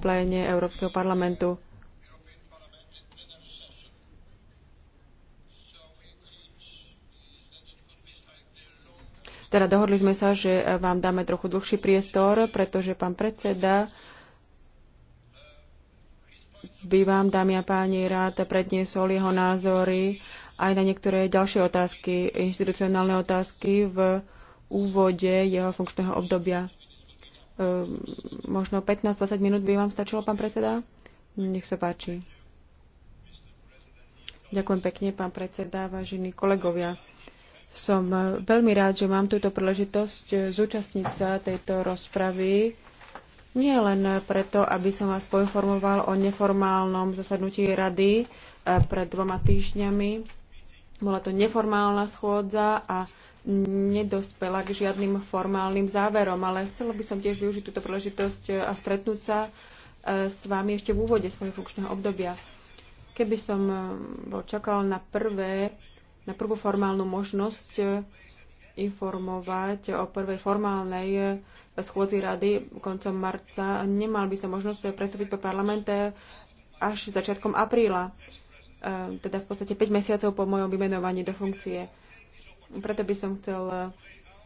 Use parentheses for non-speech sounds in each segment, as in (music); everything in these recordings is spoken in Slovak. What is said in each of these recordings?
pléne Európskeho parlamentu. Teda dohodli sme sa, že vám dáme trochu dlhší priestor, pretože pán predseda by vám, dámy a páni, rád predniesol jeho názory aj na niektoré ďalšie otázky, inštitucionálne otázky v úvode jeho funkčného obdobia. Ehm, možno 15-20 minút by vám stačilo, pán predseda? Nech sa páči. Ďakujem pekne, pán predseda, vážení kolegovia. Som eh, veľmi rád, že mám túto príležitosť eh, zúčastniť sa tejto rozpravy. Nie len preto, aby som vás poinformoval o neformálnom zasadnutí rady eh, pred dvoma týždňami. Bola to neformálna schôdza a nedospela k žiadnym formálnym záverom, ale chcela by som tiež využiť túto príležitosť eh, a stretnúť sa eh, s vami ešte v úvode svojho funkčného obdobia. Keby som eh, bol čakal na, prvé, na prvú formálnu možnosť informovať o prvej formálnej schôdzi rady koncom marca, nemal by som možnosť predstaviť po parlamente až začiatkom apríla, teda v podstate 5 mesiacov po mojom vymenovaní do funkcie. Preto by som chcel eh,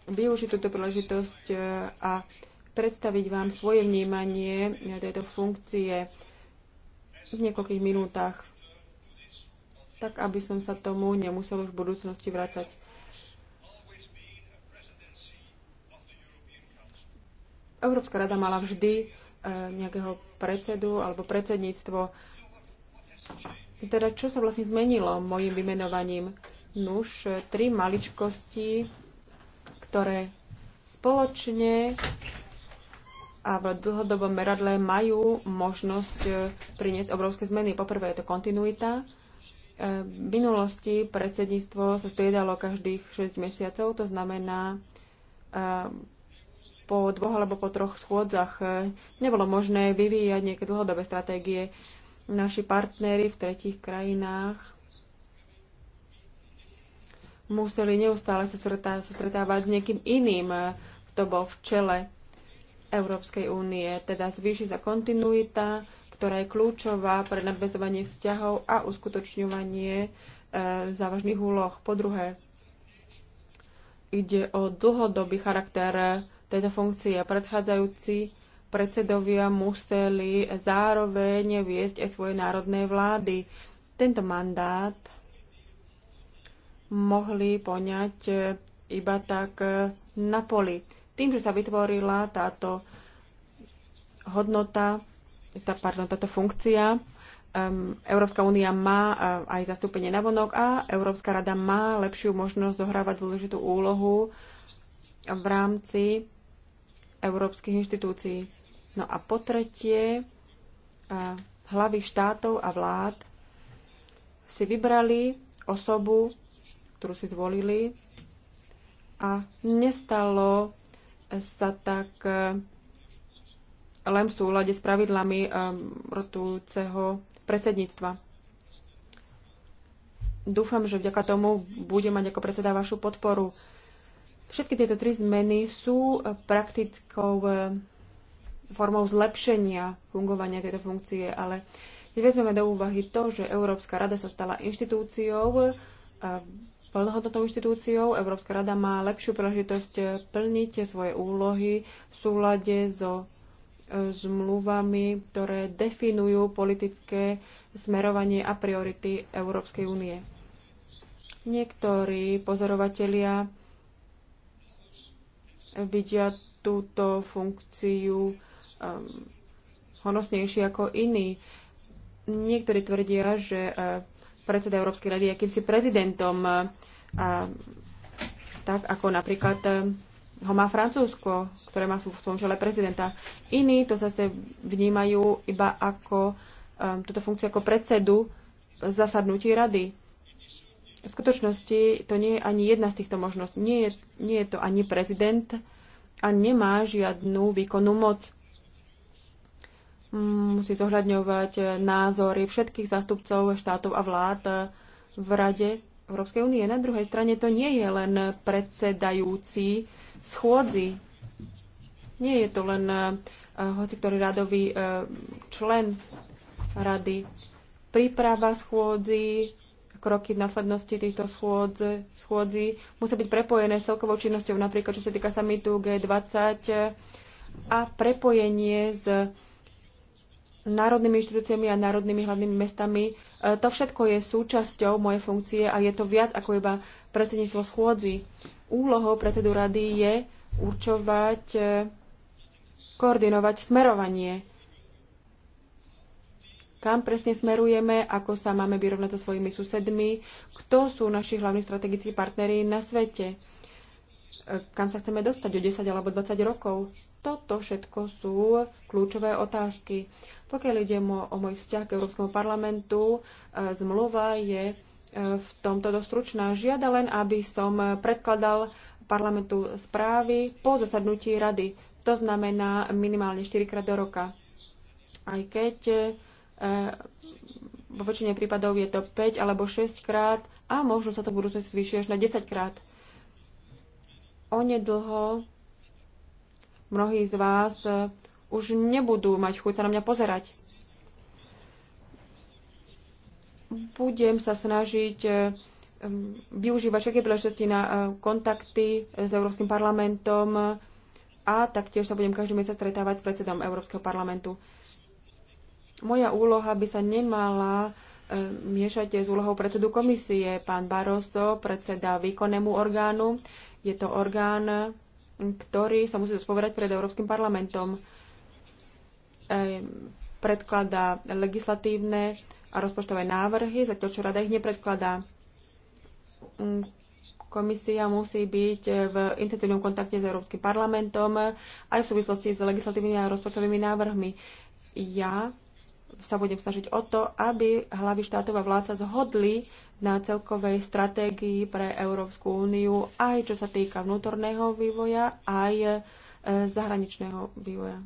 využiť túto príležitosť eh, a predstaviť vám svoje vnímanie eh, tejto funkcie v niekoľkých minútach, tak aby som sa tomu nemusel už v budúcnosti vrácať. Európska rada mala vždy nejakého predsedu alebo predsedníctvo. Teda čo sa vlastne zmenilo mojim vymenovaním? Nuž, tri maličkosti, ktoré spoločne a v dlhodobom meradle majú možnosť e, priniesť obrovské zmeny. Poprvé je to kontinuita. E, v minulosti predsedníctvo sa striedalo každých 6 mesiacov, to znamená e, po dvoch alebo po troch schôdzach nebolo možné vyvíjať nejaké dlhodobé stratégie. Naši partnery v tretích krajinách museli neustále sa stretávať s niekým iným, eh, kto bol v čele Európskej únie. Teda zvýši sa kontinuita, ktorá je kľúčová pre nadväzovanie vzťahov a uskutočňovanie e, závažných úloh. Po druhé, ide o dlhodobý charakter eh, tejto funkcie. Predchádzajúci predsedovia museli zároveň viesť aj svoje národné vlády. Tento mandát mohli poňať e, iba tak e, na poli. Tým, že sa vytvorila táto hodnota, tá, pardon, táto funkcia, um, Európska únia má e, aj zastúpenie na vonok a Európska rada má lepšiu možnosť zohrávať dôležitú úlohu v rámci európskych inštitúcií. No a po tretie, hlavy štátov a vlád si vybrali osobu, ktorú si zvolili. A nestalo sa tak e, len v súlade s pravidlami e, rotujúceho predsedníctva. Dúfam, že vďaka tomu bude mať ako predseda vašu podporu. Všetky tieto tri zmeny sú praktickou e, formou zlepšenia fungovania tejto funkcie, ale keď vezmeme do úvahy to, že Európska rada sa stala inštitúciou, plnohodnotnou inštitúciou. Európska rada má lepšiu príležitosť plniť svoje úlohy v súlade so e, zmluvami, ktoré definujú politické smerovanie a priority Európskej únie. Niektorí pozorovatelia vidia túto funkciu um, honosnejšie ako iní. Niektorí tvrdia, že uh, predseda Európskej rady akýmsi prezidentom, a, tak ako napríklad e, ho má Francúzsko, ktoré má v svojom žele prezidenta. Iní to zase vnímajú iba ako um, túto funkciu ako predsedu zasadnutí rady. V skutočnosti to nie je ani jedna z týchto možností. Nie je, nie je to ani prezident a nemá žiadnu výkonnú moc musí zohľadňovať názory všetkých zástupcov štátov a vlád v Rade Európskej únie. Na druhej strane to nie je len predsedajúci schôdzi. Nie je to len eh, hoci ktorý radový eh, člen rady. Príprava schôdzi, kroky v následnosti týchto schôdzi, schôdzi musia byť prepojené s celkovou činnosťou, napríklad čo sa týka samitu G20 eh, a prepojenie s národnými inštitúciami a národnými hlavnými mestami. E, to všetko je súčasťou mojej funkcie a je to viac ako iba predsedníctvo schôdzi. Úlohou predsedu rady je určovať, e, koordinovať smerovanie. Kam presne smerujeme, ako sa máme vyrovnať so svojimi susedmi, kto sú naši hlavní strategickí partnery na svete, e, kam sa chceme dostať o 10 alebo 20 rokov. Toto všetko sú kľúčové otázky. Pokiaľ ide o môj vzťah k Európskemu parlamentu, e, zmluva je e, v tomto dostručná. Žiada len, aby som predkladal parlamentu správy po zasadnutí rady. To znamená minimálne 4 krát do roka. Aj keď e, vo väčšine prípadov je to 5 alebo 6 krát a možno sa to v budúcnosti zvýši až na 10 krát. Onedlho mnohí z vás už nebudú mať chuť sa na mňa pozerať. Budem sa snažiť eh, využívať všetky príležitosti na eh, kontakty s Európskym parlamentom a taktiež sa budem každý mesiac stretávať s predsedom Európskeho parlamentu. Moja úloha by sa nemala eh, miešať s úlohou predsedu komisie. Pán Barroso, predseda výkonnému orgánu, je to orgán, ktorý sa musí zodpovedať pred Európskym parlamentom. Eh, predkladá legislatívne a rozpočtové návrhy, zatiaľ čo rada ich nepredkladá. Mm, komisia musí byť v intenzívnom kontakte s Európskym parlamentom aj v súvislosti s legislatívnymi a rozpočtovými návrhmi. Ja sa budem snažiť o to, aby hlavy štátov a vlád zhodli na celkovej stratégii pre Európsku úniu, aj čo sa týka vnútorného vývoja, aj eh, zahraničného vývoja.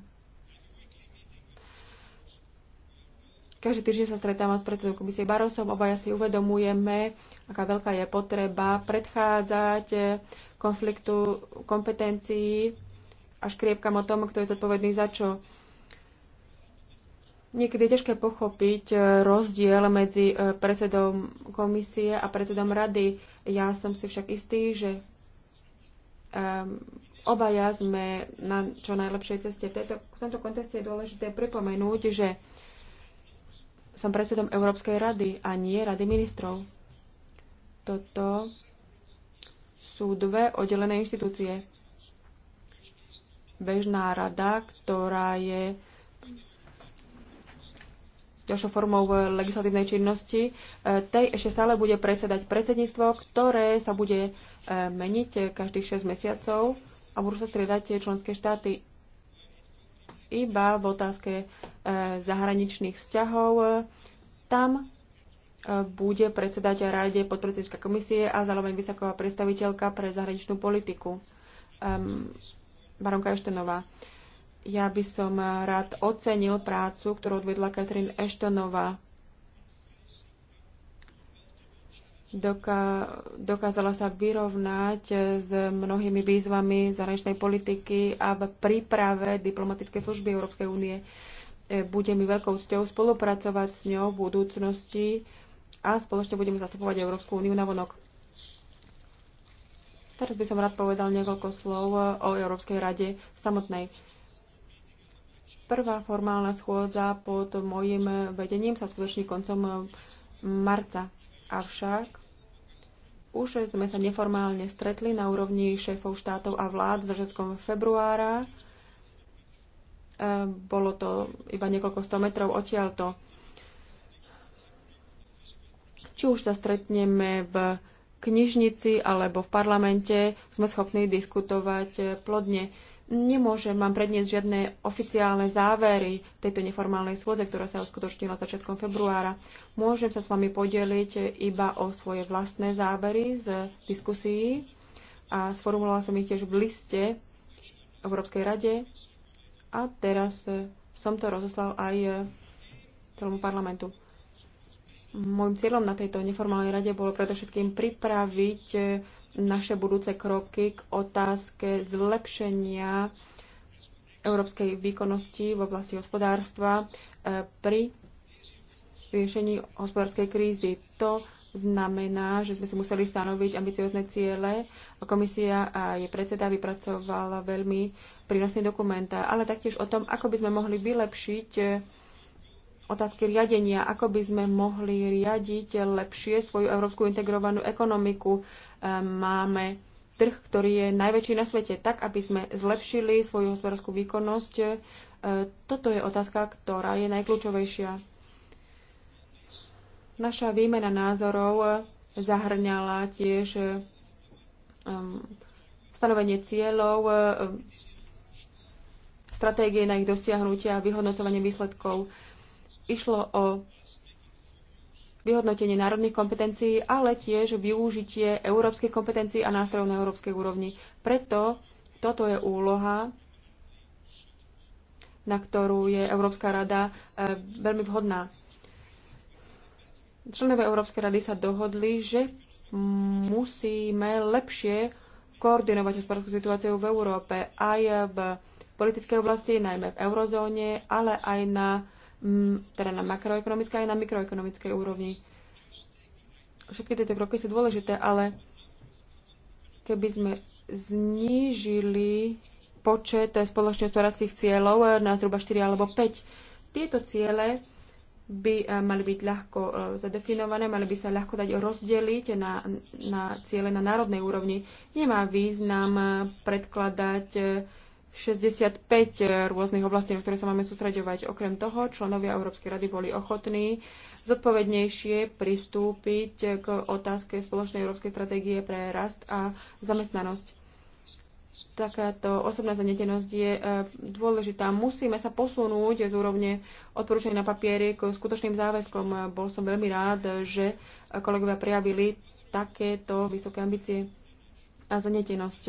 Každý týždeň sa stretávam s predsedom komisie Barosom. Obaja si uvedomujeme, aká veľká je potreba predchádzať konfliktu kompetencií a škriepkam o tom, kto je zodpovedný za čo. Niekedy je ťažké pochopiť eh, rozdiel medzi eh, predsedom komisie a predsedom rady. Ja som si však istý, že um, obaja sme na čo najlepšej ceste. V, v tomto kontexte je dôležité pripomenúť, že uh, som predsedom Európskej rady a nie Rady ministrov. Toto sú dve oddelené inštitúcie. Bežná rada, ktorá je ďalšou formou legislatívnej činnosti, e, tej ešte stále bude predsedať predsedníctvo, ktoré sa bude e, meniť každých 6 mesiacov a budú sa striedať tie členské štáty iba v otázke e, zahraničných vzťahov. Tam e, bude predsedať rade podpredsednička komisie a zároveň vysoká predstaviteľka pre zahraničnú politiku, baronka Eštenová. Ja by som rád ocenil prácu, ktorú odvedla Katrin Eštenová doká, dokázala sa vyrovnať eh, s mnohými výzvami zahraničnej politiky a v príprave diplomatickej služby Európskej únie. Eh, bude mi veľkou cťou spolupracovať s ňou v budúcnosti a spoločne budeme zastupovať Európsku úniu na vonok. Teraz by som rád povedal niekoľko slov eh, o Európskej rade samotnej. Prvá formálna schôdza pod mojim vedením sa skutoční koncom marca Avšak už sme sa neformálne stretli na úrovni šéfov štátov a vlád začiatkom februára. E, bolo to iba niekoľko sto metrov odtiaľto. Či už sa stretneme v knižnici alebo v parlamente, sme schopní diskutovať plodne. Nemôžem vám predniesť žiadne oficiálne závery tejto neformálnej schôdze, ktorá sa uskutočnila začiatkom februára. Môžem sa s vami podeliť iba o svoje vlastné závery z diskusií a sformulovala som ich tiež v liste Európskej rade a teraz e, som to rozoslal aj e, celému parlamentu. Mojím cieľom na tejto neformálnej rade bolo predovšetkým pripraviť e, naše budúce kroky k otázke zlepšenia európskej výkonnosti v oblasti hospodárstva e, pri riešení hospodárskej krízy. To znamená, že sme si museli stanoviť ambiciozne ciele. Komisia a jej predseda vypracovala veľmi prínosný dokument, ale taktiež o tom, ako by sme mohli vylepšiť e, otázky riadenia, ako by sme mohli riadiť lepšie svoju európsku integrovanú ekonomiku. Máme trh, ktorý je najväčší na svete, tak aby sme zlepšili svoju hospodárskú výkonnosť. E, toto je otázka, ktorá je najkľúčovejšia. Naša výmena názorov zahrňala tiež e, stanovenie cieľov, e, stratégie na ich dosiahnutie a vyhodnocovanie výsledkov. Išlo o vyhodnotenie národných kompetencií, ale tiež využitie európskej kompetencií a nástrojov na európskej úrovni. Preto toto je úloha, na ktorú je Európska rada e, veľmi vhodná. Členové Európskej rady sa dohodli, že musíme lepšie koordinovať hospodárskú situáciu v Európe aj v politickej oblasti, najmä v eurozóne, ale aj na teda na makroekonomickej aj na mikroekonomickej úrovni. Všetky tieto kroky sú dôležité, ale keby sme znížili počet spoločnohospodárských cieľov na zhruba 4 alebo 5, tieto ciele by e, mali byť ľahko e, zadefinované, mali by sa ľahko dať rozdeliť na, na ciele na národnej úrovni. Nemá význam e, predkladať 65 eh, rôznych oblastí, na ktoré sa máme sústraďovať. Okrem toho, členovia Európskej rady boli ochotní zodpovednejšie pristúpiť k otázke spoločnej európskej stratégie pre rast a zamestnanosť. Takáto osobná zanetenosť je eh, dôležitá. Musíme sa posunúť z úrovne odporúčania na papiery k skutočným záväzkom. Bol som veľmi rád, že kolegovia prejavili takéto vysoké ambície a zanetenosť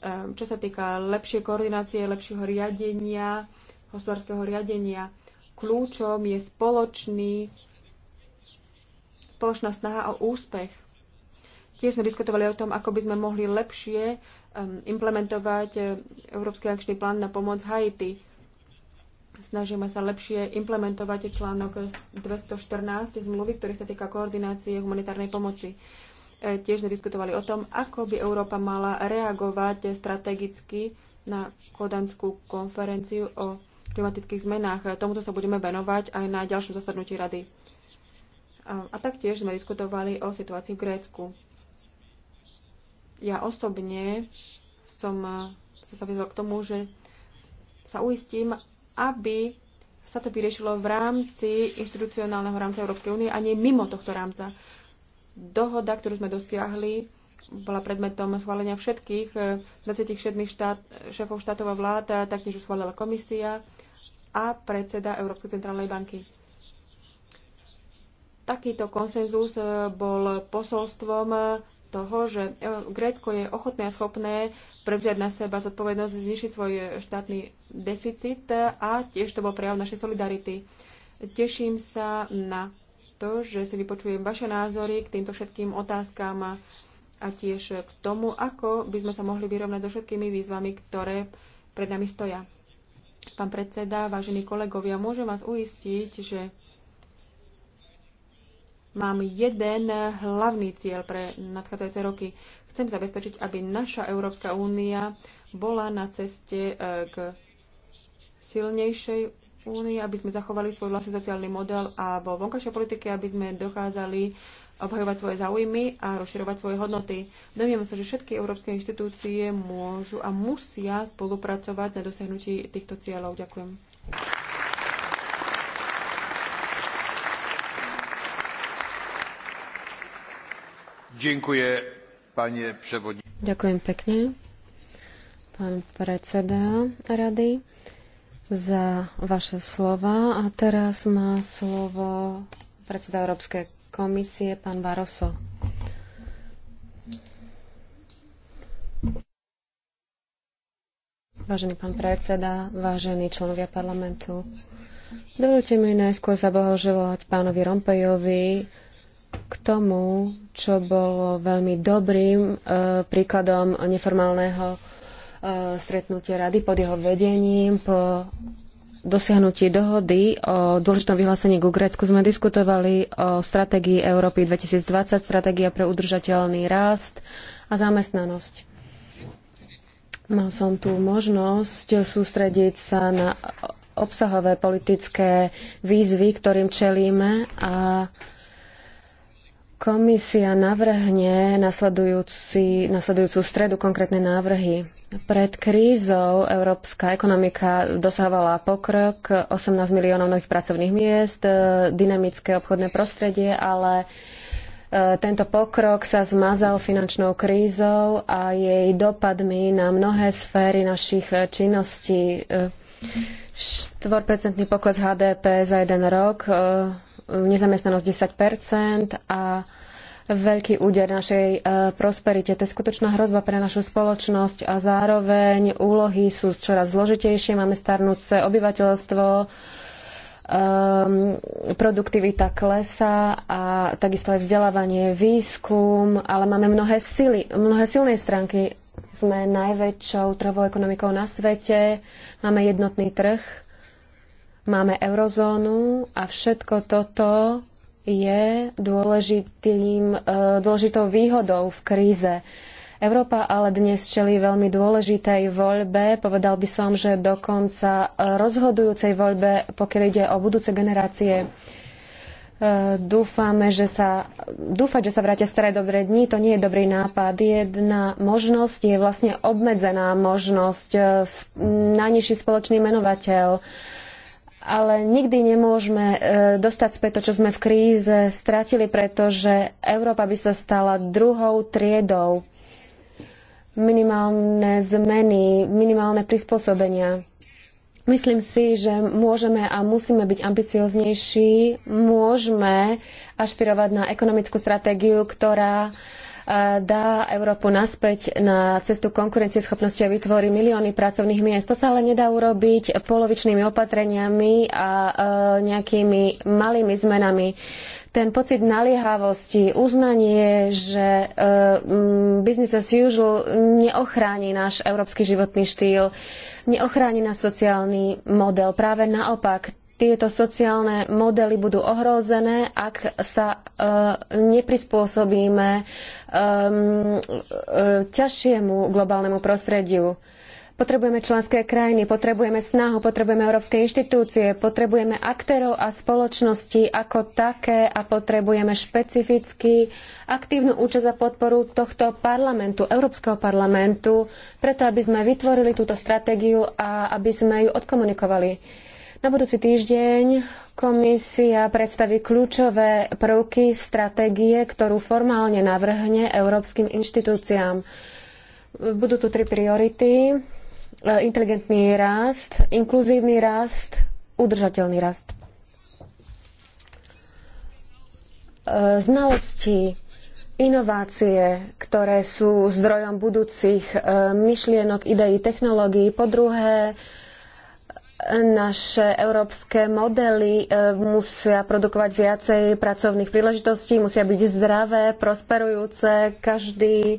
Ehm, čo sa týka lepšej koordinácie, lepšieho riadenia, hospodárskeho riadenia, kľúčom je spoločný, spoločná snaha o úspech. Tiež sme diskutovali o tom, ako by sme mohli lepšie ehm, implementovať ehm, Európsky akčný plán na pomoc Haiti. Snažíme sa lepšie implementovať článok 214 zmluvy, ktorý sa týka koordinácie humanitárnej pomoci. E, tiež diskutovali o tom, ako by Európa mala reagovať strategicky na kodanskú konferenciu o klimatických zmenách. E, tomuto sa budeme venovať aj na ďalšom zasadnutí rady. A, e, a taktiež sme diskutovali o situácii v Grécku. Ja osobne som sa sa vyzval k tomu, že sa uistím, aby sa to vyriešilo v rámci institucionálneho rámca Európskej únie a nie mimo tohto rámca. Dohoda, ktorú sme dosiahli, bola predmetom schválenia všetkých 27 eh, štát, šéfov štátov a vlád, taktiež schválila komisia a predseda Európskej centrálnej banky. Takýto konsenzus eh, bol posolstvom eh, toho, že Grécko je ochotné a schopné prevziať na seba zodpovednosť, znišiť svoj štátny deficit a tiež to bol prejav našej solidarity. Teším sa na to, že si vypočujem vaše názory k týmto všetkým otázkám a tiež k tomu, ako by sme sa mohli vyrovnať so všetkými výzvami, ktoré pred nami stoja. Pán predseda, vážení kolegovia, môžem vás uistiť, že mám jeden hlavný cieľ pre nadchádzajúce roky. Chcem zabezpečiť, aby naša Európska únia bola na ceste e, k silnejšej únii, aby sme zachovali svoj vlastný sociálny model a vo vonkajšej politike, aby sme dokázali obhajovať svoje záujmy a rozširovať svoje hodnoty. Domnievam sa, že všetky európske inštitúcie môžu a musia spolupracovať na dosiahnutí týchto cieľov. Ďakujem. Ďakujem, Ďakujem pekne, pán predseda rady za vaše slova. A teraz má slovo predseda Európskej komisie, pán Baroso. Vážený pán predseda, vážení členovia parlamentu, dovolte mi najskôr zablahoželať pánovi Rompejovi k tomu, čo bolo veľmi dobrým e, príkladom neformálneho E, stretnutie rady pod jeho vedením. Po dosiahnutí dohody o dôležitom vyhlásení ku Grécku sme diskutovali o stratégii Európy 2020, stratégia pre udržateľný rast a zamestnanosť. Mal som tu možnosť sústrediť sa na obsahové politické výzvy, ktorým čelíme a komisia navrhne nasledujúci, nasledujúcu stredu konkrétne návrhy pred krízou európska ekonomika dosahovala pokrok, 18 miliónov nových pracovných miest, e, dynamické obchodné prostredie, ale e, tento pokrok sa zmazal finančnou krízou a jej dopadmi na mnohé sféry našich e, činností. 4-percentný pokles HDP za jeden rok, nezamestnanosť 10 a veľký úder našej e, prosperite. To je skutočná hrozba pre našu spoločnosť a zároveň úlohy sú čoraz zložitejšie. Máme starnúce obyvateľstvo, um, produktivita klesa a takisto aj vzdelávanie, výskum, ale máme mnohé sily, mnohé silné stránky. Sme najväčšou trhovou ekonomikou na svete, máme jednotný trh, máme eurozónu a všetko toto je dôležitým, e, dôležitou výhodou v kríze. Európa ale dnes čelí veľmi dôležitej voľbe, povedal by som, že dokonca rozhodujúcej voľbe, pokiaľ ide o budúce generácie. E, dúfame, že sa, dúfať, že sa vrátia staré dobré dni, to nie je dobrý nápad. Jedna možnosť je vlastne obmedzená možnosť, e, najnižší spoločný menovateľ ale nikdy nemôžeme e, dostať späť to, čo sme v kríze stratili, pretože Európa by sa stala druhou triedou minimálne zmeny, minimálne prispôsobenia. Myslím si, že môžeme a musíme byť ambicioznejší, môžeme ašpirovať na ekonomickú stratégiu, ktorá uh, dá Európu naspäť na cestu konkurencieschopnosti a vytvorí milióny pracovných miest. To sa ale nedá urobiť polovičnými opatreniami a e, nejakými malými zmenami ten pocit naliehavosti, uznanie, že e, business as usual neochráni náš európsky životný štýl, neochráni náš sociálny model. Práve naopak, tieto sociálne modely budú ohrozené, ak sa e, neprispôsobíme e, e, ťažšiemu globálnemu prostrediu. Potrebujeme členské krajiny, potrebujeme snahu, potrebujeme európske inštitúcie, potrebujeme aktérov a spoločnosti ako také a potrebujeme špecificky aktívnu účasť a podporu tohto parlamentu, Európskeho parlamentu, preto aby sme vytvorili túto stratégiu a aby sme ju odkomunikovali na budúci týždeň komisia predstaví kľúčové prvky stratégie, ktorú formálne navrhne európskym inštitúciám. Budú tu tri priority. E, inteligentný rast, inkluzívny rast, udržateľný rast. E, znalosti, inovácie, ktoré sú zdrojom budúcich e, myšlienok, ideí, technológií. Po druhé, naše európske modely e, musia produkovať viacej pracovných príležitostí, musia byť zdravé, prosperujúce, každý e,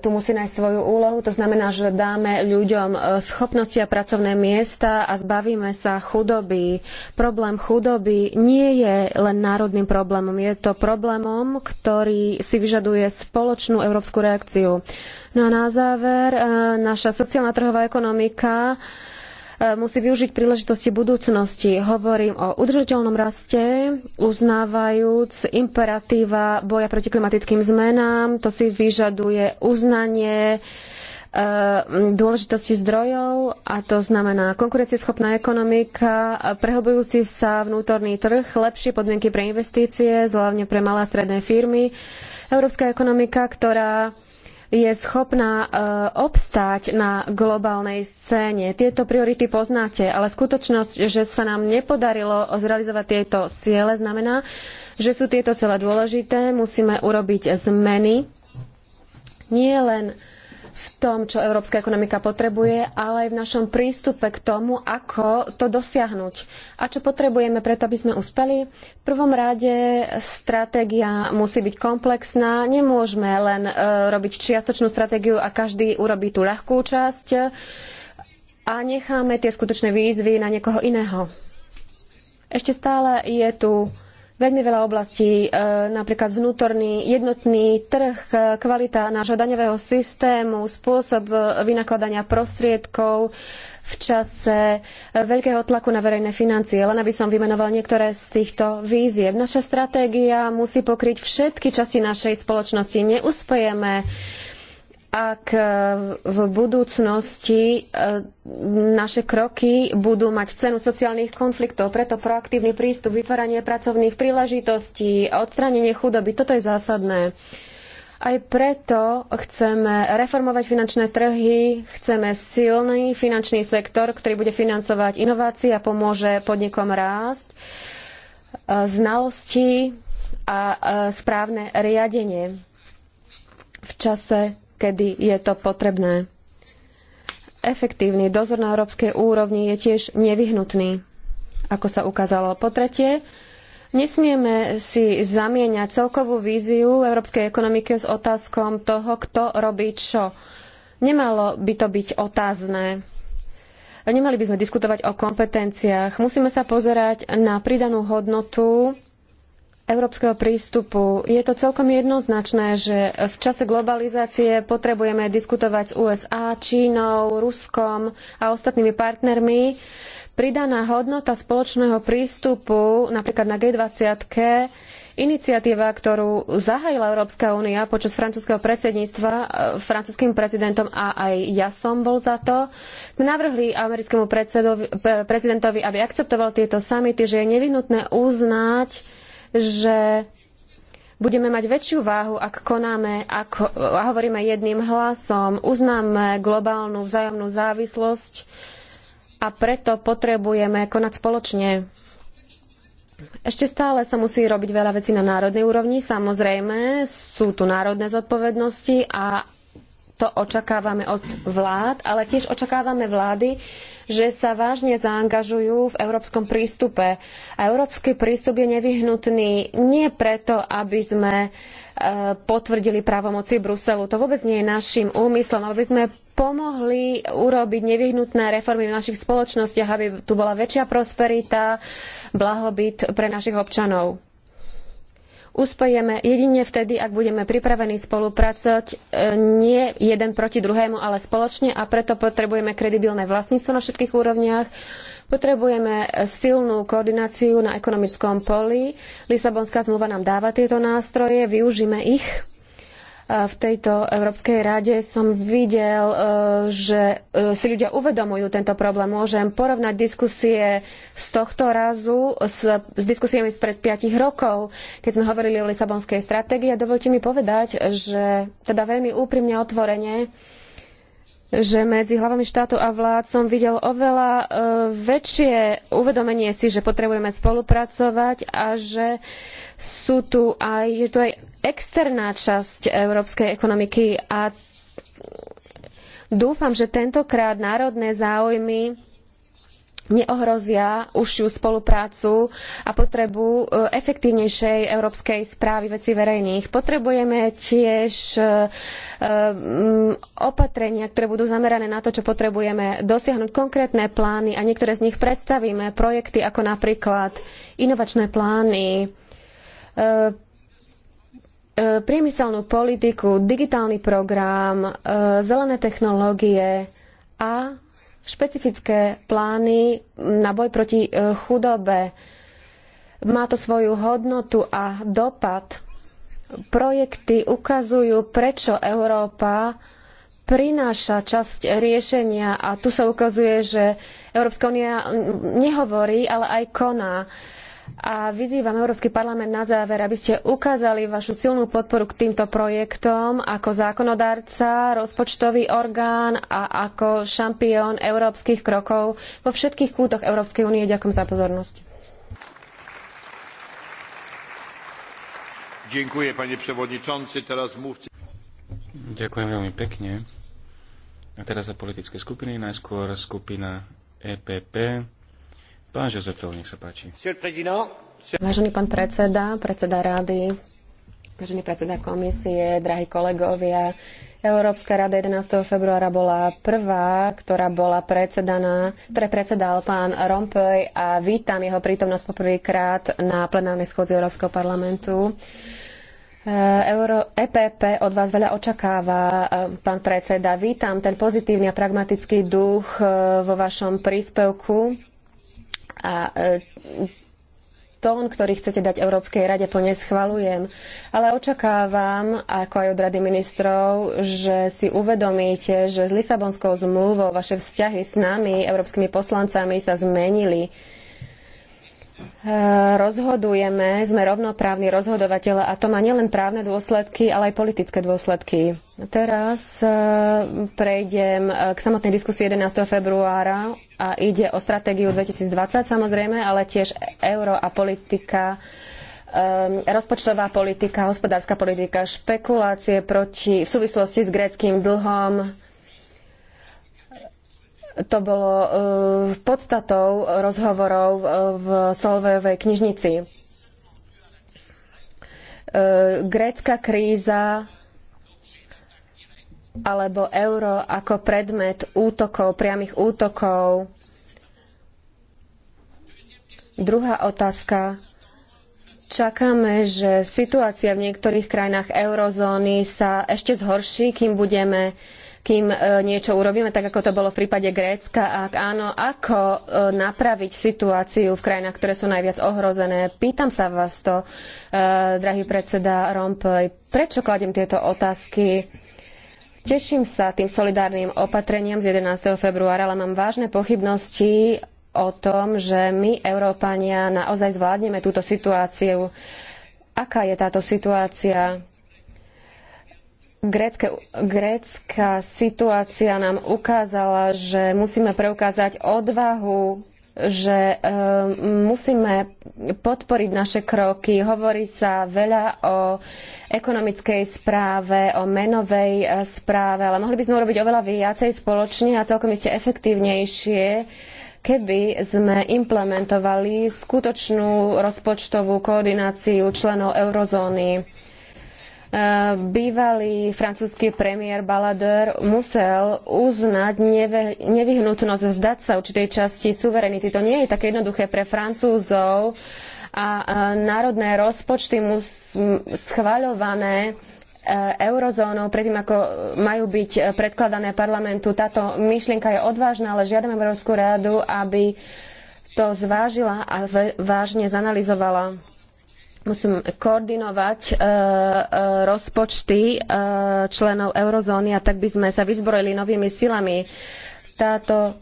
tu musí nájsť svoju úlohu. To znamená, že dáme ľuďom e, schopnosti a pracovné miesta a zbavíme sa chudoby. Problém chudoby nie je len národným problémom, je to problémom, ktorý si vyžaduje spoločnú európsku reakciu. No a na záver, naša sociálna trhová ekonomika musí využiť príležitosti budúcnosti. Hovorím o udržateľnom raste, uznávajúc imperatíva boja proti klimatickým zmenám. To si vyžaduje uznanie e, dôležitosti zdrojov a to znamená konkurencieschopná ekonomika, prehlbujúci sa vnútorný trh, lepšie podmienky pre investície, hlavne pre malé a stredné firmy, európska ekonomika, ktorá je schopná e, obstáť na globálnej scéne. Tieto priority poznáte, ale skutočnosť, že sa nám nepodarilo zrealizovať tieto ciele, znamená, že sú tieto ciele dôležité, musíme urobiť zmeny nie len v tom, čo európska ekonomika potrebuje, ale aj v našom prístupe k tomu, ako to dosiahnuť. A čo potrebujeme preto, aby sme uspeli? V prvom rade stratégia musí byť komplexná. Nemôžeme len e, robiť čiastočnú stratégiu a každý urobí tú ľahkú časť a necháme tie skutočné výzvy na niekoho iného. Ešte stále je tu veľmi veľa oblastí, e, napríklad vnútorný jednotný trh, e, kvalita nášho daňového systému, spôsob e, vynakladania prostriedkov v čase veľkého tlaku na verejné financie. Len aby som vymenoval niektoré z týchto víziev. Naša stratégia musí pokryť všetky časti našej spoločnosti. Neuspejeme ak e, v budúcnosti e, naše kroky budú mať cenu sociálnych konfliktov. Preto proaktívny prístup, vytváranie pracovných príležitostí, odstránenie chudoby, toto je zásadné. Aj preto chceme reformovať finančné trhy, chceme silný finančný sektor, ktorý bude financovať inovácie a pomôže podnikom rásť, e, znalosti a správne riadenie v čase kedy je to potrebné. Efektívny dozor na európskej úrovni je tiež nevyhnutný, ako sa ukázalo. Po tretie, nesmieme si zamieňať celkovú víziu európskej ekonomiky s otázkom toho, kto robí čo. Nemalo by to byť otázne. Nemali by sme diskutovať o kompetenciách. Musíme sa pozerať na pridanú hodnotu európskeho prístupu. Je to celkom jednoznačné, že v čase globalizácie potrebujeme diskutovať s USA, Čínou, Ruskom a ostatnými partnermi. Pridaná hodnota spoločného prístupu napríklad na G20 iniciatíva, ktorú zahájila Európska únia počas francúzskeho predsedníctva e, francúzským prezidentom a aj ja som bol za to, sme navrhli americkému e, prezidentovi, aby akceptoval tieto samity, že je nevyhnutné uznať že budeme mať väčšiu váhu, ak konáme ako, a hovoríme jedným hlasom, uznáme globálnu vzájomnú závislosť a preto potrebujeme konať spoločne. Ešte stále sa musí robiť veľa vecí na národnej úrovni, samozrejme, sú tu národné zodpovednosti a to očakávame od vlád, ale tiež očakávame vlády, že sa vážne zaangažujú v európskom prístupe. A európsky prístup je nevyhnutný nie preto, aby sme e, potvrdili právomoci Bruselu. To vôbec nie je našim úmyslom, aby sme pomohli urobiť nevyhnutné reformy v našich spoločnostiach, aby tu bola väčšia prosperita, blahobyt pre našich občanov. Uspejeme jedine vtedy, ak budeme pripravení spolupracovať e, nie jeden proti druhému, ale spoločne a preto potrebujeme kredibilné vlastníctvo na všetkých úrovniach. Potrebujeme silnú koordináciu na ekonomickom poli. Lisabonská zmluva nám dáva tieto nástroje, využíme ich v tejto Európskej rade som videl, e, že e, si ľudia uvedomujú tento problém. Môžem porovnať diskusie z tohto razu s, s diskusiami spred 5 rokov, keď sme hovorili o Lisabonskej stratégii. A dovolte mi povedať, že teda veľmi úprimne otvorene, že medzi hlavami štátu a vlád som videl oveľa e, väčšie uvedomenie si, že potrebujeme spolupracovať a že sú tu aj, je tu aj externá časť európskej ekonomiky a dúfam, že tentokrát národné záujmy neohrozia užšiu spoluprácu a potrebu eh, efektívnejšej európskej správy vecí verejných. Potrebujeme tiež eh, mm, opatrenia, ktoré budú zamerané na to, čo potrebujeme dosiahnuť konkrétne plány a niektoré z nich predstavíme, projekty ako napríklad inovačné plány, eh, E, priemyselnú politiku, digitálny program, e, zelené technológie a špecifické plány na boj proti e, chudobe. Má to svoju hodnotu a dopad. Projekty ukazujú, prečo Európa prináša časť riešenia a tu sa ukazuje, že Európska únia nehovorí, ale aj koná. Uh, a vyzývam Európsky parlament na záver, aby ste ukázali vašu silnú podporu k týmto projektom ako zákonodarca, rozpočtový orgán a ako šampión európskych krokov vo všetkých kútoch Európskej únie. Ďakujem za pozornosť. Ďakujem, Teraz Ďakujem veľmi pekne. A teraz za politické skupiny. Najskôr skupina EPP. Pán Žozefil, nech sa páči. Vážený pán predseda, predseda rady, vážený predseda komisie, drahí kolegovia, Európska rada 11. februára bola prvá, ktorá bola predsedaná, ktoré predsedal pán Rompuy a vítam jeho prítomnosť poprvýkrát na plenárnej schôdzi Európskeho parlamentu. E, Euro, EPP od vás veľa očakáva, e, pán predseda. Vítam ten pozitívny a pragmatický duch e, vo vašom príspevku a e, tón, ktorý chcete dať Európskej rade, plne schvalujem. Ale očakávam, ako aj od rady ministrov, že si uvedomíte, že s Lisabonskou zmluvou vaše vzťahy s nami, európskymi poslancami, sa zmenili Eh, rozhodujeme, sme rovnoprávni rozhodovateľe a to má nielen právne dôsledky, ale aj politické dôsledky. Teraz eh, prejdem eh, k samotnej diskusii 11. februára a ide o stratégiu 2020 samozrejme, ale tiež euro a politika rozpočtová politika, hospodárska politika, špekulácie proti, v súvislosti s gréckym dlhom, to bolo e, podstatou rozhovorov e, v Solvejovej knižnici. E, grécka kríza alebo euro ako predmet útokov, priamých útokov. Druhá otázka. Čakáme, že situácia v niektorých krajinách eurozóny sa ešte zhorší, kým budeme uh, kým e, niečo urobíme, tak ako to bolo v prípade Grécka. Ak áno, ako e, napraviť situáciu v krajinách, ktoré sú najviac ohrozené? Pýtam sa vás to, e, drahý predseda Rompuy, prečo kladem tieto otázky? Teším sa tým solidárnym opatreniam z 11. februára, ale mám vážne pochybnosti o tom, že my, Európania, naozaj zvládneme túto situáciu. Aká je táto situácia? Grécka, grécka situácia nám ukázala, že musíme preukázať odvahu, že e, musíme podporiť naše kroky. Hovorí sa veľa o ekonomickej správe, o menovej e, správe, ale mohli by sme urobiť oveľa viacej spoločne a celkom iste efektívnejšie keby sme implementovali skutočnú rozpočtovú koordináciu členov eurozóny Eh, bývalý francúzsky premiér Balader musel uznať nevyhnutnosť vzdať sa určitej časti suverenity. To nie je také jednoduché pre Francúzov a eh, národné rozpočty schvaľované eh, eurozónou predtým, ako majú byť predkladané parlamentu. Táto myšlienka je odvážna, ale žiadam Európsku radu, aby to zvážila a vážne zanalizovala musím koordinovať e, e, rozpočty e, členov eurozóny a tak by sme sa vyzbrojili novými silami. Táto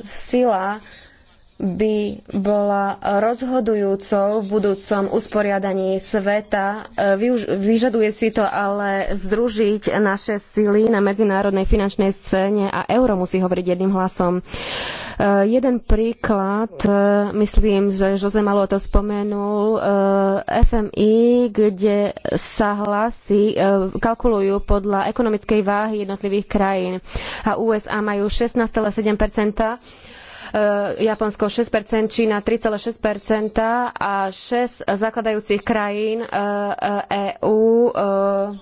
sila by bola rozhodujúcou v budúcom usporiadaní sveta. E, vyžaduje si to ale združiť naše sily na medzinárodnej finančnej scéne a euro musí hovoriť jedným hlasom. E, jeden príklad, e, myslím, že Jose Malo to spomenul, FMI, kde sa hlasy kalkulujú podľa ekonomickej váhy jednotlivých krajín a USA majú 16,7 Eh, Japonsko 6%, Čína 3,6% a 6 zakladajúcich krajín EÚ eh,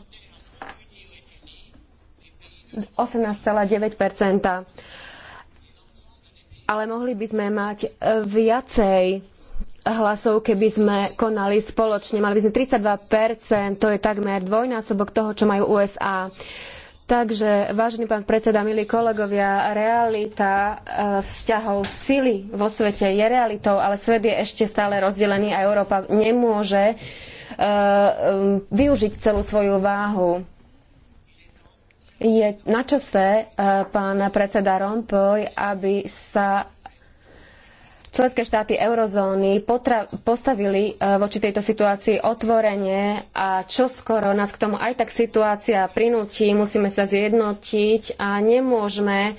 18,9 eh, e Ale mohli by sme mať viacej hlasov, keby sme konali spoločne. Mali by sme 32 to je takmer dvojnásobok toho, čo majú USA. Uh, Takže, vážený pán predseda, milí kolegovia, realita e, vzťahov sily vo svete je realitou, ale svet je ešte stále rozdelený a Európa nemôže e, e, využiť celú svoju váhu. Je na čase, pán predseda Rompuy, aby sa členské štáty eurozóny postavili e, voči tejto situácii otvorene a čoskoro nás k tomu aj tak situácia prinúti, musíme sa zjednotiť a nemôžeme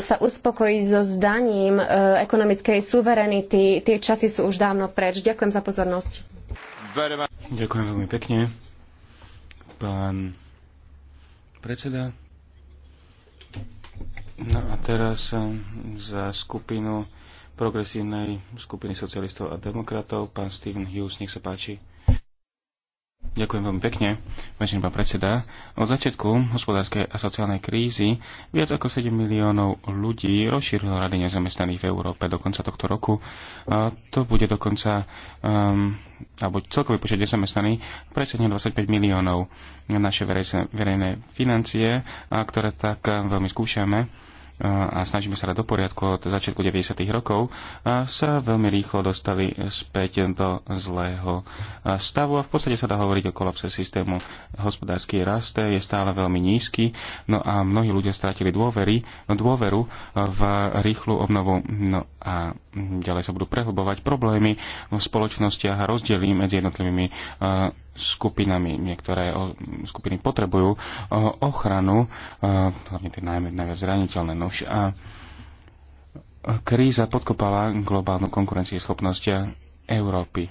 sa uspokojiť so zdaním e, ekonomickej suverenity. Tie časy sú už dávno preč. Ďakujem za pozornosť. Ďakujem veľmi pekne. Pán predseda. No a teraz e, za skupinu progresívnej skupiny socialistov a demokratov, pán Steven Hughes, nech sa páči. Ďakujem veľmi pekne, vážený pán predseda. Od začiatku hospodárskej a sociálnej krízy viac ako 7 miliónov ľudí rozšírilo rady nezamestnaných v Európe do konca tohto roku. A to bude dokonca, um, alebo celkový počet nezamestnaných, presne 25 miliónov naše verejné, verejné financie, a ktoré tak veľmi skúšame a snažíme sa dať do poriadku od začiatku 90. rokov, sa veľmi rýchlo dostali späť do zlého stavu a v podstate sa dá hovoriť o kolapse systému. Hospodársky rast je stále veľmi nízky, no a mnohí ľudia strátili dôvery, no dôveru v rýchlu obnovu. No a ďalej sa budú prehlbovať problémy v spoločnostiach a rozdiely medzi jednotlivými skupinami. Niektoré skupiny potrebujú ochranu, hlavne tie najmä najviac zraniteľné nož. A kríza podkopala globálnu konkurencieschopnosť Európy.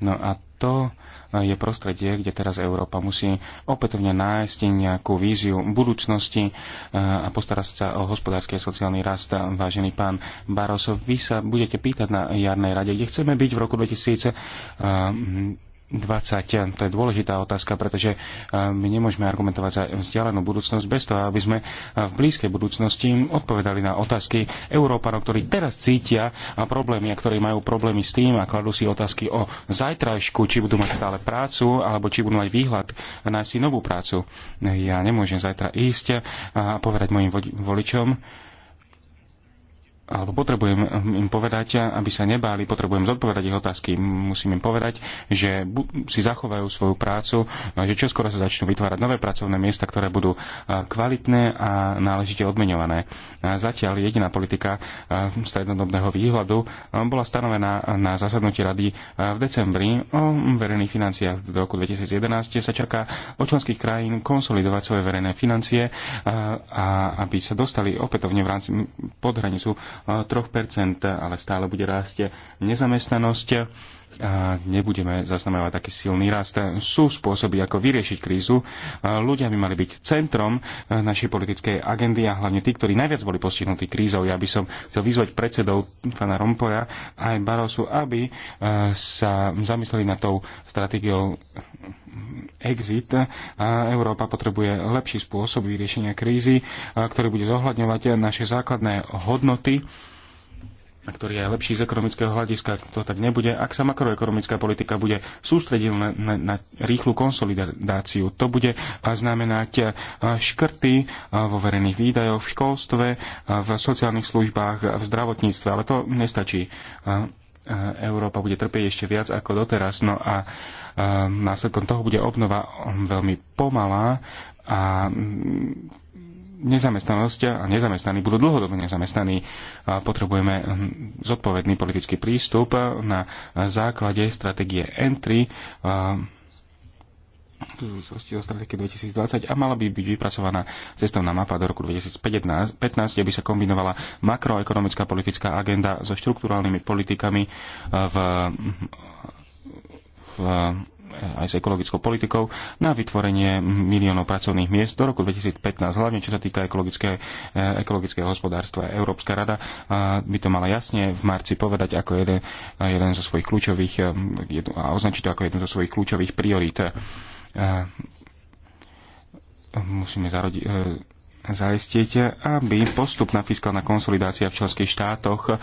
No a to je prostredie, kde teraz Európa musí opätovne nájsť nejakú víziu budúcnosti a postarať sa o hospodársky a sociálny rast. Vážený pán Barosov, vy sa budete pýtať na jarnej rade, kde chceme byť v roku 2000. 2020. To je dôležitá otázka, pretože e, my nemôžeme argumentovať za vzdialenú budúcnosť bez toho, aby sme e, v blízkej budúcnosti odpovedali na otázky Európanov, ktorí teraz cítia problémy a ktorí majú problémy s tým a kladú si otázky o zajtrajšku, či budú mať stále prácu alebo či budú mať výhľad nájsť si novú prácu. Ja nemôžem zajtra ísť a povedať mojim voličom, alebo potrebujem im povedať, aby sa nebáli, potrebujem zodpovedať ich otázky, musím im povedať, že si zachovajú svoju prácu, že čoskoro sa začnú vytvárať nové pracovné miesta, ktoré budú kvalitné a náležite odmeňované. Zatiaľ jediná politika strednodobného výhľadu bola stanovená na zasadnutí rady v decembri o verejných financiách do roku 2011, sa čaká od členských krajín konsolidovať svoje verejné financie a aby sa dostali opätovne v rámci pod hranicu 3%, ale stále bude rásť nezamestnanosť a nebudeme zaznamenávať taký silný rast. Sú spôsoby, ako vyriešiť krízu. Ľudia by mali byť centrom našej politickej agendy a hlavne tí, ktorí najviac boli postihnutí krízou. Ja by som chcel vyzvať predsedov pána Rompoja aj Barosu, aby e, sa zamysleli na tou stratégiou exit. Európa potrebuje lepší spôsob vyriešenia krízy, ktorý bude zohľadňovať naše základné hodnoty ktorý je lepší z ekonomického hľadiska. To tak nebude, ak sa makroekonomická politika bude sústrediť na, na, na rýchlu konsolidáciu. To bude znamenať škrty vo verejných výdajoch, v školstve, v sociálnych službách, v zdravotníctve, ale to nestačí. Európa bude trpieť ešte viac ako doteraz. No a následkom toho bude obnova veľmi pomalá a nezamestnanosť a nezamestnaní budú dlhodobo nezamestnaní. Potrebujeme zodpovedný politický prístup na základe stratégie entry so stratégie 2020 a mala by byť vypracovaná cestovná mapa do roku 2015, kde by sa kombinovala makroekonomická politická agenda so štruktúralnými politikami v Eh, aj s ekologickou politikou na vytvorenie miliónov pracovných miest do roku 2015, hlavne čo sa týka ekologické, eh, ekologického hospodárstva. Európska rada eh, by to mala jasne v marci povedať ako jeden, jeden zo svojich kľúčových a označiť to ako jeden zo svojich kľúčových priorít. Musíme zarodiť zaistiť, aby postupná fiskálna konsolidácia v členských štátoch eh,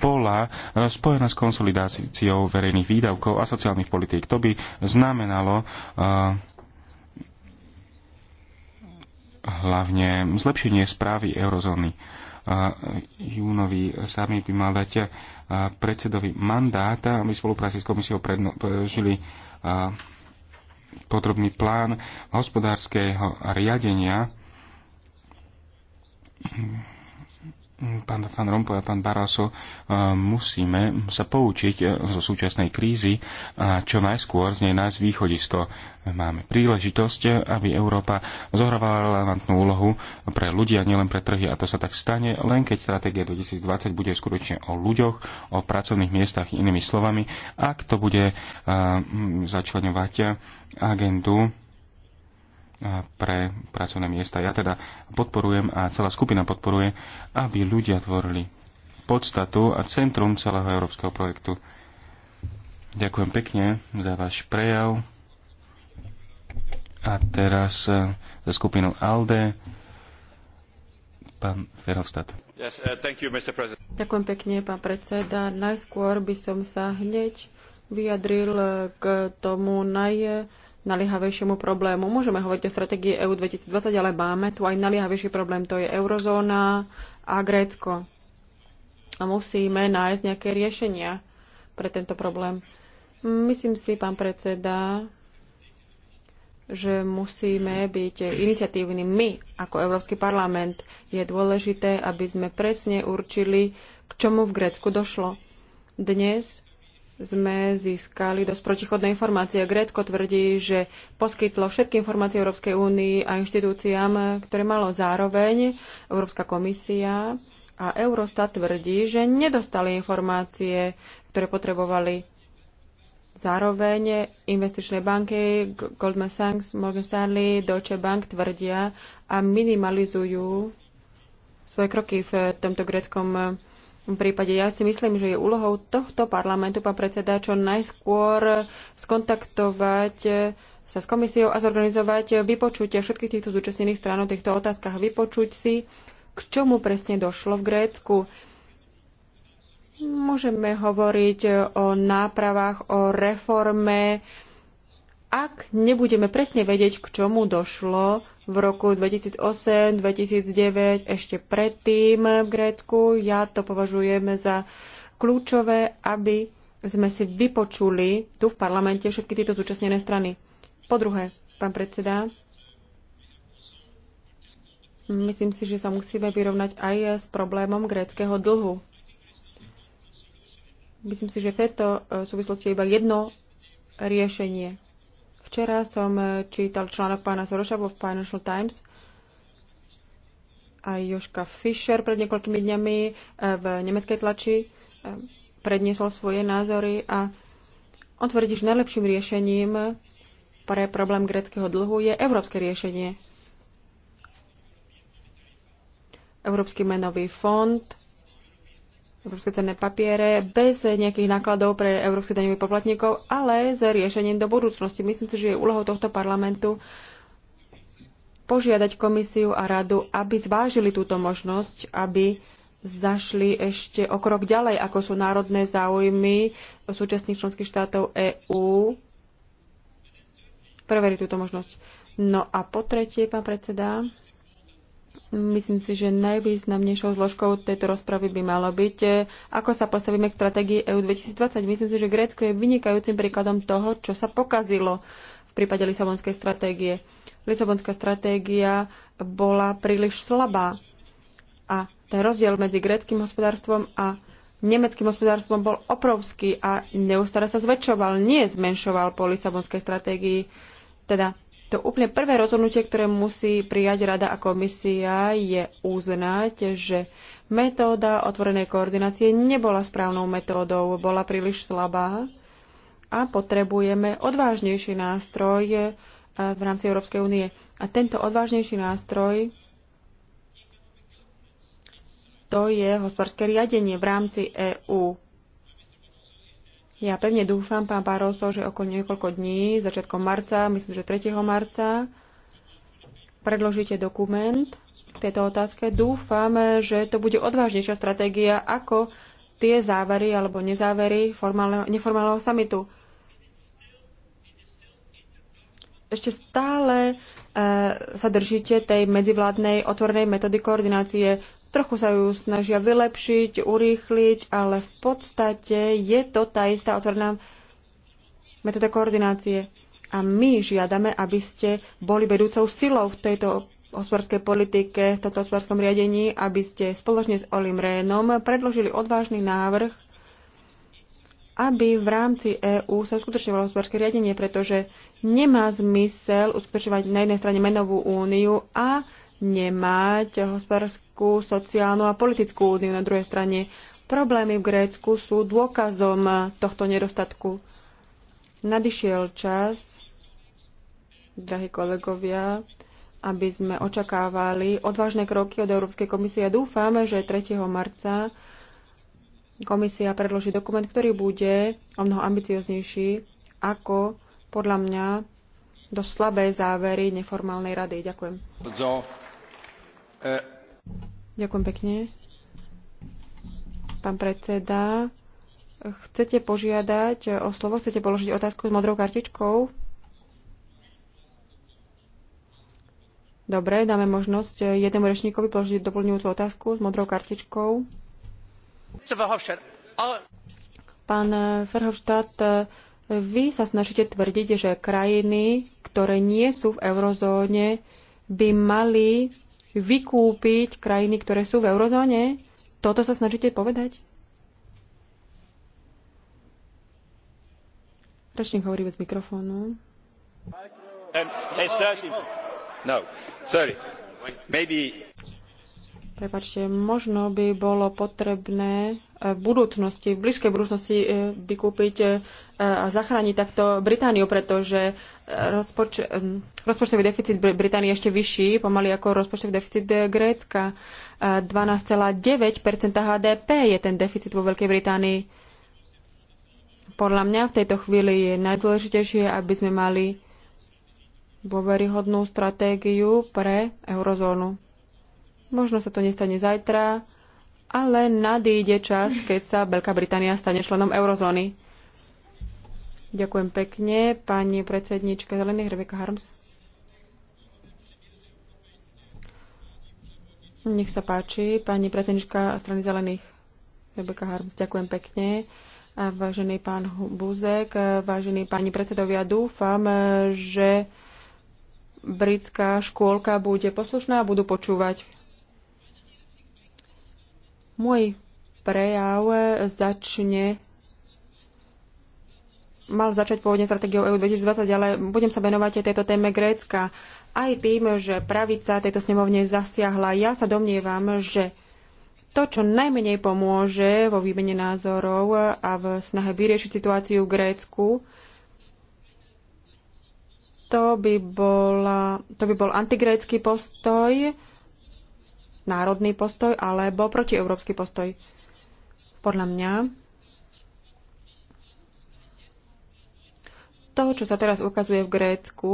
bola eh, spojená s konsolidáciou verejných výdavkov a sociálnych politík. To by znamenalo eh, hlavne zlepšenie správy eurozóny. Júnový sami by mal dať predsedovi mandát, aby v spolupráci s komisiou predložili podrobný plán hospodárskeho riadenia pán Van Rompuy a pán Barroso, e, musíme sa poučiť e, zo súčasnej krízy a čo najskôr z nej nájsť východisko. Máme príležitosť, e, aby Európa zohrávala relevantnú úlohu pre ľudia, nielen pre trhy a to sa tak stane, len keď stratégia 2020 bude skutočne o ľuďoch, o pracovných miestach, inými slovami, ak to bude začlenovať agendu pre pracovné miesta. Ja teda podporujem a celá skupina podporuje, aby ľudia tvorili podstatu a centrum celého európskeho projektu. Ďakujem pekne za váš prejav. A teraz e, za skupinu ALDE pán Verhofstadt. Yes, uh, you, Ďakujem pekne, pán predseda. Najskôr by som sa hneď vyjadril e, k tomu naj naliehavejšiemu problému. Môžeme hovoriť o stratégii EU 2020, ale máme tu aj naliehavejší problém, to je eurozóna a Grécko. A musíme nájsť nejaké riešenia pre tento problém. Myslím si, pán predseda, že musíme byť iniciatívni my ako Európsky parlament. Je dôležité, aby sme presne určili, k čomu v Grécku došlo. Dnes sme získali dosť protichodné informácie. Grécko tvrdí, že poskytlo všetky informácie Európskej únii a inštitúciám, ktoré malo zároveň. Európska komisia a Eurostat tvrdí, že nedostali informácie, ktoré potrebovali. Zároveň investičné banky Goldman Sachs, Morgan Stanley, Deutsche Bank tvrdia a minimalizujú svoje kroky v tomto greckom prípade ja si myslím, že je úlohou tohto parlamentu, pán predseda, čo najskôr skontaktovať sa s komisiou a zorganizovať vypočutie všetkých týchto zúčastnených strán o týchto otázkach. Vypočuť si, k čomu presne došlo v Grécku. Môžeme hovoriť o nápravách, o reforme. Ak nebudeme presne vedieť, k čomu došlo, v roku 2008-2009, ešte predtým v Grécku. Ja to považujem za kľúčové, aby sme si vypočuli tu v parlamente všetky tieto zúčastnené strany. Po druhé, pán predseda, myslím si, že sa musíme vyrovnať aj s problémom gréckého dlhu. Myslím si, že v tejto e, súvislosti je iba jedno riešenie. Včera som eh, čítal článok pána Soroša vo Financial Times a Joška Fischer pred niekoľkými dňami eh, v nemeckej tlači eh, predniesol svoje názory a on tvrdí, že najlepším riešením pre problém greckého dlhu je európske riešenie. Európsky menový fond európske cenné papiere bez nejakých nákladov pre európskych daňových poplatníkov, ale s riešením do budúcnosti. Myslím si, že je úlohou tohto parlamentu požiadať komisiu a radu, aby zvážili túto možnosť, aby zašli ešte o krok ďalej, ako sú národné záujmy súčasných členských štátov EÚ. Preveriť túto možnosť. No a po tretie, pán predseda, Myslím si, že najvýznamnejšou zložkou tejto rozpravy by malo byť, e, ako sa postavíme k stratégii EU 2020. Myslím si, že Grécko je vynikajúcim príkladom toho, čo sa pokazilo v prípade Lisabonskej stratégie. Lisabonská stratégia bola príliš slabá a ten rozdiel medzi gréckým hospodárstvom a nemeckým hospodárstvom bol obrovský a neustále sa zväčšoval, nie zmenšoval po Lisabonskej stratégii. Teda to úplne prvé rozhodnutie, ktoré musí prijať Rada a komisia, je uznať, že metóda otvorenej koordinácie nebola správnou metódou, bola príliš slabá a potrebujeme odvážnejší nástroj eh, v rámci Európskej únie. A tento odvážnejší nástroj to je hospodárske riadenie v rámci EÚ. Ja pevne dúfam, pán Pároso, že okolo niekoľko dní, začiatkom marca, myslím, že 3. marca, predložíte dokument k tejto otázke. Dúfam, že to bude odvážnejšia stratégia ako tie závery alebo nezávery formálneho, neformálneho samitu. Ešte stále e, sa držíte tej medzivládnej otvornej metódy koordinácie. Trochu sa ju snažia vylepšiť, urýchliť, ale v podstate je to tá istá otvorená metóda koordinácie. A my žiadame, aby ste boli vedúcou silou v tejto hospodárskej politike, v tomto hospodárskom riadení, aby ste spoločne s Olim Rénom predložili odvážny návrh, aby v rámci EÚ sa uskutočňovalo hospodárske riadenie, pretože nemá zmysel uskutočňovať na jednej strane menovú úniu a nemať hospodárskú, sociálnu a politickú úniu na druhej strane. Problémy v Grécku sú dôkazom tohto nedostatku. Nadišiel čas, drahí kolegovia, aby sme očakávali odvážne kroky od Európskej komisie. Dúfame, že 3. marca komisia predloží dokument, ktorý bude o mnoho ambicioznejší ako podľa mňa do slabé závery neformálnej rady. Ďakujem. E, Ďakujem pekne. Pán predseda, chcete požiadať o slovo, chcete položiť otázku s modrou kartičkou? Dobre, dáme možnosť jednému rečníkovi položiť doplňujúcu otázku s modrou kartičkou. Pán Verhofstadt, vy sa snažíte tvrdiť, že krajiny, ktoré nie sú v eurozóne, by mali vykúpiť krajiny, ktoré sú v eurozóne? Toto sa snažíte povedať? Rečník hovorí bez mikrofónu. Um, no, Prepačte, možno by bolo potrebné v budúcnosti, v blízkej budúcnosti eh, vykúpiť eh, a zachrániť takto Britániu, pretože eh, rozpoč- mm, rozpočtový deficit Británie je ešte vyšší, pomaly ako rozpočtový deficit Grécka. 12,9 HDP je ten deficit vo Veľkej Británii. Podľa mňa v tejto chvíli je najdôležitejšie, aby sme mali dôveryhodnú stratégiu pre eurozónu. Možno sa to nestane zajtra, ale nadíde čas, keď sa Veľká Británia stane členom eurozóny. Ďakujem pekne, pani predsednička Zelených Rebeka Harms. Nech sa páči, pani predsednička strany Zelených Rebeka Harms. Ďakujem pekne. A vážený pán Buzek, vážení páni predsedovia, dúfam, že britská škôlka bude poslušná a budú počúvať môj prejav e, začne mal začať pôvodne stratégiou EU 2020, ale budem sa venovať aj tejto téme Grécka. Aj tým, že pravica tejto snemovne zasiahla, ja sa domnievam, že to, čo najmenej pomôže vo výmene názorov a v snahe vyriešiť situáciu v Grécku, to by, bola, to by bol antigrécky postoj, národný postoj alebo protieurópsky postoj. Podľa mňa to, čo sa teraz ukazuje v Grécku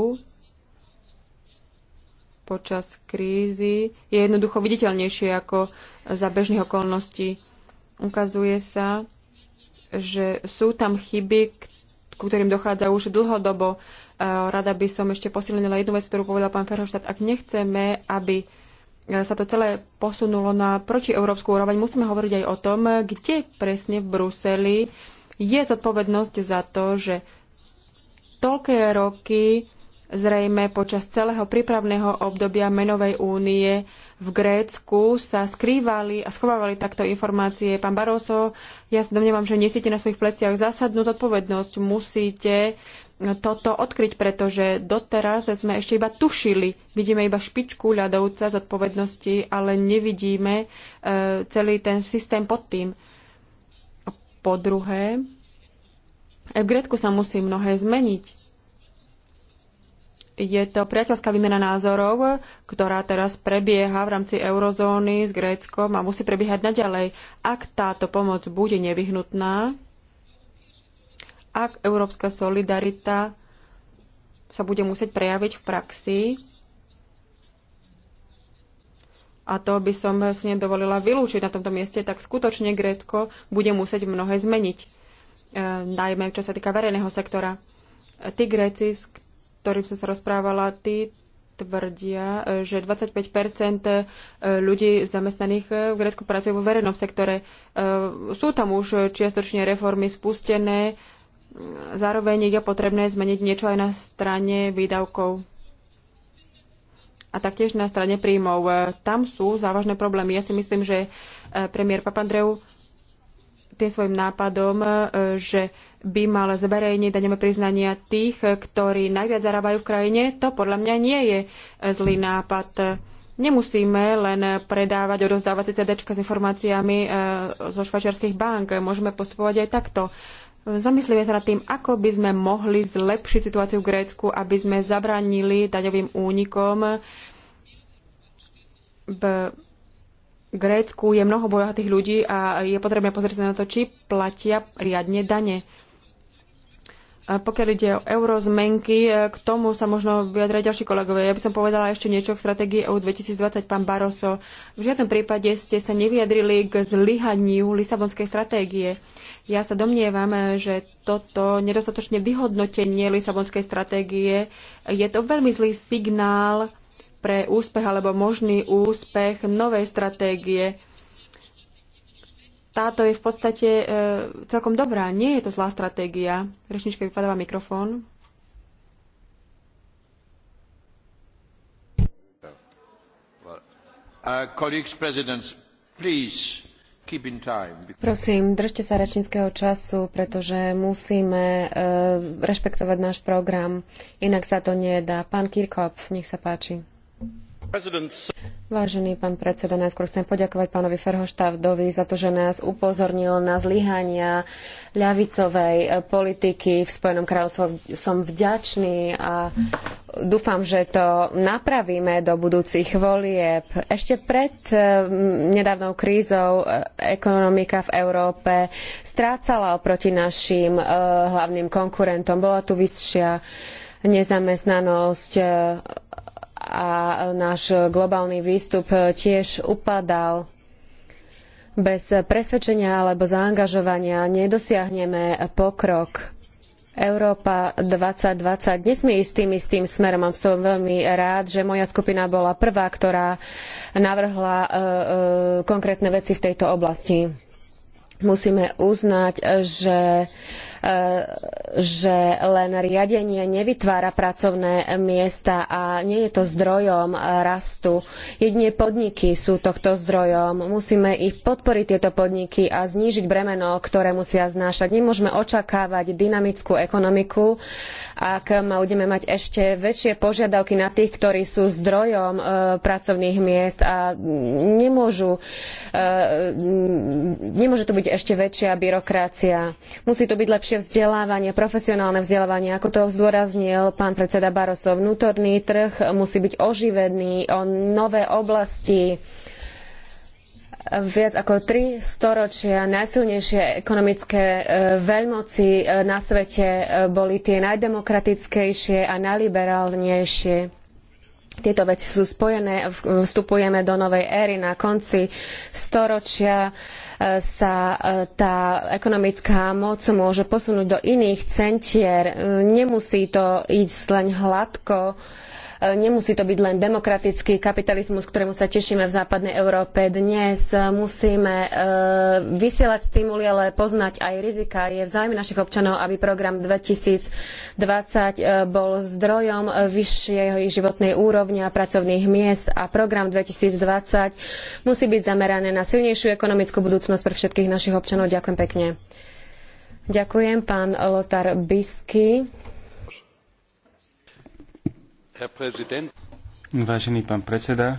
počas krízy, je jednoducho viditeľnejšie ako za bežných okolností. Ukazuje sa, že sú tam chyby, ku ktorým dochádza už dlhodobo. E, rada by som ešte posilnila jednu vec, ktorú povedal pán Ferhoštát. Ak nechceme, aby E, sa to celé posunulo na protieurópsku úroveň, musíme hovoriť aj o tom, kde presne v Bruseli je zodpovednosť za to, že toľké roky zrejme počas celého prípravného obdobia menovej únie v Grécku sa skrývali a schovávali takto informácie. Pán Barroso, ja sa domnievam, že nesiete na svojich pleciach zásadnú zodpovednosť. Musíte toto odkryť, pretože doteraz sme ešte iba tušili, vidíme iba špičku ľadovca zodpovednosti, ale nevidíme e, celý ten systém pod tým. Po druhé, v Grécku sa musí mnohé zmeniť. Je to priateľská výmena názorov, ktorá teraz prebieha v rámci eurozóny s Gréckom a musí prebiehať naďalej. Ak táto pomoc bude nevyhnutná, ak európska solidarita sa bude musieť prejaviť v praxi. A to by som si nedovolila vylúčiť na tomto mieste, tak skutočne Grécko bude musieť mnohé zmeniť. E, najmä čo sa týka verejného sektora. Tí Gréci, s ktorým som sa rozprávala, tí tvrdia, že 25 e, ľudí zamestnaných v Grécku pracujú vo verejnom sektore. E, sú tam už čiastočne reformy spustené, Zároveň je potrebné zmeniť niečo aj na strane výdavkov a taktiež na strane príjmov. Tam sú závažné problémy. Ja si myslím, že eh, premiér Papandreou tým svojim nápadom, eh, že by mal zverejniť daňové priznania tých, ktorí najviac zarábajú v krajine, to podľa mňa nie je eh, zlý nápad. Nemusíme len predávať, odozdávať si CDčka s informáciami zo švačiarských bank. Môžeme postupovať aj takto. Zamyslíme sa nad tým, ako by sme mohli zlepšiť situáciu v Grécku, aby sme zabránili daňovým únikom. V Grécku je mnoho bohatých ľudí a je potrebné pozrieť sa na to, či platia riadne dane. A pokiaľ ide o eurozmenky, e, k tomu sa možno vyjadrať ďalší kolegovia. Ja by som povedala ešte niečo k stratégii EU 2020, pán Baroso. V žiadnom prípade ste sa nevyjadrili k zlyhaniu Lisabonskej stratégie ja sa domnievam, že toto nedostatočne vyhodnotenie Lisabonskej stratégie je to veľmi zlý signál pre úspech alebo možný úspech novej stratégie. Táto je v podstate e, celkom dobrá. Nie je to zlá stratégia. Rečnička vypadáva mikrofón. Uh, colleagues, presidents, please Prosím, držte sa rečníckého času, pretože musíme eh, rešpektovať náš program, inak sa to nedá. Pán Kirkhoff, nech sa páči. Vážený pán predseda, najskôr chcem poďakovať pánovi verhofstadtovi za to, že nás upozornil na zlyhania ľavicovej politiky v Spojenom kráľovstve. Som vďačný a dúfam, že to napravíme do budúcich volieb. Ešte pred mm, nedávnou krízou e, ekonomika v Európe strácala oproti našim e, hlavným konkurentom. Bola tu vyššia nezamestnanosť e, a náš globálny výstup tiež upadal. Bez presvedčenia alebo zaangažovania nedosiahneme pokrok. Európa 2020 nesmie ísť tým istým smerom a som veľmi rád, že moja skupina bola prvá, ktorá navrhla e, e, konkrétne veci v tejto oblasti. Musíme uznať, že E, že len riadenie nevytvára pracovné miesta a nie je to zdrojom e, rastu. Jedine podniky sú tohto zdrojom. Musíme ich podporiť tieto podniky a znížiť bremeno, ktoré musia znášať. Nemôžeme očakávať dynamickú ekonomiku, ak budeme mať ešte väčšie požiadavky na tých, ktorí sú zdrojom e, pracovných miest a nemôžu, e, nemôže tu byť ešte väčšia byrokracia. Musí tu byť lepšie lepšie vzdelávanie, profesionálne vzdelávanie, ako to zdôraznil pán predseda Barosov. Vnútorný trh musí byť oživený o nové oblasti, viac ako tri storočia najsilnejšie ekonomické e, veľmoci e, na svete e, boli tie najdemokratickejšie a najliberálnejšie. Tieto veci sú spojené, vstupujeme do novej éry na konci storočia sa e, tá ekonomická moc môže posunúť do iných centier. Nemusí to ísť len hladko Nemusí to byť len demokratický kapitalizmus, ktorému sa tešíme v západnej Európe. Dnes musíme e, vysielať stimuly, ale poznať aj rizika. Je v záujme našich občanov, aby program 2020 e, bol zdrojom vyššej životnej úrovne a pracovných miest a program 2020 musí byť zameraný na silnejšiu ekonomickú budúcnosť pre všetkých našich občanov. Ďakujem pekne. Ďakujem, pán Lotar Bisky. Vážený pán predseda,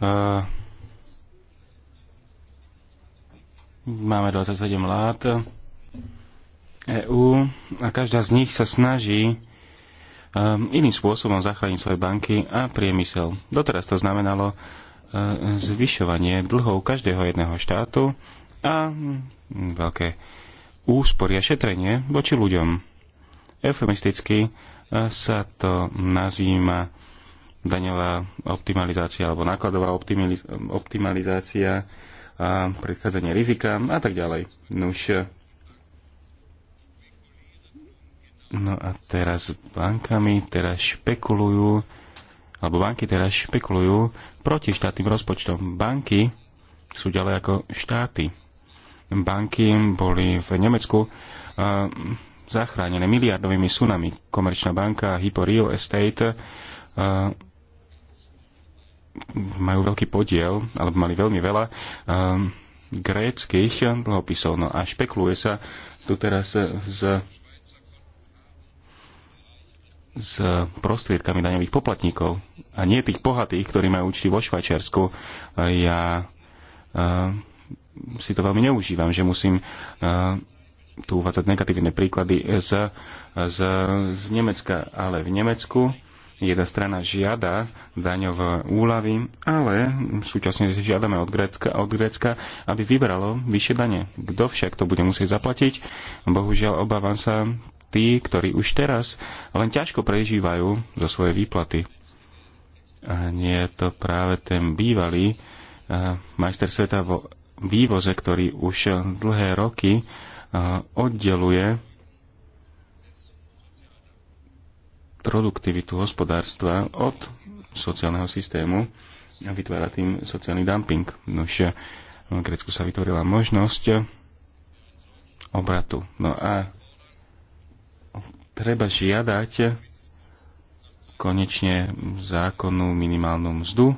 uh, máme 27 vlád EÚ a každá z nich sa snaží um, iným spôsobom zachrániť svoje banky a priemysel. Doteraz to znamenalo uh, zvyšovanie dlhov každého jedného štátu a um, veľké úspory a šetrenie voči ľuďom. Eufemisticky sa to nazýva daňová optimalizácia alebo nákladová optimalizácia, a predchádzanie rizika a tak ďalej. už... No a teraz bankami teraz špekulujú, alebo banky teraz špekulujú proti štátnym rozpočtom. Banky sú ďalej ako štáty. Banky boli v Nemecku zachránené miliardovými sunami. Komerčná banka a Hypo Real Estate eh, majú veľký podiel, alebo mali veľmi veľa eh, gréckých dlhopisov. No a špekuluje sa tu teraz s, s prostriedkami daňových poplatníkov a nie tých bohatých, ktorí majú účty vo Švajčiarsku. Ja eh, si to veľmi neužívam, že musím tu uvádzať negatívne príklady z, z, z Nemecka, ale v Nemecku jedna strana žiada daňové úlavy, ale súčasne žiadame od Grécka, od Grécka, aby vybralo vyššie dane. Kto však to bude musieť zaplatiť? Bohužiaľ, obávam sa tí, ktorí už teraz len ťažko prežívajú zo svojej výplaty. A nie je to práve ten bývalý eh, majster sveta vo vývoze, ktorý už dlhé roky Eh, oddeluje produktivitu hospodárstva od sociálneho systému a vytvára tým sociálny dumping. Nož eh, v Grécku sa vytvorila možnosť obratu. No a treba žiadať konečne zákonnú minimálnu mzdu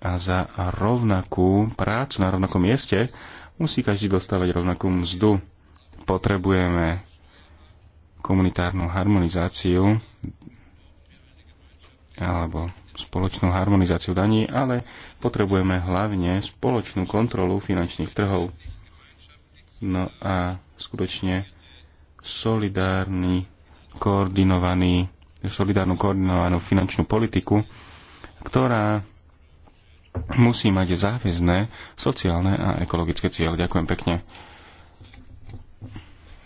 a za rovnakú prácu na rovnakom mieste Musí každý dostávať rovnakú mzdu. Potrebujeme komunitárnu harmonizáciu alebo spoločnú harmonizáciu daní, ale potrebujeme hlavne spoločnú kontrolu finančných trhov. No a skutočne solidárny, koordinovaný, solidárnu koordinovanú finančnú politiku, ktorá musí mať záväzné sociálne a ekologické cieľe. Ďakujem pekne.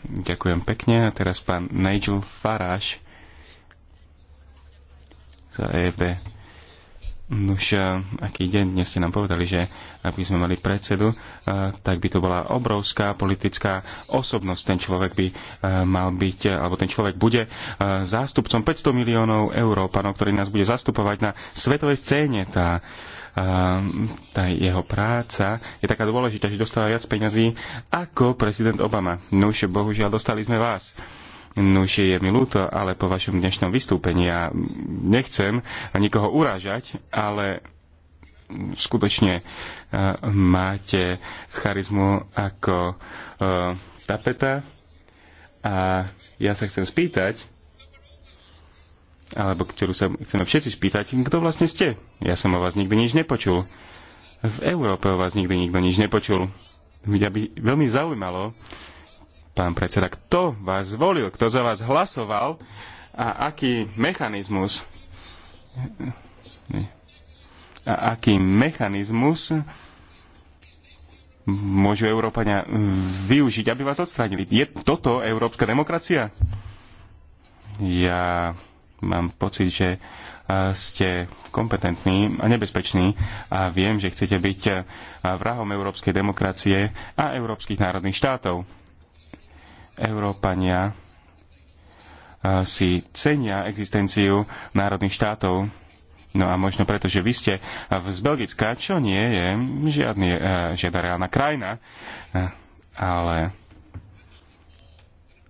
Ďakujem pekne. A teraz pán Nigel Farage za EB. Nuž, aký deň dnes ste nám povedali, že ak by sme mali predsedu, tak by to bola obrovská politická osobnosť. Ten človek by mal byť, alebo ten človek bude zástupcom 500 miliónov Európanov, ktorý nás bude zastupovať na svetovej scéne. Tá Ehm, tá jeho práca je taká dôležitá, že dostáva viac peňazí ako prezident Obama. Nuž, bohužiaľ, dostali sme vás. Nuž, je mi ľúto, ale po vašom dnešnom vystúpení ja nechcem nikoho urážať, ale skutočne eh, máte charizmu ako eh, tapeta a ja sa chcem spýtať, alebo ktorú sa chceme všetci spýtať, kto vlastne ste? Ja som o vás nikdy nič nepočul. V Európe o vás nikdy nikto nič nepočul. Mňa by veľmi zaujímalo, pán predseda, kto vás zvolil, kto za vás hlasoval a aký mechanizmus a aký mechanizmus môžu Európania využiť, aby vás odstránili. Je toto európska demokracia? Ja mám pocit, že e, ste kompetentní a nebezpeční a viem, že chcete byť e, vrahom európskej demokracie a európskych národných štátov. Európania e, si cenia existenciu národných štátov. No a možno preto, že vy ste z Belgická, čo nie je žiadny, žiadna reálna krajina, ale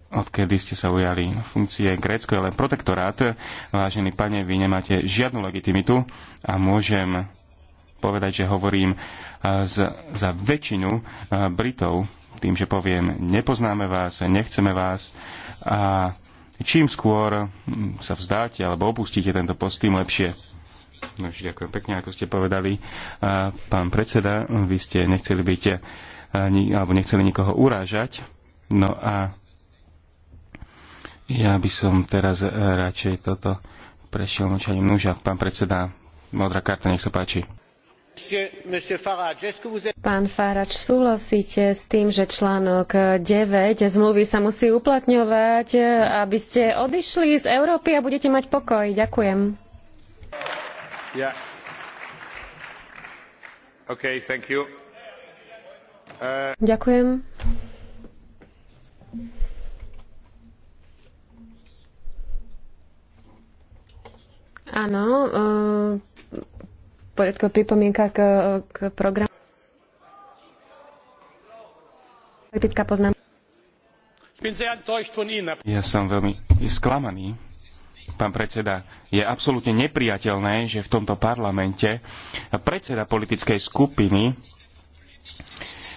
odkedy ste sa ujali funkcie Grécko je len protektorát. Vážený pane, vy nemáte žiadnu legitimitu a môžem povedať, že hovorím e, z, za väčšinu e, Britov tým, že poviem, nepoznáme vás, nechceme vás a čím skôr hm, sa vzdáte alebo opustíte tento post, tým lepšie. No, ďakujem pekne, ako ste povedali, e, pán predseda, vy ste nechceli byť alebo nechceli nikoho urážať. No a ja by som teraz eh, radšej toto prešiel mlčaním núža. Pán predseda, modrá karta, nech sa páči. Pán Farač, súhlasíte s tým, že článok 9 zmluvy sa musí uplatňovať, eh, aby ste odišli z Európy a budete mať pokoj? Ďakujem. Yeah. Okay, uh... Ďakujem. Áno, uh, poriadko pripomienka k, k programu. Faktická poznám. Ja som veľmi sklamaný, pán predseda. Je absolútne nepriateľné, že v tomto parlamente predseda politickej skupiny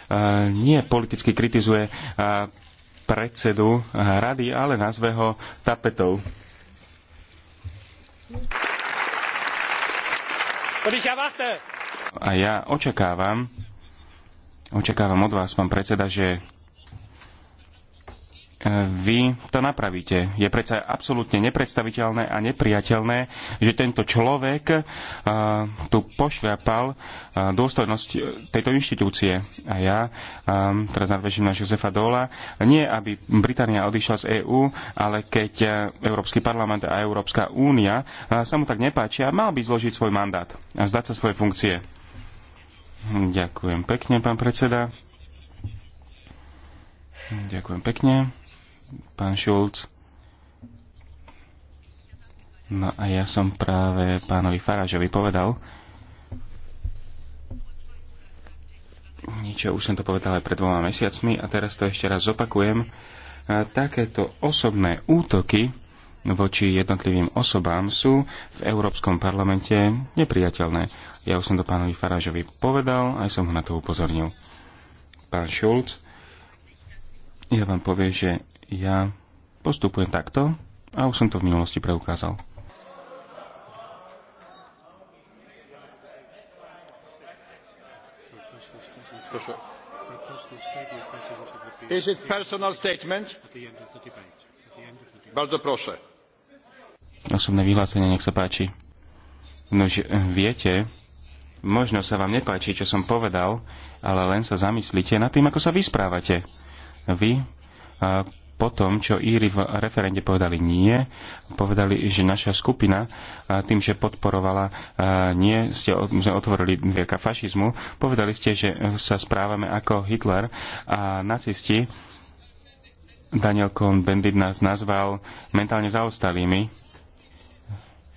uh, nie politicky kritizuje uh, predsedu rady, ale nazve ho tapetou. Thank you. A ja očakávam, očakávam od vás, pán predseda, že vy to napravíte. Je predsa absolútne nepredstaviteľné a nepriateľné, že tento človek tu pošľapal dôstojnosť tejto inštitúcie. A ja teraz nadvežím na Josefa Dola. Nie, aby Británia odišla z EÚ, ale keď Európsky parlament a Európska únia sa mu tak nepáčia, mal by zložiť svoj mandát a vzdať sa svoje funkcie. Ďakujem pekne, pán predseda. Ďakujem pekne pán Šulc. No a ja som práve pánovi Farážovi povedal, niečo, už som to povedal aj pred dvoma mesiacmi a teraz to ešte raz zopakujem. Takéto osobné útoky voči jednotlivým osobám sú v Európskom parlamente nepriateľné. Ja už som to pánovi Farážovi povedal, aj som ho na to upozornil. Pán Šulc, ja vám poviem, že ja postupujem takto a už som to v minulosti preukázal. Is it personal statement? Bardzo proszę. Osobné vyhlásenie, nech sa páči. Nož eh, viete, možno sa vám nepáči, čo som povedal, ale len sa zamyslite nad tým, ako sa vysprávate. Vy eh, po tom, čo Íri v referende povedali nie, povedali, že naša skupina tým, že podporovala nie, ste, sme otvorili vieka fašizmu, povedali ste, že sa správame ako Hitler a nacisti. Daniel Cohn-Bendit nás nazval mentálne zaostalými.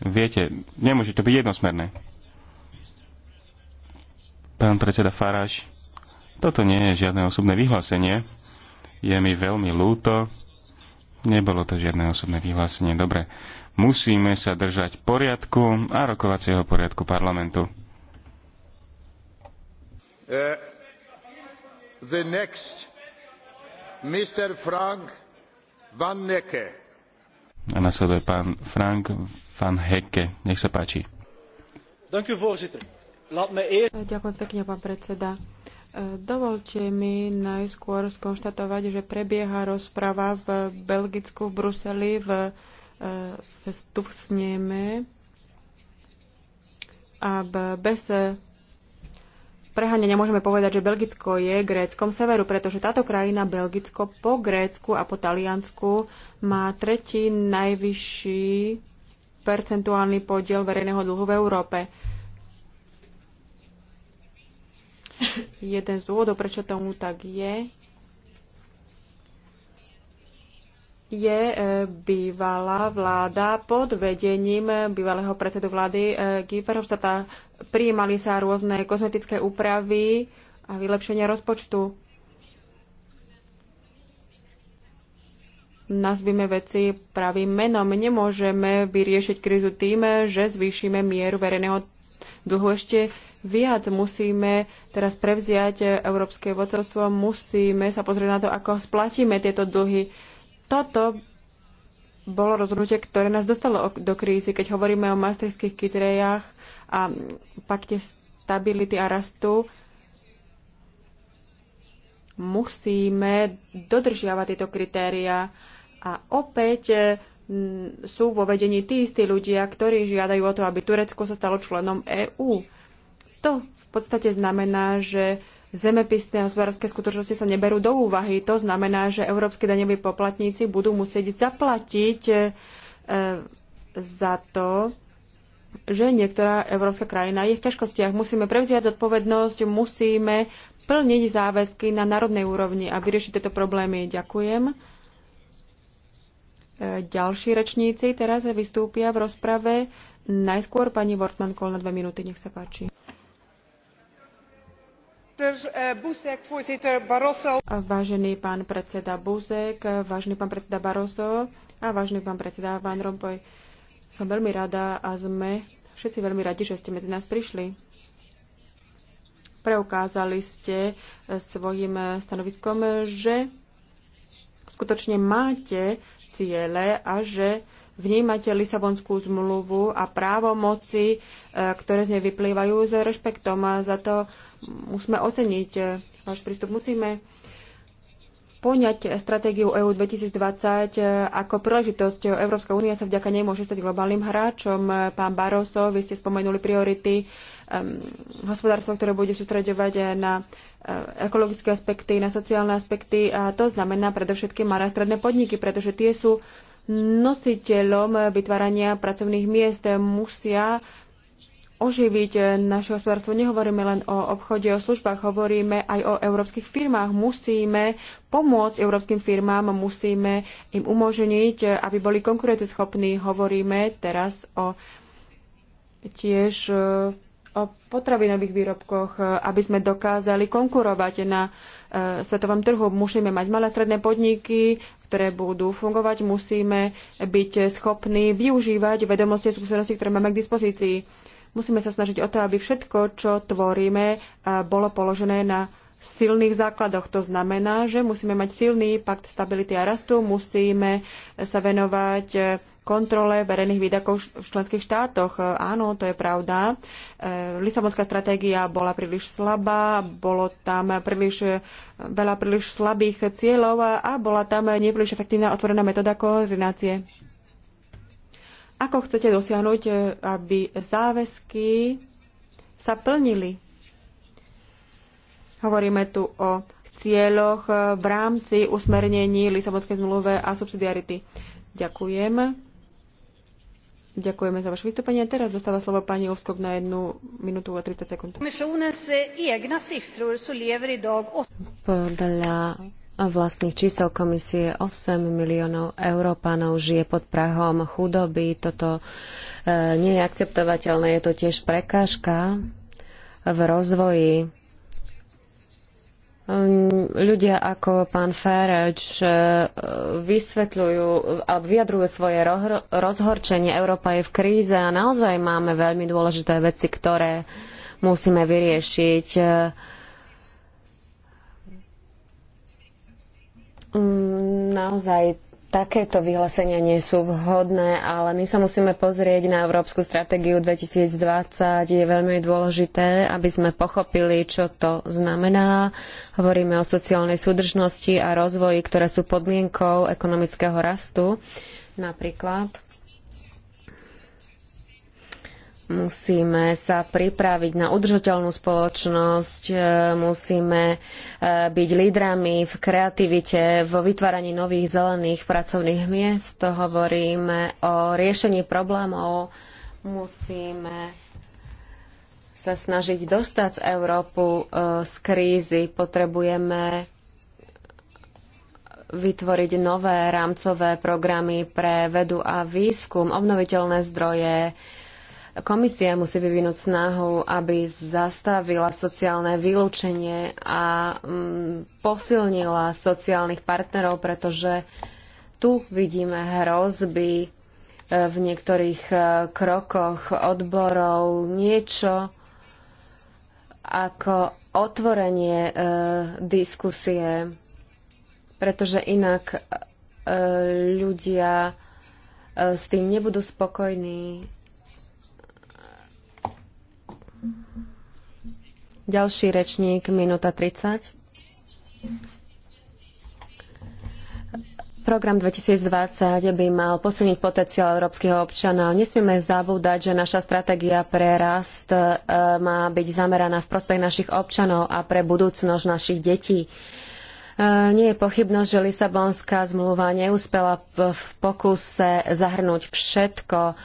Viete, nemôže to byť jednosmerné. Pán predseda Faráš, toto nie je žiadne osobné vyhlásenie. Je mi veľmi lúto. Nebolo to žiadne osobné vyhlásenie. Dobre, musíme sa držať poriadku a rokovacieho poriadku parlamentu. Uh, the next, Mr. Frank Van Necke. A nasleduje pán Frank Van Hecke. Nech sa páči. Ďakujem pekne, pán predseda. Dovolte mi najskôr skonštatovať, že prebieha rozprava v Belgicku, v Bruseli, v, e, v a bez preháňania môžeme povedať, že Belgicko je gréckom severu, pretože táto krajina Belgicko po Grécku a po Taliansku má tretí najvyšší percentuálny podiel verejného dlhu v Európe. Jeden z dôvodov, prečo tomu tak je, je e, bývalá vláda pod vedením bývalého predsedu vlády e, Guy Prijímali sa rôzne kozmetické úpravy a vylepšenie rozpočtu. Nazvime veci pravým menom. Nemôžeme vyriešiť krízu tým, že zvýšime mieru verejného dlhu ešte viac musíme teraz prevziať európske vodcovstvo, musíme sa pozrieť na to, ako splatíme tieto dlhy. Toto bolo rozhodnutie, ktoré nás dostalo do krízy. Keď hovoríme o maastrichtských kytrejach a pakte stability a rastu, musíme dodržiavať tieto kritéria a opäť eh, sú vo vedení tí istí ľudia, ktorí žiadajú o to, aby Turecko sa stalo členom EÚ. To v podstate znamená, že zemepisné a hospodárske skutočnosti sa neberú do úvahy. To znamená, že európske daňoví poplatníci budú musieť zaplatiť e, za to, že niektorá európska krajina je v ťažkostiach. Musíme prevziať zodpovednosť, musíme plniť záväzky na národnej úrovni a vyriešiť tieto problémy. Ďakujem. E, ďalší rečníci teraz vystúpia v rozprave. Najskôr pani Wortmann-Kohl na dve minúty, nech sa páči. Eh, eh, vážený pán predseda Buzek, eh, vážený pán predseda Barroso a vážený pán predseda Van Rompuy, som veľmi rada a sme všetci veľmi radi, že ste medzi nás prišli. Preukázali ste svojim stanoviskom, že skutočne máte ciele a že vnímate Lisabonskú zmluvu a právomoci, ktoré z nej vyplývajú s rešpektom. A za to musíme oceniť eh, váš prístup. Musíme poňať stratégiu EU 2020 eh, ako príležitosť. Európska únia sa vďaka nej môže stať globálnym hráčom. Pán Barroso, vy ste spomenuli priority um, hospodárstva, ktoré bude sústreďovať eh, na ekologické aspekty, na sociálne aspekty. A to znamená predovšetkým malé stredné podniky, pretože tie sú nositeľom vytvárania pracovných miest. Musia oživiť eh, naše hospodárstvo. Nehovoríme len o obchode, o službách, hovoríme aj o európskych firmách. Musíme pomôcť európskym firmám, musíme im umožniť, eh, aby boli konkurenceschopní. Hovoríme teraz o tiež eh, o potravinových výrobkoch, aby sme dokázali konkurovať na svetovom trhu. Musíme mať malé stredné podniky, ktoré budú fungovať, musíme byť schopní využívať vedomosti a skúsenosti, ktoré máme k dispozícii Musíme sa snažiť o to, aby všetko, čo tvoríme, bolo položené na silných základoch. To znamená, že musíme mať silný pakt stability a rastu, musíme sa venovať e, kontrole verejných výdakov v členských štátoch. E, áno, to je pravda. E, Lisabonská stratégia bola príliš slabá, bolo tam príliš veľa príliš slabých cieľov a bola tam nepríliš efektívna otvorená metóda koordinácie. Ako chcete dosiahnuť, e, aby záväzky sa plnili? Hovoríme tu o cieľoch e, v rámci usmernení Lisabonskej zmluve a subsidiarity. Ďakujem. Ďakujeme za vaše vystúpenie. Teraz dostáva slovo pani Ovskok na 1 minútu a 30 sekúnd. Eh, Podľa vlastných čísel komisie 8 miliónov Európanov žije pod prahom chudoby. Toto e, nie je akceptovateľné. Je to tiež prekážka v rozvoji. Mm, ľudia ako pán Fereč vysvetľujú a vyjadrujú svoje rozhorčenie. Európa je v kríze a naozaj máme veľmi dôležité veci, ktoré musíme vyriešiť e, Mm, naozaj takéto vyhlásenia nie sú vhodné, ale my sa musíme pozrieť na Európsku stratégiu 2020. Je veľmi dôležité, aby sme pochopili, čo to znamená. Hovoríme o sociálnej súdržnosti a rozvoji, ktoré sú podmienkou ekonomického rastu napríklad. Musíme sa pripraviť na udržateľnú spoločnosť, e, musíme e, byť lídrami v kreativite, vo vytváraní nových zelených pracovných miest. Hovoríme o riešení problémov, musíme sa snažiť dostať z Európu e, z krízy. Potrebujeme vytvoriť nové rámcové programy pre vedu a výskum, obnoviteľné zdroje, Komisia musí vyvinúť snahu, aby zastavila sociálne vylúčenie a mm, posilnila sociálnych partnerov, pretože tu vidíme hrozby e, v niektorých e, krokoch odborov niečo ako otvorenie e, diskusie, pretože inak e, ľudia e, s tým nebudú spokojní Ďalší rečník, minúta 30. Program 2020 by mal posilniť potenciál európskeho občana. Nesmieme zabúdať, že naša stratégia pre rast e, má byť zameraná v prospech našich občanov a pre budúcnosť našich detí. E, nie je pochybnosť, že Lisabonská zmluva neúspela v pokuse zahrnúť všetko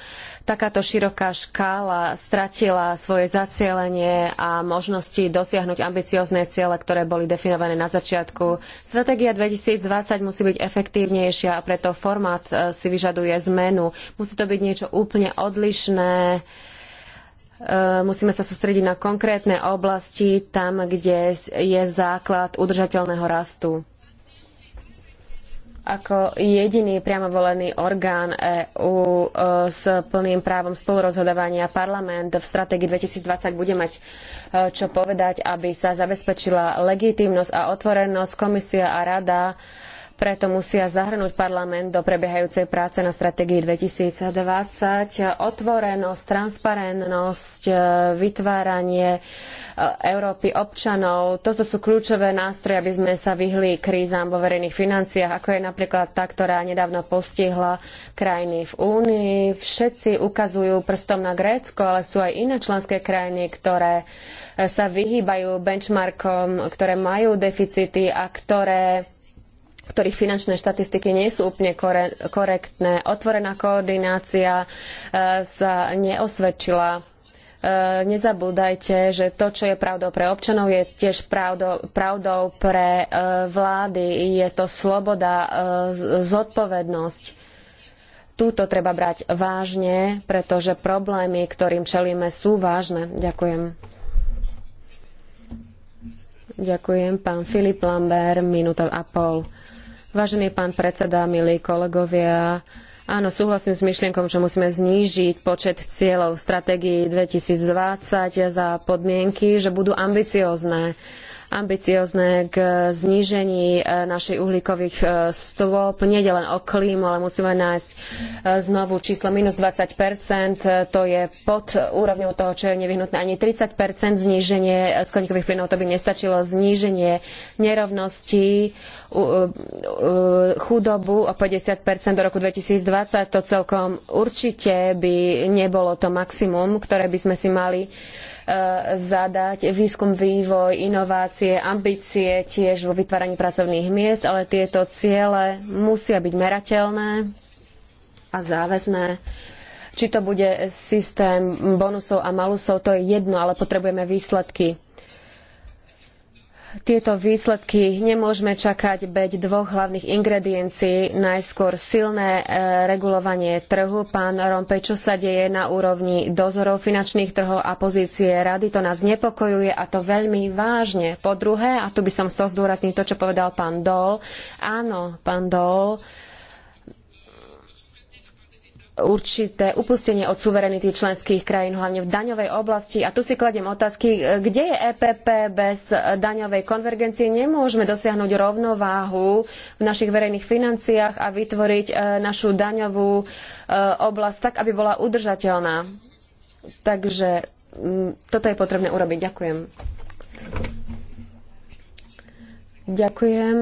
takáto široká škála stratila svoje zacielenie a možnosti dosiahnuť ambiciozne ciele, ktoré boli definované na začiatku. Stratégia 2020 musí byť efektívnejšia a preto formát e, si vyžaduje zmenu. Musí to byť niečo úplne odlišné e, musíme sa sústrediť na konkrétne oblasti, tam, kde je základ udržateľného rastu ako jediný priamo volený orgán EÚ e, s plným právom spolurozhodovania parlament v stratégii 2020 bude mať e, čo povedať, aby sa zabezpečila legitímnosť a otvorenosť komisia a rada preto musia zahrnúť parlament do prebiehajúcej práce na stratégii 2020. Otvorenosť, transparentnosť, e, vytváranie e, Európy občanov, toto sú kľúčové nástroje, aby sme sa vyhli krízam vo verejných financiách, ako je napríklad tá, ktorá nedávno postihla krajiny v Únii. Všetci ukazujú prstom na Grécko, ale sú aj iné členské krajiny, ktoré e, sa vyhýbajú benchmarkom, ktoré majú deficity a ktoré ktorých finančné štatistiky nie sú úplne korektné. Otvorená koordinácia e, sa neosvedčila. E, nezabúdajte, že to, čo je pravdou pre občanov, je tiež pravdou, pravdou pre e, vlády. Je to sloboda, zodpovednosť. Túto treba brať vážne, pretože problémy, ktorým čelíme, sú vážne. Ďakujem. Ďakujem, pán Filip Lambert, minúta a pol. Vážený pán predseda, milí kolegovia, Áno, súhlasím s myšlienkom, že musíme znížiť počet cieľov v stratégii 2020 za podmienky, že budú ambiciózne ambiciozne k znížení e, našich uhlíkových e, stôp. Nejde len o klímu, ale musíme nájsť e, znovu číslo minus 20 To je pod úrovňou toho, čo je nevyhnutné. Ani 30 zníženie skleníkových plynov to by nestačilo. Zníženie nerovností, chudobu o 50 do roku 2020 2020 to celkom určite by nebolo to maximum, ktoré by sme si mali e, zadať výskum, vývoj, inovácie, ambície tiež vo vytváraní pracovných miest, ale tieto ciele musia byť merateľné a záväzné. Či to bude systém bonusov a malusov, to je jedno, ale potrebujeme výsledky tieto výsledky nemôžeme čakať beď dvoch hlavných ingrediencií. Najskôr silné e, regulovanie trhu. Pán Rompej, čo sa deje na úrovni dozorov finančných trhov a pozície rady, to nás nepokojuje a to veľmi vážne. Po druhé, a tu by som chcel zdôrazniť to, čo povedal pán Dol. Áno, pán Dol, určité upustenie od suverenity členských krajín, hlavne v daňovej oblasti. A tu si kladiem otázky, kde je EPP bez daňovej konvergencie? Nemôžeme dosiahnuť rovnováhu v našich verejných financiách a vytvoriť e, našu daňovú e, oblasť tak, aby bola udržateľná. Takže toto je potrebné urobiť. Ďakujem. Ďakujem.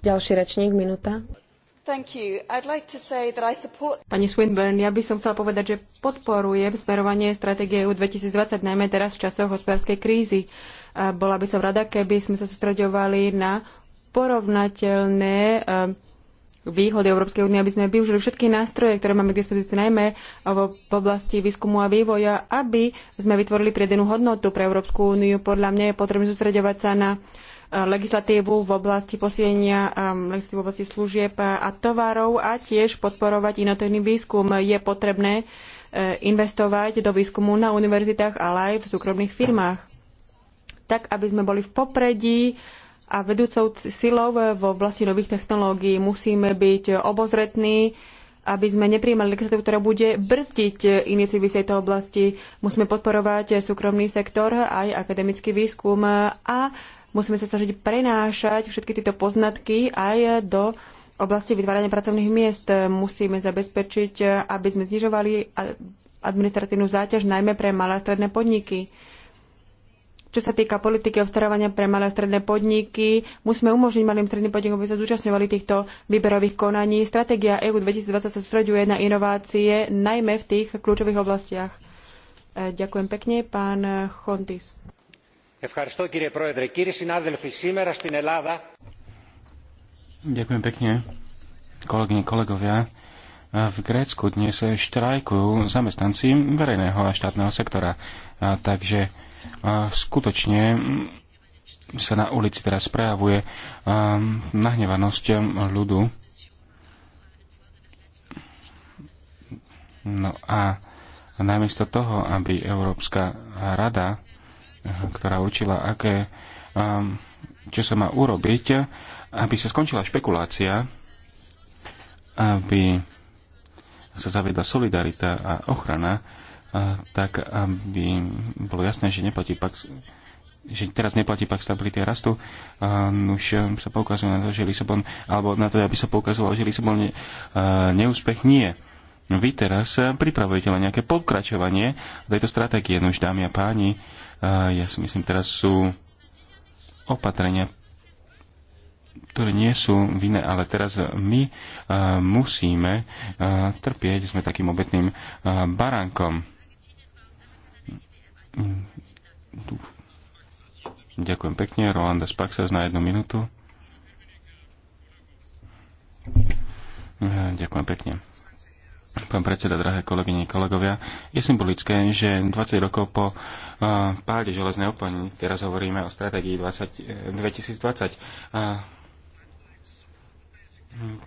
Ďalší rečník, minúta. Pani Swinburne, ja by som chcela povedať, že podporujem smerovanie stratégie EU 2020, najmä teraz v časoch hospodárskej krízy. bola by som rada, keby sme sa sústreďovali na porovnateľné eh, výhody Európskej únie, aby sme využili všetky nástroje, ktoré máme k dispozícii, najmä v oblasti výskumu a vývoja, aby sme vytvorili priedenú hodnotu pre Európsku úniu. Podľa mňa je potrebné sústreďovať sa na legislatívu v oblasti posilnenia um, legislatívy v oblasti služieb a tovarov a tiež podporovať inovatívny výskum. Je potrebné e, investovať do výskumu na univerzitách, ale aj v súkromných firmách. Tak, aby sme boli v popredí a vedúcou silou v oblasti nových technológií musíme byť obozretní, aby sme neprijímali legislatívu, ktorá bude brzdiť iniciatívy v tejto oblasti. Musíme podporovať súkromný sektor, aj akademický výskum a Musíme sa snažiť prenášať všetky tieto poznatky aj do oblasti vytvárania pracovných miest. Musíme zabezpečiť, aby sme znižovali administratívnu záťaž najmä pre malé a stredné podniky. Čo sa týka politiky obstarávania pre malé a stredné podniky, musíme umožniť malým stredným podnikom, aby sa zúčastňovali týchto výberových konaní. Stratégia EU 2020 sa sústreďuje na inovácie, najmä v tých kľúčových oblastiach. E, ďakujem pekne, pán Chontis. Ďakujem pekne, kolegyne, kolegovia. V Grécku dnes štrajkujú zamestnanci verejného a štátneho sektora. takže skutočne sa na ulici teraz prejavuje nahnevanosť ľudu. No a namiesto toho, aby Európska rada ktorá určila, aké, um, čo sa má urobiť, aby sa skončila špekulácia, aby sa zaviedla solidarita a ochrana, tak aby bolo jasné, že neplatí pak že teraz neplatí pak stability a rastu, už sa poukazuje na to, že Lisabon, alebo na to, aby sa poukazovalo, že Lisabon ne, neúspech nie. Vy teraz pripravujete len nejaké pokračovanie tejto stratégie, no už dámy a páni, ja si myslím, teraz sú opatrenia, ktoré nie sú vinné, ale teraz my e, musíme e, trpieť, sme takým obetným e, baránkom. Hm. Ďakujem pekne, Rolanda Spaxas na jednu minútu. predseda, drahé kolegyne, kolegovia. Je symbolické, že 20 rokov po páde železnej opony teraz hovoríme o stratégii 20, 2020. E,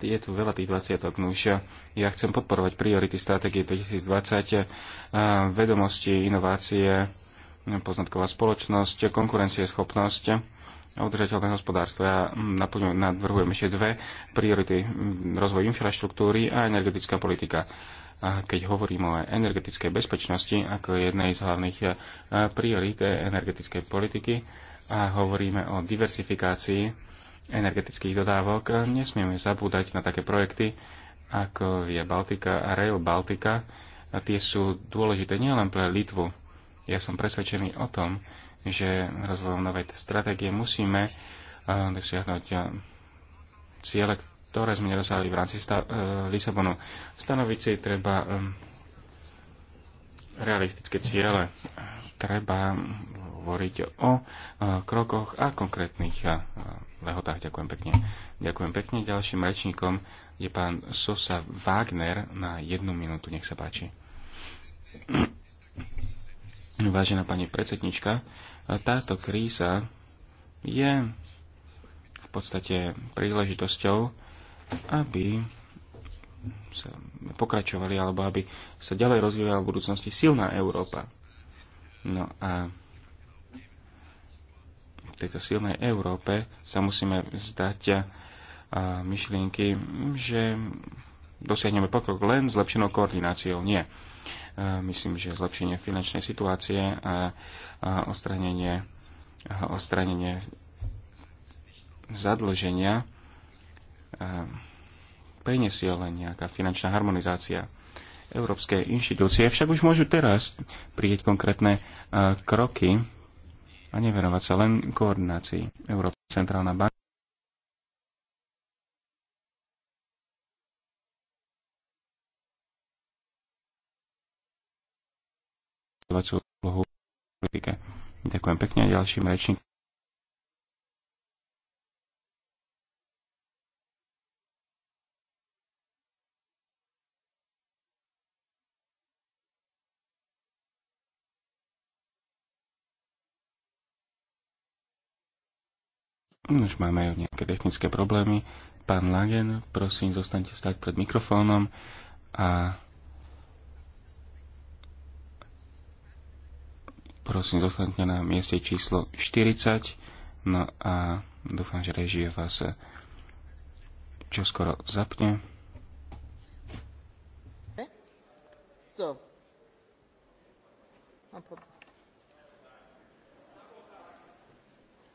je tu veľa tých 20 už. Ja chcem podporovať priority stratégie 2020, vedomosti, inovácie, poznatková spoločnosť, konkurencieschopnosť a udržateľné hospodárstvo. Ja hm, navrhujem ešte dve priority hm, rozvoj infraštruktúry a energetická politika keď hovorím o energetickej bezpečnosti ako jednej z hlavných eh, priorít energetickej politiky a hovoríme o diversifikácii energetických dodávok, eh, nesmieme zabúdať na také projekty ako Via Baltica a Rail Baltica. A tie sú dôležité nielen pre Litvu. Ja som presvedčený o tom, že rozvojom novej stratégie musíme eh, dosiahnuť ciele, ktoré sme nedosahli v rámci sta- e, Lisabonu. Stanoviť si treba realistické ciele. Treba hovoriť o e, krokoch a konkrétnych e, lehotách. Ďakujem pekne. Ďakujem pekne. Ďalším rečníkom je pán Sosa Wagner na jednu minútu. Nech sa páči. Vážená pani predsednička, táto kríza je v podstate príležitosťou aby sa pokračovali alebo aby sa ďalej rozvíjala v budúcnosti silná Európa. No a v tejto silnej Európe sa musíme vzdať myšlienky, že dosiahneme pokrok len zlepšenou koordináciou. Nie. Myslím, že zlepšenie finančnej situácie a ostranenie, ostranenie zadlženia prinesie len nejaká finančná harmonizácia. Európske inštitúcie však už môžu teraz prieť konkrétne e, kroky a neverovať sa len koordinácii. Európska centrálna banka Ďakujem pekne a ďalším rečníkom. Už máme nejaké technické problémy. Pán Lagen, prosím, zostaňte stať pred mikrofónom a prosím, zostaňte na mieste číslo 40. No a dúfam, že režie vás čo skoro zapne. So. Mám no problém.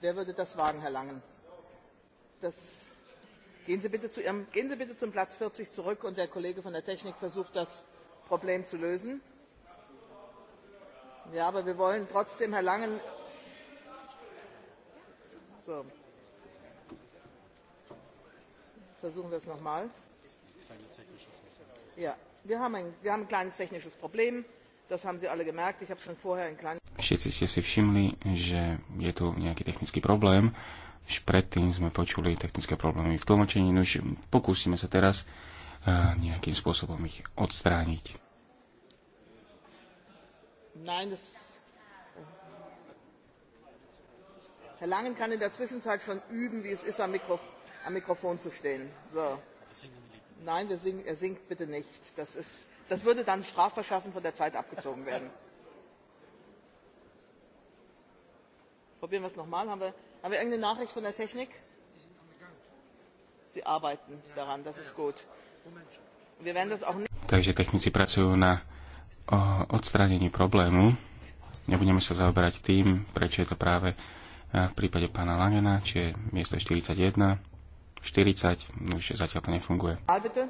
wer würde das wagen herr langen? Das, gehen, sie bitte zu ihrem, gehen sie bitte zum platz vierzig zurück und der kollege von der technik versucht das problem zu lösen. ja aber wir wollen trotzdem Herr langen so. versuchen wir es nochmal. Ja, wir haben, ein, wir haben ein kleines technisches problem das haben sie alle gemerkt. ich habe schon vorher ein kleines Všetci ste si všimli, že je tu nejaký technický problém. Už predtým sme počuli technické problémy v tlmočení, no už pokúsime sa teraz eh, nejakým spôsobom ich odstrániť. Nein, das Herr Langen kann in der Zwischenzeit schon üben, wie es ist, am, Mikrof am Mikrofon zu stehen. So. Nein, wir singen, er singt bitte nicht. Das, ist, das würde dann Strafverschaffen von der Zeit abgezogen werden. probieren wir es nochmal. Haben wir, haben wir irgendeine Nachricht von der Technik? Sie arbeiten daran, das ist gut. Wir werden das auch nicht Takže technici pracujú na odstránení problému. Nebudeme sa zaoberať tým, prečo je to práve v prípade pána Langena, či je miesto 41, 40, už zatiaľ to nefunguje. Bitte?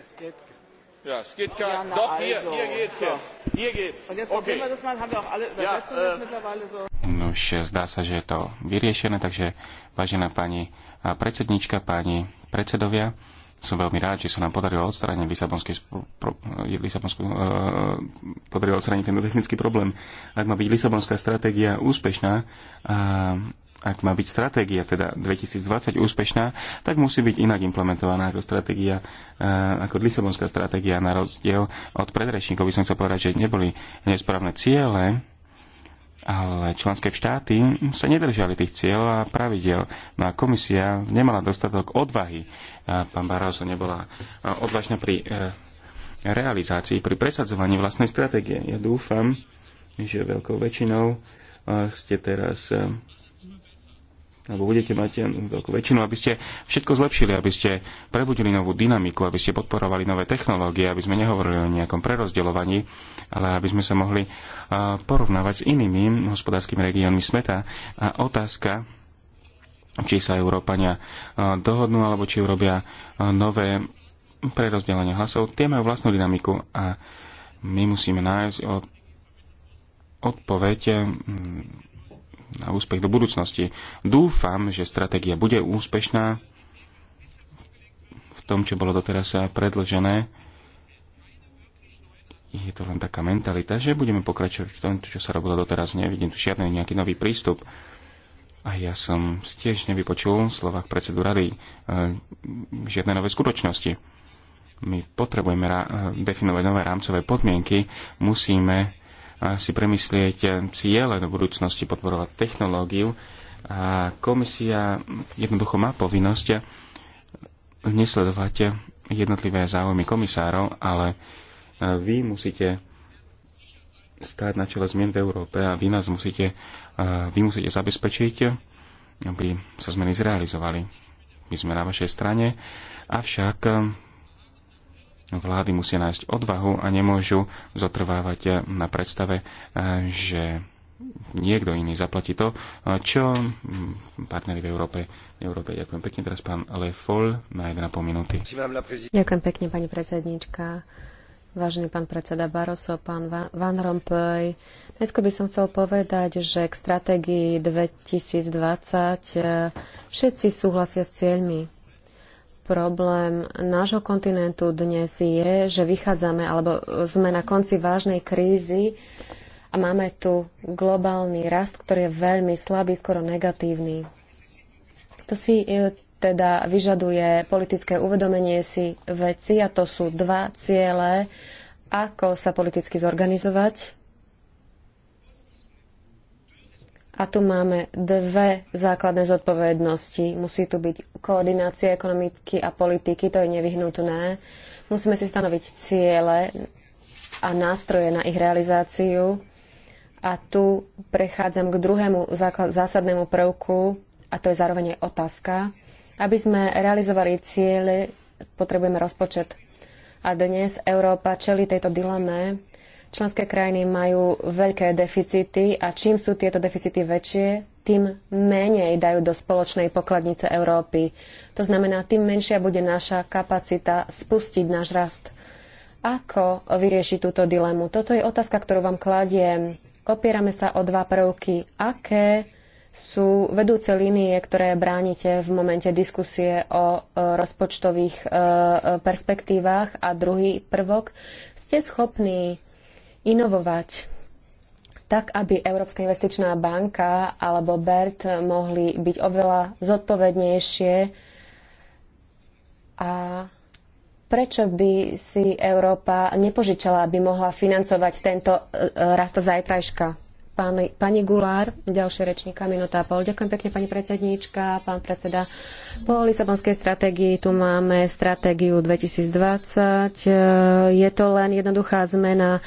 Es Geht, ja, es geht gar nicht. Doch, hier, also. hier geht's so. jetzt. Hier geht's. Und jetzt probieren okay. wir das mal. Haben wir auch alle Übersetzungen ja, äh, mittlerweile so? Nuž, no zdá sa, že je to vyriešené, takže vážená pani predsednička, páni predsedovia, som veľmi rád, že sa nám podarilo odstrániť Lisabonský, e, Lisabonskú, eh, podarilo odstrániť ten technický problém. Ak má byť Lisabonská stratégia úspešná a ak má byť stratégia, teda 2020 úspešná, tak musí byť inak implementovaná ako stratégia, e, ako Lisabonská stratégia na rozdiel od predrečníkov. By som chcel povedať, že neboli nesprávne ciele, ale členské štáty sa nedržali tých cieľov a pravidel. No a komisia nemala dostatok odvahy. E, pán Barroso nebola e, odvážna pri realizácii, pri presadzovaní vlastnej stratégie. Ja dúfam, že veľkou väčšinou ste teraz alebo budete mať eh, veľkú väčšinu, aby ste všetko zlepšili, aby ste prebudili novú dynamiku, aby ste podporovali nové technológie, aby sme nehovorili o nejakom prerozdeľovaní, ale aby sme sa mohli eh, porovnávať s inými hospodárskymi regiónmi smeta. A otázka, či sa Európania eh, dohodnú, alebo či urobia nové prerozdelenie hlasov, tie majú vlastnú dynamiku a my musíme nájsť odpoveď na úspech do budúcnosti. Dúfam, že stratégia bude úspešná v tom, čo bolo doteraz predložené. Je to len taká mentalita, že budeme pokračovať v tom, čo sa robilo doteraz. Nevidím tu žiadny nejaký nový prístup. A ja som tiež nevypočul v slovách predsedu rady e, žiadne nové skutočnosti. My potrebujeme e, definovať nové rámcové podmienky, musíme si premyslieť eh, ciele do budúcnosti, podporovať technológiu. A komisia jednoducho má povinnosť eh, nesledovať eh, jednotlivé záujmy komisárov, ale vy musíte stáť na čele zmien v Európe a vy nás musíte, vy musíte zabezpečiť, aby sa zmeny zrealizovali. My sme na vašej strane, avšak vlády musia nájsť odvahu a nemôžu zotrvávať na predstave, eh, že niekto iný zaplatí to, eh, čo hm, partneri v Európe. Európe. Ďakujem pekne. Teraz pán Le Foll na 1,5 minúty. Ďakujem pekne, pani predsednička. Vážený pán predseda Baroso, pán Van Rompuy, najskôr by som chcel povedať, že k stratégii 2020 eh, všetci súhlasia s cieľmi Problém nášho kontinentu dnes je, že vychádzame alebo sme na konci vážnej krízy a máme tu globálny rast, ktorý je veľmi slabý, skoro negatívny. To si e, teda vyžaduje politické uvedomenie si veci a to sú dva ciele, ako sa politicky zorganizovať A tu máme dve základné zodpovednosti. Musí tu byť koordinácia ekonomiky a politiky, to je nevyhnutné. Musíme si stanoviť ciele a nástroje na ich realizáciu. A tu prechádzam k druhému zásadnému prvku, a to je zároveň aj otázka. Aby sme realizovali ciele, potrebujeme rozpočet. A dnes Európa čeli tejto dileme, Členské krajiny majú veľké deficity a čím sú tieto deficity väčšie, tým menej dajú do spoločnej pokladnice Európy. To znamená, tým menšia bude naša kapacita spustiť náš rast. Ako vyriešiť túto dilemu? Toto je otázka, ktorú vám kladiem. Opierame sa o dva prvky. Aké sú vedúce línie, ktoré bránite v momente diskusie o e, rozpočtových e, e, perspektívach? A druhý prvok, ste schopní inovovať tak, aby Európska investičná banka alebo BERT mohli byť oveľa zodpovednejšie a prečo by si Európa nepožičala, aby mohla financovať tento e, e, rast zajtrajška? Pani, pani Gulár, ďalšia rečníka, minúta a pol. Ďakujem pekne, pani predsedníčka, pán predseda. Po Lisabonskej stratégii tu máme stratégiu 2020. Je to len jednoduchá zmena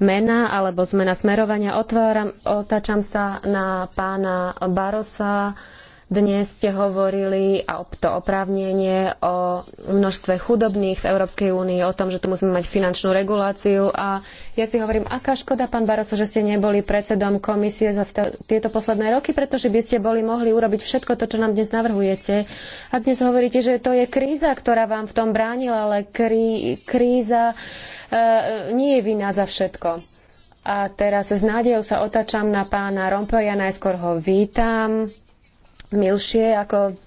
mena alebo zmena smerovania. Otváram, otáčam sa na pána Barosa dnes ste hovorili a to oprávnenie o množstve chudobných v Európskej únii, o tom, že tu musíme mať finančnú reguláciu a ja si hovorím, aká škoda, pán Baroso, že ste neboli predsedom komisie za tieto posledné roky, pretože by ste boli mohli urobiť všetko to, čo nám dnes navrhujete. A dnes hovoríte, že to je kríza, ktorá vám v tom bránila, ale krí, kríza e, nie je vina za všetko. A teraz s nádejou sa otačam na pána Rompoja, najskôr ho vítam milšie, ako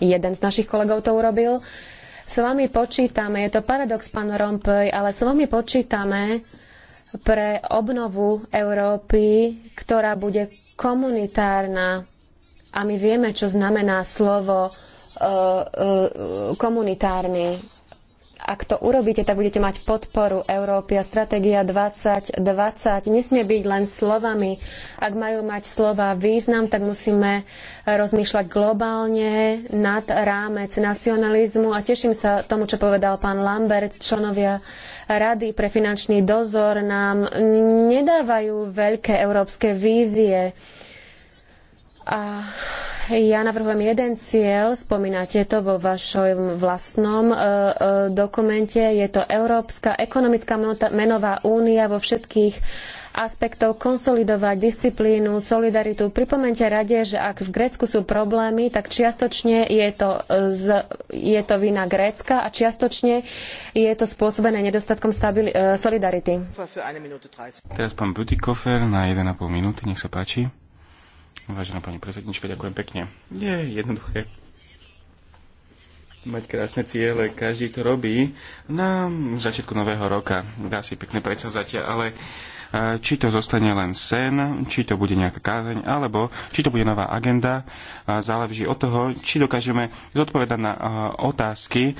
jeden z našich kolegov to urobil. S vami počítame, je to paradox, pán Rompuy, ale s vami počítame pre obnovu Európy, ktorá bude komunitárna. A my vieme, čo znamená slovo uh, uh, komunitárny ak to urobíte, tak budete mať podporu Európy a stratégia 2020 nesmie byť len slovami. Ak majú mať slova význam, tak musíme rozmýšľať globálne nad rámec nacionalizmu a teším sa tomu, čo povedal pán Lambert, členovia Rady pre finančný dozor nám nedávajú veľké európske vízie. A ja navrhujem jeden cieľ, spomínate to vo vašom vlastnom e, e, dokumente, je to Európska ekonomická menová únia vo všetkých aspektov konsolidovať disciplínu, solidaritu. Pripomente rade, že ak v Grécku sú problémy, tak čiastočne je to, z, je to vina Grécka a čiastočne je to spôsobené nedostatkom stabili- e, solidarity. Teraz pán Butikofer na 1,5 minúty, nech sa páči. Vážená pani predsednička, ďakujem pekne. Je jednoduché mať krásne ciele, každý to robí. Na začiatku nového roka dá si pekné predsavzatia, ale E, či to zostane len sen, či to bude nejaká kázeň, alebo či to bude nová agenda. E, záleží od toho, či dokážeme zodpovedať na e, otázky,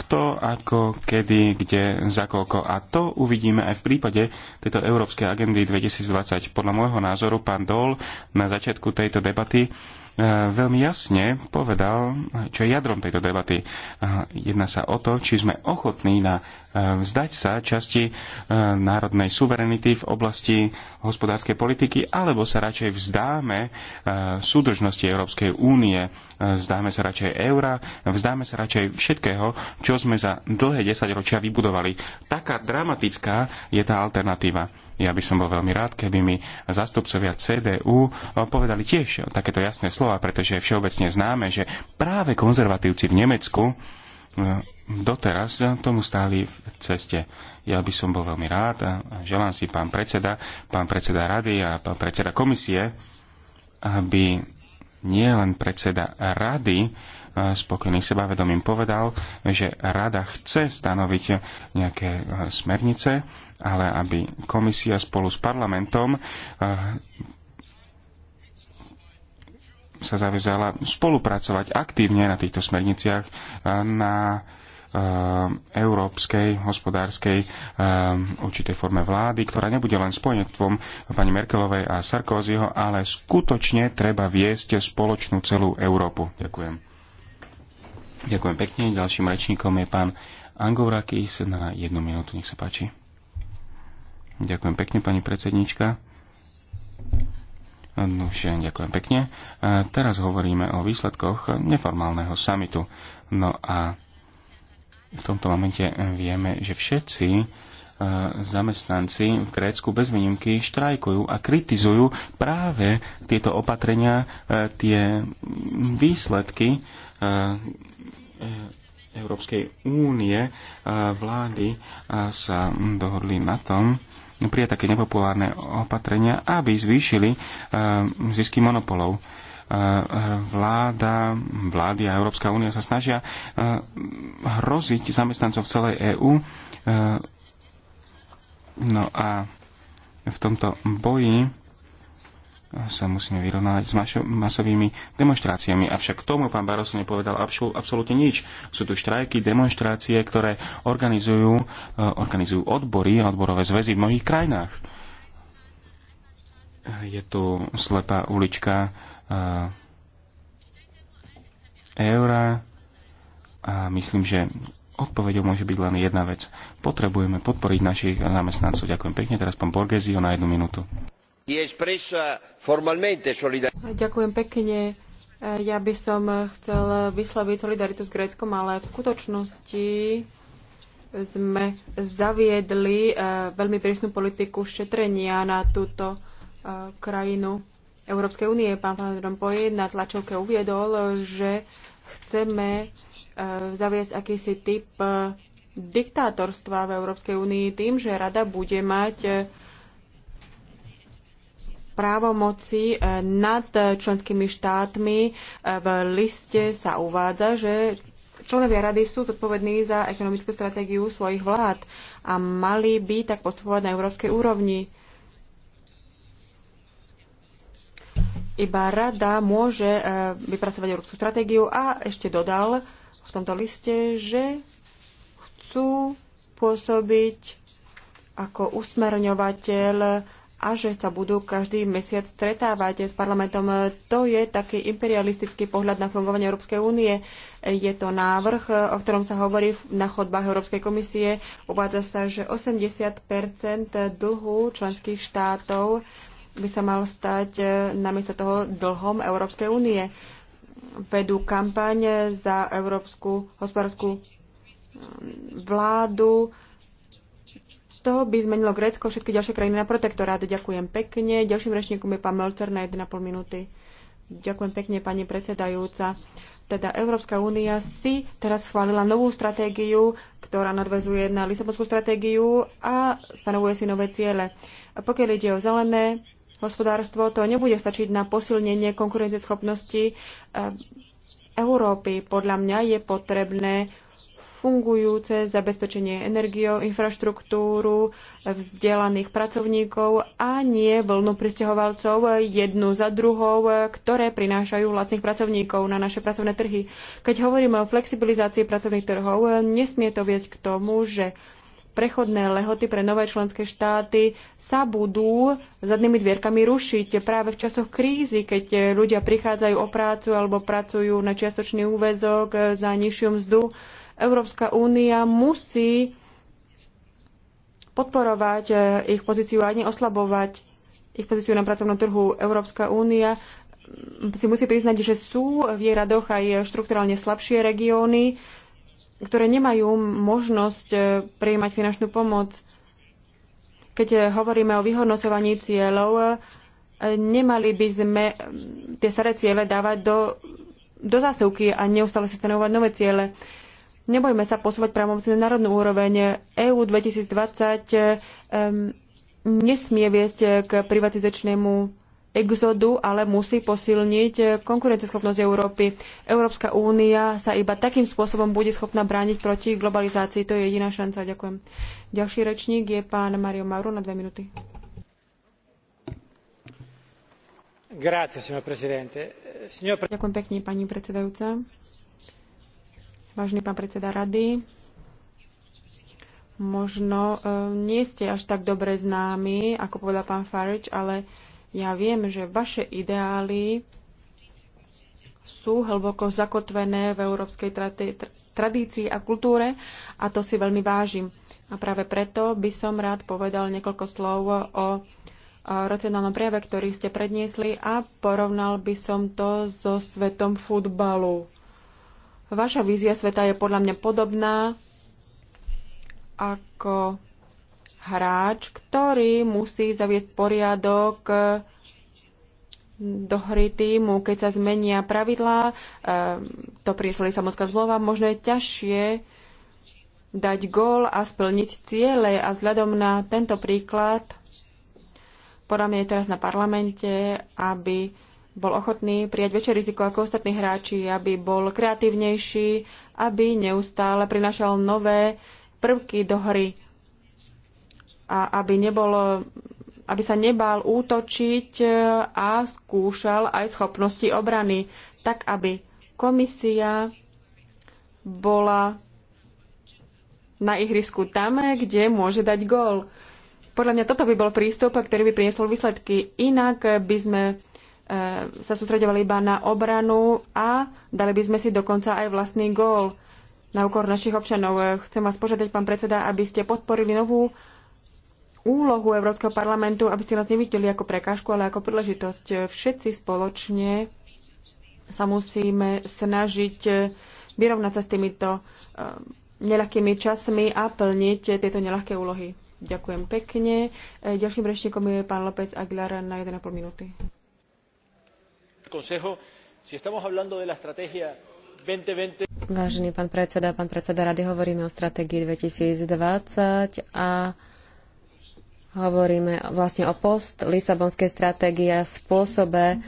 kto, ako, kedy, kde, za koľko. A to uvidíme aj v prípade tejto Európskej agendy 2020. Podľa môjho názoru pán Dol na začiatku tejto debaty veľmi jasne povedal, čo je jadrom tejto debaty. Jedná sa o to, či sme ochotní na vzdať sa časti e, národnej suverenity v oblasti hospodárskej politiky, alebo sa radšej vzdáme e, súdržnosti Európskej únie, e, vzdáme sa radšej eura, vzdáme sa radšej všetkého, čo sme za dlhé desaťročia vybudovali. Taká dramatická je tá alternatíva. Ja by som bol veľmi rád, keby mi zastupcovia CDU povedali tiež takéto jasné slova, pretože je všeobecne známe, že práve konzervatívci v Nemecku doteraz tomu stáli v ceste. Ja by som bol veľmi rád a želám si pán predseda, pán predseda rady a pán predseda komisie, aby nie len predseda rady e, spokojný sebavedomím povedal, že rada chce stanoviť nejaké e, smernice, ale aby komisia spolu s parlamentom e, sa zavezala spolupracovať aktívne na týchto smerniciach e, na e, európskej hospodárskej e, určitej forme vlády, ktorá nebude len spojenectvom pani Merkelovej a Sarkozyho, ale skutočne treba viesť spoločnú celú Európu. Ďakujem. Ďakujem pekne. Ďalším rečníkom je pán Angourakis. na jednu minútu. Nech sa páči. Ďakujem pekne, pani predsednička. Nože, ďakujem pekne. A teraz hovoríme o výsledkoch neformálneho samitu. No a v tomto momente vieme, že všetci e, zamestnanci v Grécku bez výnimky štrajkujú a kritizujú práve tieto opatrenia, e, tie výsledky e, Európskej únie vlády sa dohodli na tom, prijať také nepopulárne opatrenia, aby zvýšili eh, zisky monopolov. Eh, vláda, vlády a Európska únia sa snažia eh, hroziť zamestnancov v celej EÚ. No a v tomto boji sa musíme vyrovnávať s masovými demonstráciami. Avšak k tomu pán Baroso nepovedal absolútne nič. Sú tu štrajky, demonstrácie, ktoré organizujú, e, organizujú odbory a odborové zväzy v mnohých krajinách. Je tu slepá ulička e, eura a myslím, že odpovedou môže byť len jedna vec. Potrebujeme podporiť našich zamestnancov. Ďakujem pekne. Teraz pán Borgesio na jednu minútu. Ďakujem pekne. E, ja by som chcel vysloviť solidaritu s Gréckom, ale v skutočnosti sme zaviedli e, veľmi prísnu politiku šetrenia na túto e, krajinu Európskej únie. Pán Van Rompuy na tlačovke uviedol, že chceme zaviesť akýsi typ diktátorstva v Európskej únii tým, že rada bude mať právomoci eh, nad členskými štátmi. Eh, v liste sa uvádza, že členovia rady sú zodpovední za ekonomickú stratégiu svojich vlád a mali by tak postupovať na európskej úrovni. Iba rada môže eh, vypracovať európsku stratégiu a ešte dodal v tomto liste, že chcú pôsobiť ako usmerňovateľ a že sa budú každý mesiac stretávať s parlamentom. To je taký imperialistický pohľad na fungovanie Európskej únie. Je to návrh, o ktorom sa hovorí na chodbách Európskej komisie. Uvádza sa, že 80 dlhu členských štátov by sa mal stať e, namiesto toho dlhom Európskej únie. Vedú kampaň za Európsku hospodárskú vládu, to by zmenilo Grécko všetky ďalšie krajiny na protektorát. Ďakujem pekne. Ďalším rečníkom je pán Melcer na 1,5 minúty. Ďakujem pekne, pani predsedajúca. Teda Európska únia si teraz schválila novú stratégiu, ktorá nadvezuje na Lisabonskú stratégiu a stanovuje si nové ciele. A pokiaľ ide o zelené hospodárstvo, to nebude stačiť na posilnenie konkurencieschopnosti eh, Európy. Podľa mňa je potrebné fungujúce zabezpečenie energiou, infraštruktúru, vzdelaných pracovníkov a nie vlnu pristahovalcov jednu za druhou, ktoré prinášajú vlastných pracovníkov na naše pracovné trhy. Keď hovoríme o flexibilizácii pracovných trhov, nesmie to viesť k tomu, že prechodné lehoty pre nové členské štáty sa budú zadnými dvierkami rušiť práve v časoch krízy, keď ľudia prichádzajú o prácu alebo pracujú na čiastočný úväzok za nižšiu mzdu. Európska únia musí podporovať eh, ich pozíciu a neoslabovať ich pozíciu na pracovnom trhu. Európska únia mm, si musí priznať, že sú v jej radoch aj štrukturálne slabšie regióny, ktoré nemajú možnosť eh, prijímať finančnú pomoc. Keď eh, hovoríme o vyhodnocovaní cieľov, nemali by sme mm, tie staré ciele dávať do, do zásuvky a neustále si stanovať nové ciele. Nebojme sa posúvať právom si na národnú úroveň. EU 2020 um, nesmie viesť k privatizačnému exodu, ale musí posilniť konkurenceschopnosť Európy. Európska únia sa iba takým spôsobom bude schopná brániť proti globalizácii. To je jediná šanca. Ďakujem. Ďalší rečník je pán Mario Mauro na dve minúty. Grazie, signor signor... Ďakujem pekne, pani predsedajúca. Vážený pán predseda rady, možno e, nie ste až tak dobre známi, ako povedal pán Farage, ale ja viem, že vaše ideály sú hlboko zakotvené v európskej tra tra tradícii a kultúre a to si veľmi vážim. A práve preto by som rád povedal niekoľko slov o racionálnom prejave, ktorý ste predniesli a porovnal by som to so svetom futbalu. Vaša vízia sveta je podľa mňa podobná ako hráč, ktorý musí zaviesť poriadok do hry týmu, keď sa zmenia pravidlá, ehm, to priesli sa zlova, možno je ťažšie dať gól a splniť ciele a vzhľadom na tento príklad podľa mňa je teraz na parlamente, aby bol ochotný prijať väčšie riziko ako ostatní hráči, aby bol kreatívnejší, aby neustále prinašal nové prvky do hry a aby, nebol, aby sa nebál útočiť e, a skúšal aj schopnosti obrany, tak aby komisia bola na ihrisku tam, kde môže dať gól. Podľa mňa toto by bol prístup, ktorý by priniesol výsledky. Inak by sme Eh, sa sústredovali iba na obranu a dali by sme si dokonca aj vlastný gól na úkor našich občanov. Eh, chcem vás požiadať, pán predseda, aby ste podporili novú úlohu Európskeho parlamentu, aby ste nás nevideli ako prekážku, ale ako príležitosť. Eh, všetci spoločne sa musíme snažiť vyrovnať sa s týmito neľahkými časmi a plniť tieto neľahké úlohy. Ďakujem pekne. Ďalším rečníkom je pán López Aguilar na 1,5 minúty consejo si estamos hablando de la estrategia Vážený pán predseda, pán predseda rady, hovoríme o stratégii 2020 a hovoríme vlastne o post Lisabonskej stratégii a spôsobe,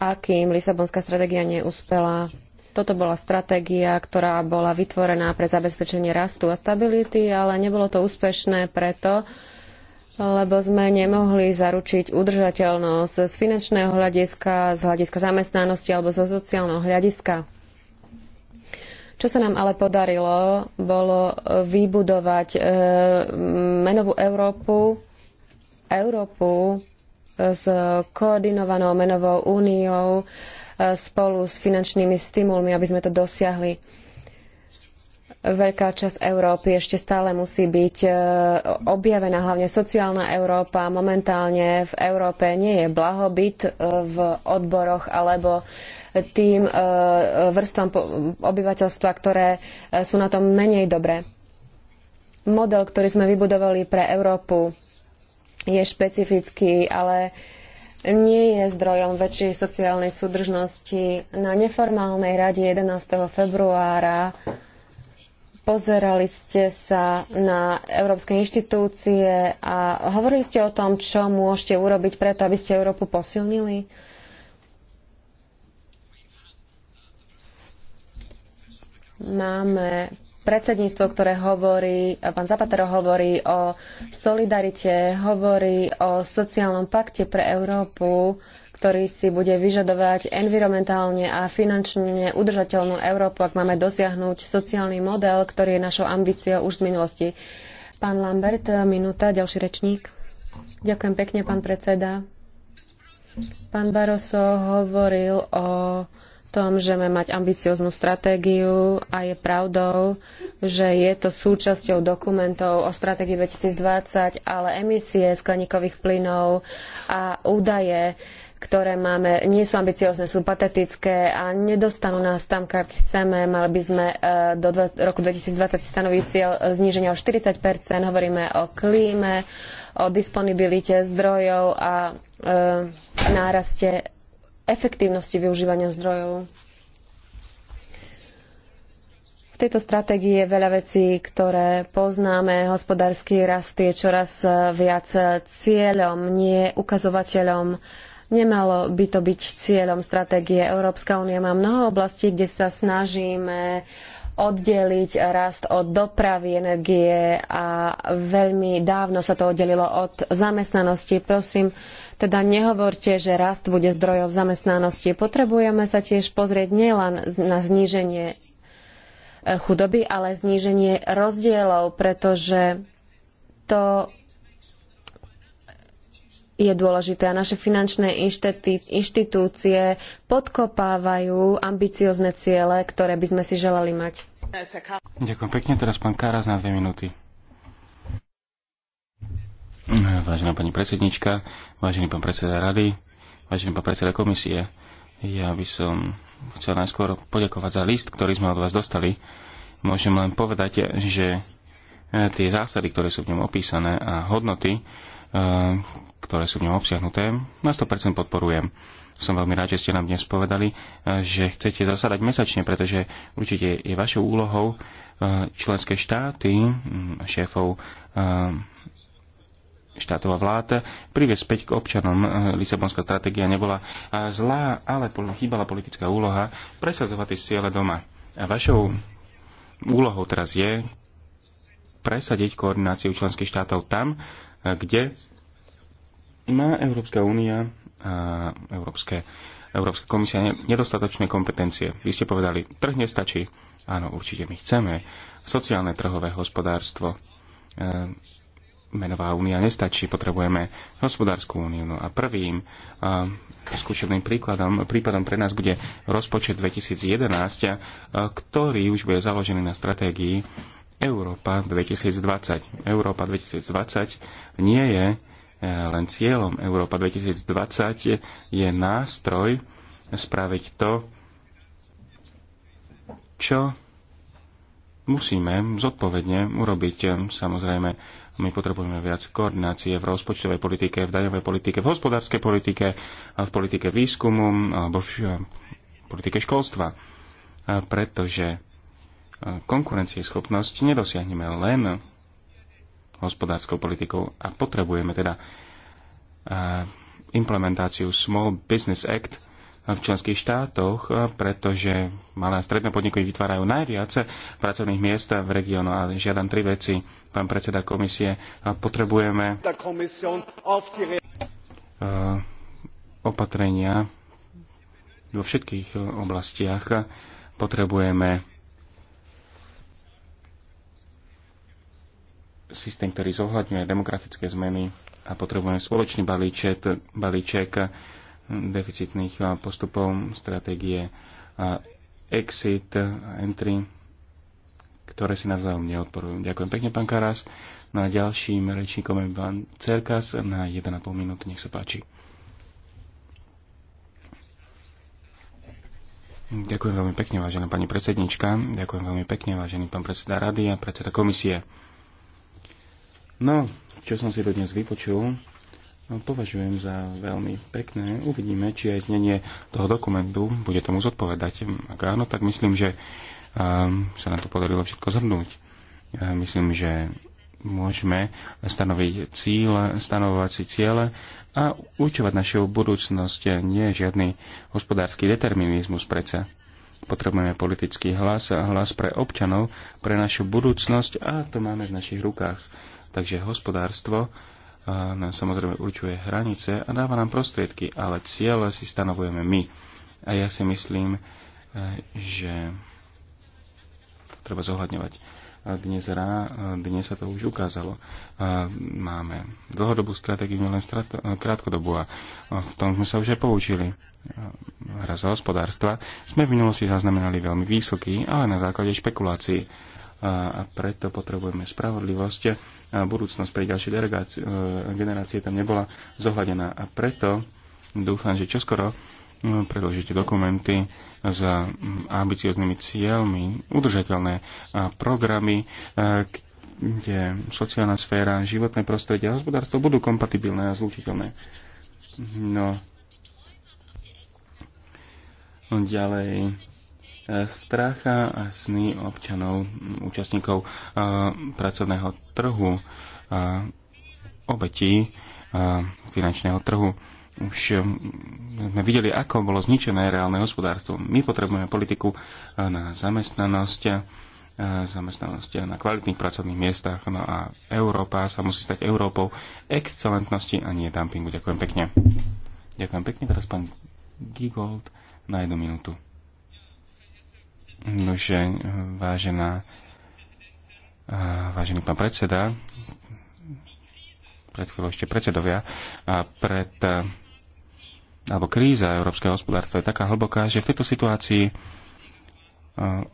akým Lisabonská stratégia neúspela. Toto bola stratégia, ktorá bola vytvorená pre zabezpečenie rastu a stability, ale nebolo to úspešné preto, lebo sme nemohli zaručiť udržateľnosť z finančného hľadiska, z hľadiska zamestnanosti alebo zo sociálneho hľadiska. Čo sa nám ale podarilo, bolo vybudovať e, menovú Európu, Európu e, s koordinovanou menovou úniou e, spolu s finančnými stimulmi, aby sme to dosiahli veľká časť Európy ešte stále musí byť e, objavená, hlavne sociálna Európa. Momentálne v Európe nie je blahobyt e, v odboroch alebo tým e, vrstvám obyvateľstva, ktoré sú na tom menej dobré. Model, ktorý sme vybudovali pre Európu, je špecifický, ale nie je zdrojom väčšej sociálnej súdržnosti. Na neformálnej rade 11. februára Pozerali ste sa na európske inštitúcie a hovorili ste o tom, čo môžete urobiť preto, aby ste Európu posilnili? Máme predsedníctvo, ktoré hovorí, pán Zapatero hovorí o solidarite, hovorí o sociálnom pakte pre Európu. Uh, ktorý si bude vyžadovať environmentálne a finančne udržateľnú Európu, ak máme dosiahnuť sociálny model, ktorý je našou ambíciou už z minulosti. Pán Lambert, minúta, ďalší rečník. Ďakujem pekne, pán predseda. Pán Barroso hovoril o tom, že máme mať ambicioznú stratégiu a je pravdou, že je to súčasťou dokumentov o stratégii 2020, ale emisie skleníkových plynov a údaje ktoré máme, nie sú ambiciozne, sú patetické a nedostanú nás tam, kam chceme. Mali by sme e, do roku 2020 stanoviť cieľ zníženia o 40 Hovoríme o klíme, o disponibilite zdrojov a e, náraste efektívnosti využívania zdrojov. V tejto stratégii je veľa vecí, ktoré poznáme. Hospodársky rast je čoraz e, viac cieľom, nie ukazovateľom Nemalo by to byť cieľom stratégie. Európska únia má mnoho oblastí, kde sa snažíme oddeliť rast od dopravy energie a veľmi dávno sa to oddelilo od zamestnanosti. Prosím, teda nehovorte, že rast bude zdrojov zamestnanosti. Potrebujeme sa tiež pozrieť nielen na zníženie eh, chudoby, ale zníženie rozdielov, pretože to je dôležité a naše finančné inštitúcie podkopávajú ambiciozne ciele, ktoré by sme si želali mať. Ďakujem pekne. Teraz pán Karas na dve minúty. Vážená pani predsednička, vážený pán predseda rady, vážený pán predseda komisie, ja by som chcel najskôr poďakovať za list, ktorý sme od vás dostali. Môžem len povedať, že e, tie zásady, ktoré sú v ňom opísané a hodnoty, e, ktoré sú v ňom obsiahnuté, na 100% podporujem. Som veľmi rád, že ste nám dnes povedali, eh, že chcete zasadať mesačne, pretože určite je vašou úlohou eh, členské štáty, mm, šéfov eh, štátov a vlád priviesť späť k občanom. Lisabonská stratégia nebola zlá, ale chýbala politická úloha presadzovať tie ciele doma. A vašou úlohou teraz je presadiť koordináciu členských štátov tam, kde má Európska únia a Európske, Európska komisia nedostatočné kompetencie. Vy ste povedali, trh nestačí. Áno, určite my chceme sociálne trhové hospodárstvo. E, menová únia nestačí, potrebujeme hospodárskú úniu. No a prvým a, skúšobným príkladom, prípadom pre nás bude rozpočet 2011, a, ktorý už bude založený na stratégii Európa 2020. Európa 2020 nie je len cieľom. Európa 2020 je nástroj spraviť to, čo musíme zodpovedne urobiť. Samozrejme, my potrebujeme viac koordinácie v rozpočtovej politike, v daňovej politike, v hospodárskej politike, v politike výskumu alebo v politike školstva. Pretože konkurencieschopnosť nedosiahneme len hospodárskou politikou. A potrebujeme teda eh, implementáciu Small Business Act v členských štátoch, eh, pretože malé a stredné podniky vytvárajú najviac pracovných miest v regiónu. A žiadam tri veci, pán predseda komisie. Potrebujeme eh, opatrenia vo všetkých oblastiach. Potrebujeme systém, ktorý zohľadňuje demokratické zmeny a potrebujeme spoločný balíček, balíček deficitných postupov, stratégie exit, entry, ktoré si navzájom neodporujú. Ďakujem pekne, pán Karas. No a ďalším rečníkom je pán Cerkas na 1,5 minút, Nech sa páči. Ďakujem veľmi pekne, vážená pani predsednička. Ďakujem veľmi pekne, vážený pán predseda rady a predseda komisie. No, čo som si do dnes vypočul, no, považujem za veľmi pekné. Uvidíme, či aj znenie toho dokumentu bude tomu zodpovedať. Ak áno, tak myslím, že ehm, sa nám to podarilo všetko zhrnúť. Ehm, myslím, že môžeme stanoviť cíle, stanovovať si ciele a určovať našu budúcnosť. Nie je žiadny hospodársky determinizmus predsa. Potrebujeme politický hlas, hlas pre občanov, pre našu budúcnosť a to máme v našich rukách. Takže hospodárstvo nám samozrejme určuje hranice a dáva nám prostriedky, ale ciele si stanovujeme my. A ja si myslím, e, že treba zohľadňovať. Dnes, rá, dnes sa to už ukázalo. Máme dlhodobú stratégiu, nielen krátkodobú a v tom sme sa už aj poučili. za hospodárstva sme v minulosti zaznamenali veľmi vysoký, ale na základe špekulácií. A preto potrebujeme spravodlivosť budúcnosť pre ďalšie e, generácie tam nebola zohľadená. A preto dúfam, že čoskoro e, predložíte dokumenty s ambicioznými cieľmi, udržateľné e, programy, kde sociálna sféra, životné prostredie a hospodárstvo budú kompatibilné a zlučiteľné. No, ďalej Stracha a sny občanov, účastníkov pracovného trhu, obetí finančného trhu. Už sme videli, ako bolo zničené reálne hospodárstvo. My potrebujeme politiku na zamestnanosť, zamestnanosť na kvalitných pracovných miestach. No a Európa sa musí stať Európou excelentnosti a nie dumpingu. Ďakujem pekne. Ďakujem pekne. Teraz pán Gigold na jednu minútu. Nože, eh, vážená, eh, vážený pán predseda, pred chvíľou ešte predsedovia, a pred, eh, alebo kríza európskeho hospodárstva je taká hlboká, že v tejto situácii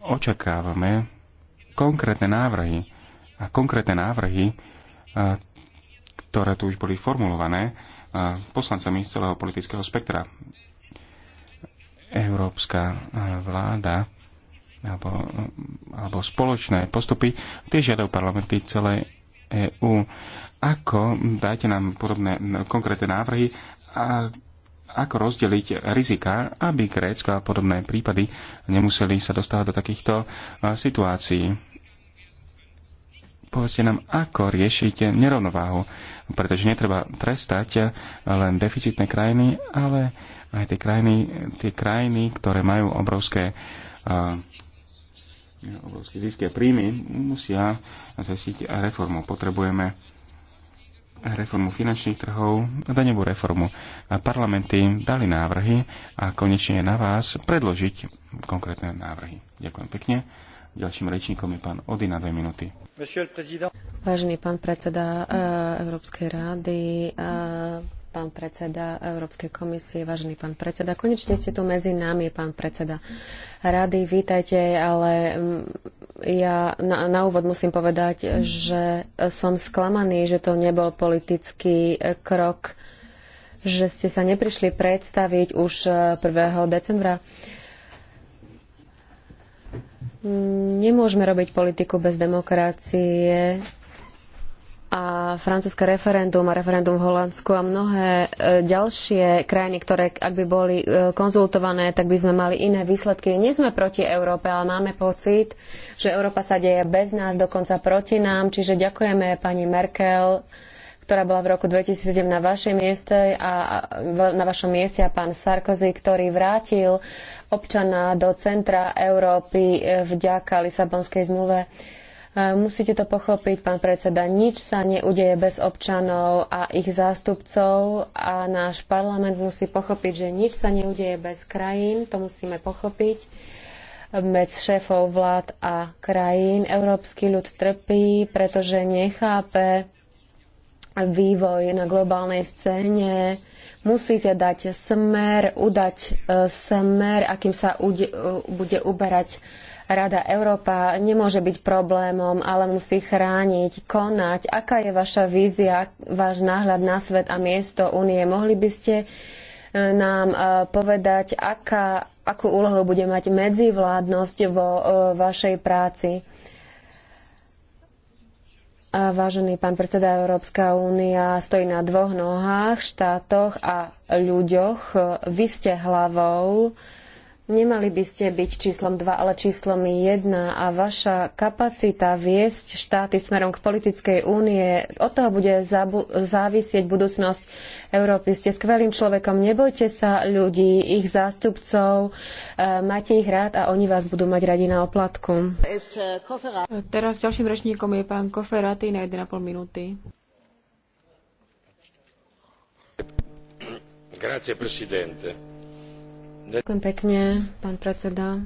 očakávame konkrétne návrhy a konkrétne návrhy, ktoré tu už boli formulované poslancami z celého politického spektra. Európska vláda alebo, alebo spoločné postupy, tie žiadajú parlamenty celej EÚ. Ako, dajte nám podobné konkrétne návrhy, a ako rozdeliť rizika, aby Grécko a podobné prípady nemuseli sa dostávať do takýchto situácií. Povedzte nám, ako riešite nerovnováhu, pretože netreba trestať len deficitné krajiny, ale aj tie krajiny, tie krajiny ktoré majú obrovské uh, obrovské zisky a príjmy, musia zajistiť reformu. Potrebujeme reformu finančných trhov a daňovú reformu. Parlamenty dali návrhy a konečne je na vás predložiť konkrétne návrhy. Ďakujem pekne. Ďalším rečníkom je pán Ody na dve minúty. Vážený pán predseda eh, Európskej rády, eh, pán predseda Európskej komisie, vážený pán predseda. Konečne ste tu medzi nami, pán predseda rady. Vítajte, ale mm, ja na, na úvod musím povedať, že som sklamaný, že to nebol politický krok, že ste sa neprišli predstaviť už 1. E, decembra. Mm, nemôžeme robiť politiku bez demokracie a francúzske referendum a referendum v Holandsku a mnohé e, ďalšie krajiny, ktoré ak by boli e, konzultované, tak by sme mali iné výsledky. Nie sme proti Európe, ale máme pocit, že Európa sa deje bez nás, dokonca proti nám. Čiže ďakujeme pani Merkel, ktorá bola v roku 2007 na, vašej mieste a, na vašom mieste a pán Sarkozy, ktorý vrátil občana do centra Európy e, vďaka Lisabonskej zmluve. Eh, musíte to pochopiť, pán predseda. Nič sa neudeje bez občanov a ich zástupcov a náš parlament musí pochopiť, že nič sa neudeje bez krajín. To musíme pochopiť medz šéfov vlád a krajín. Európsky ľud trpí, pretože nechápe vývoj na globálnej scéne. Musíte dať smer, udať eh, smer, akým sa ude, eh, bude uberať Rada Európa nemôže byť problémom, ale musí chrániť, konať. Aká je vaša vízia, váš náhľad na svet a miesto únie? Mohli by ste e, nám e, povedať, aká, akú úlohu bude mať medzivládnosť vo e, vašej práci? Vážený pán predseda, Európska únia stojí na dvoch nohách, štátoch a ľuďoch. Vy ste hlavou Nemali by ste byť číslom 2, ale číslom 1 a vaša kapacita viesť štáty smerom k politickej únie, od toho bude závisieť budúcnosť Európy. Ste skvelým človekom, nebojte sa ľudí, ich zástupcov, e, máte ich rád a oni vás budú mať radi na oplatku. Teraz ďalším rečníkom je pán Koferaty na 1,5 minúty. Grazie, presidente Ďakujem pekne, pán predseda.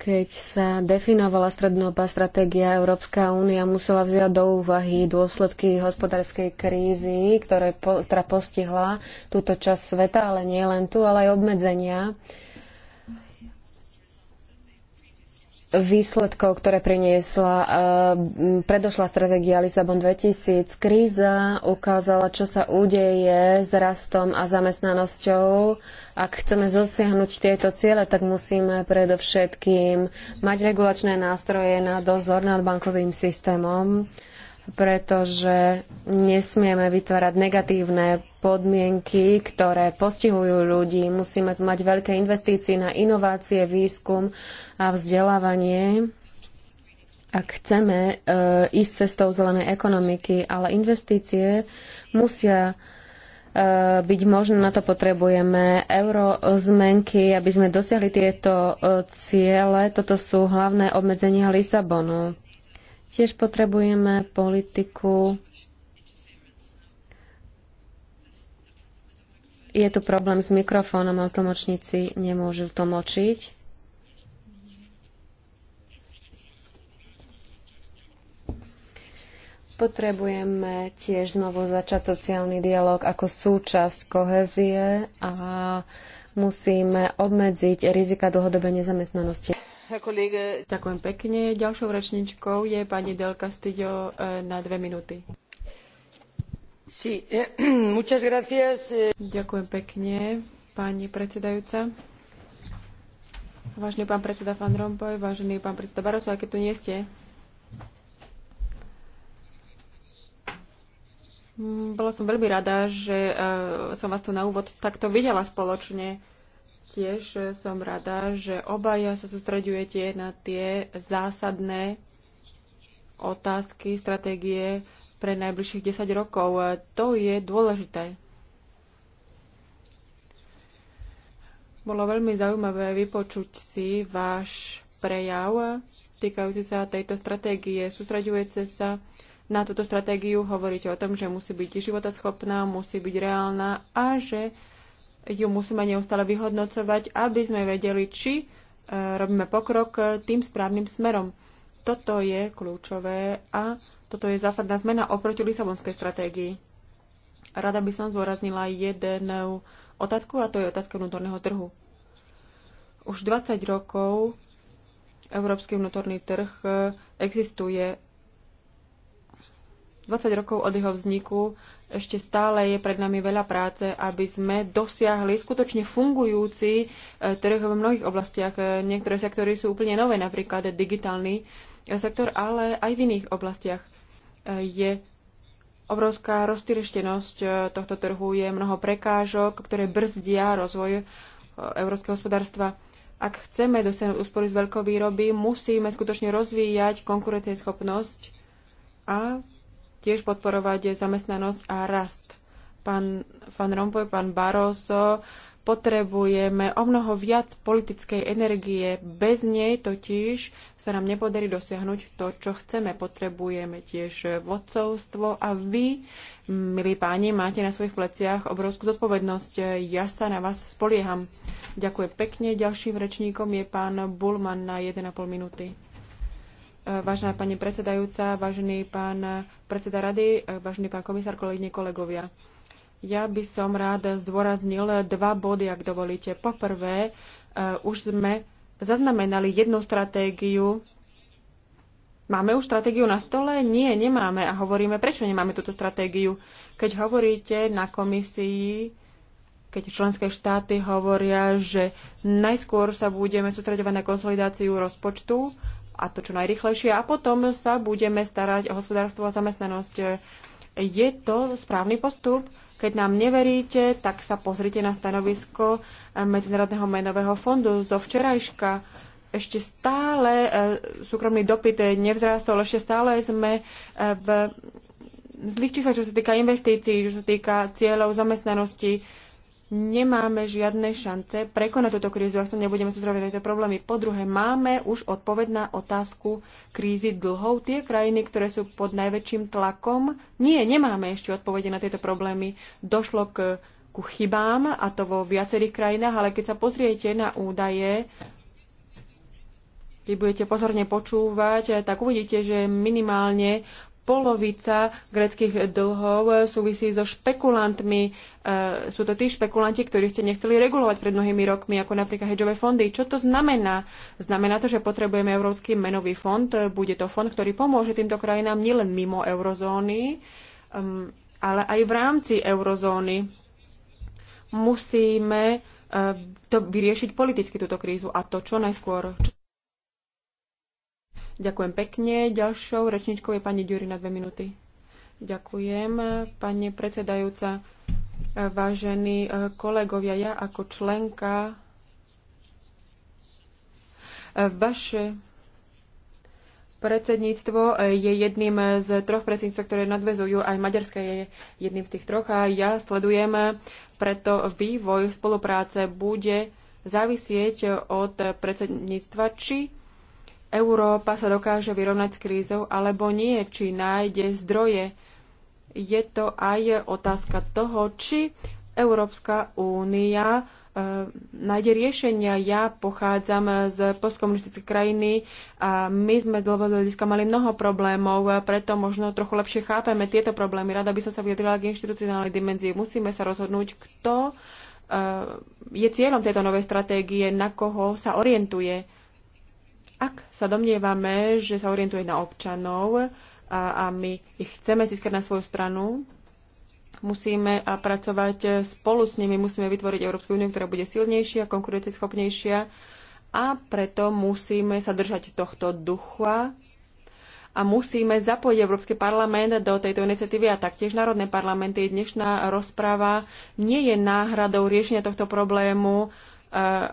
Keď sa definovala strednodobá stratégia, Európska únia musela vziať do úvahy dôsledky hospodárskej krízy, ktoré, ktorá postihla túto časť sveta, ale nie len tu, ale aj obmedzenia, výsledkov, ktoré priniesla e, predošla stratégia Lisabon 2000. Kríza ukázala, čo sa udeje s rastom a zamestnanosťou. Ak chceme zosiahnuť tieto ciele, tak musíme predovšetkým mať regulačné nástroje na dozor nad bankovým systémom pretože nesmieme vytvárať negatívne podmienky, ktoré postihujú ľudí. Musíme tu mať veľké investície na inovácie, výskum a vzdelávanie, ak chceme e, ísť cestou zelenej ekonomiky, ale investície musia e, byť možné, na to potrebujeme euro zmenky, aby sme dosiahli tieto e, ciele. Toto sú hlavné obmedzenia Lisabonu Tiež potrebujeme politiku. Je tu problém s mikrofónom, ale tlmočníci nemôžu tlmočiť. Potrebujeme tiež znovu začať sociálny dialog ako súčasť kohezie a musíme obmedziť rizika dlhodobej nezamestnanosti. Ďakujem pekne. Ďalšou rečničkou je pani Del Castillo eh, na dve minúty. Sí. Eh, (clears throat) eh. Ďakujem pekne, pani predsedajúca. Vážený pán predseda Van Rompuy, vážený pán predseda Barroso, aké tu nie ste? Mm, bola som veľmi rada, že som vás tu na úvod takto videla spoločne taktiež som rada, že obaja sa sústredujete na tie zásadné otázky stratégie pre najbližších 10 rokov. To je dôležité. Bolo veľmi zaujímavé vypočuť si váš prejav týkajúci sa tejto stratégie. Sústraďujete sa na túto stratégiu, hovoríte o tom, že musí byť životaschopná, musí byť reálna a že ju musíme neustále vyhodnocovať, aby sme vedeli, či e, robíme pokrok e, tým správnym smerom. Toto je kľúčové a toto je zásadná zmena oproti Lisabonskej stratégii. Rada by som zdôraznila jednu otázku a to je otázka vnútorného trhu. Už 20 rokov európsky vnútorný trh e, existuje 20 rokov od jeho vzniku ešte stále je pred nami veľa práce, aby sme dosiahli skutočne fungujúci e, trh v mnohých oblastiach. E, niektoré sektory sú úplne nové, napríklad digitálny e, sektor, ale aj v iných oblastiach je obrovská roztýreštenosť tohto trhu, je mnoho prekážok, ktoré brzdia rozvoj európskeho hospodárstva. Ak chceme dosiahnuť úspory z veľkovýroby, musíme skutočne rozvíjať konkurencieschopnosť a tiež podporovať zamestnanosť a rast. Pán, pán Rompuy, pán Barroso, potrebujeme o mnoho viac politickej energie. Bez nej totiž sa nám nepodarí dosiahnuť to, čo chceme. Potrebujeme tiež vodcovstvo a vy, milí páni, máte na svojich pleciach obrovskú zodpovednosť. Ja sa na vás spolieham. Ďakujem pekne. Ďalším rečníkom je pán Bulman na 1,5 minúty. Vážená pani predsedajúca, vážený pán predseda rady, vážený pán komisár, kolegyne, kolegovia. Ja by som rád zdôraznil dva body, ak dovolíte. Poprvé, e, už sme zaznamenali jednu stratégiu. Máme už stratégiu na stole? Nie, nemáme. A hovoríme, prečo nemáme túto stratégiu. Keď hovoríte na komisii, keď členské štáty hovoria, že najskôr sa budeme sústredovať na konsolidáciu rozpočtu a to čo najrychlejšie a potom sa budeme starať o hospodárstvo a zamestnanosť. Je to správny postup? Keď nám neveríte, tak sa pozrite na stanovisko Medzinárodného menového fondu zo včerajška. Ešte stále e, súkromný dopyt nevzrástol, ešte stále sme e, v zlých číslach, čo sa týka investícií, čo sa týka cieľov zamestnanosti nemáme žiadne šance prekonať túto krízu, ak sa nebudeme sústrediť na tieto problémy. Po druhé, máme už odpoveď na otázku krízy dlhov. Tie krajiny, ktoré sú pod najväčším tlakom, nie, nemáme ešte odpovede na tieto problémy. Došlo k, ku chybám, a to vo viacerých krajinách, ale keď sa pozriete na údaje, keď budete pozorne počúvať, tak uvidíte, že minimálne polovica greckých dlhov súvisí so špekulantmi. E, sú to tí špekulanti, ktorí ste nechceli regulovať pred mnohými rokmi, ako napríklad hedžové fondy. Čo to znamená? Znamená to, že potrebujeme Európsky menový fond. Bude to fond, ktorý pomôže týmto krajinám nielen mimo eurozóny, ale aj v rámci eurozóny. Musíme e, to vyriešiť politicky, túto krízu, a to čo najskôr. Ďakujem pekne. Ďalšou rečničkou je pani Ďury na dve minúty. Ďakujem, pani predsedajúca. Vážení eh, kolegovia, ja ako členka eh, vaše predsedníctvo eh, je jedným z troch predsedníctv, ktoré nadvezujú. Aj Maďarska je jedným z tých troch a ja sledujem preto vývoj spolupráce bude závisieť od predsedníctva, či Európa sa dokáže vyrovnať s krízou alebo nie, či nájde zdroje. Je to aj otázka toho, či Európska únia e, nájde riešenia. Ja pochádzam z postkomunistickej krajiny a my sme z dlhodobého hľadiska mali mnoho problémov, preto možno trochu lepšie chápeme tieto problémy. Rada by som sa vyjadrila k inštitucionálnej dimenzii. Musíme sa rozhodnúť, kto e, je cieľom tejto novej stratégie, na koho sa orientuje ak sa domnievame, že sa orientuje na občanov a, a my ich chceme získať na svoju stranu, musíme pracovať spolu s nimi, musíme vytvoriť Európsku úniu, ktorá bude silnejšia, konkurencieschopnejšia a preto musíme sa držať tohto ducha a musíme zapojiť Európsky parlament do tejto iniciatívy a taktiež národné parlamenty. Dnešná rozpráva nie je náhradou riešenia tohto problému. E,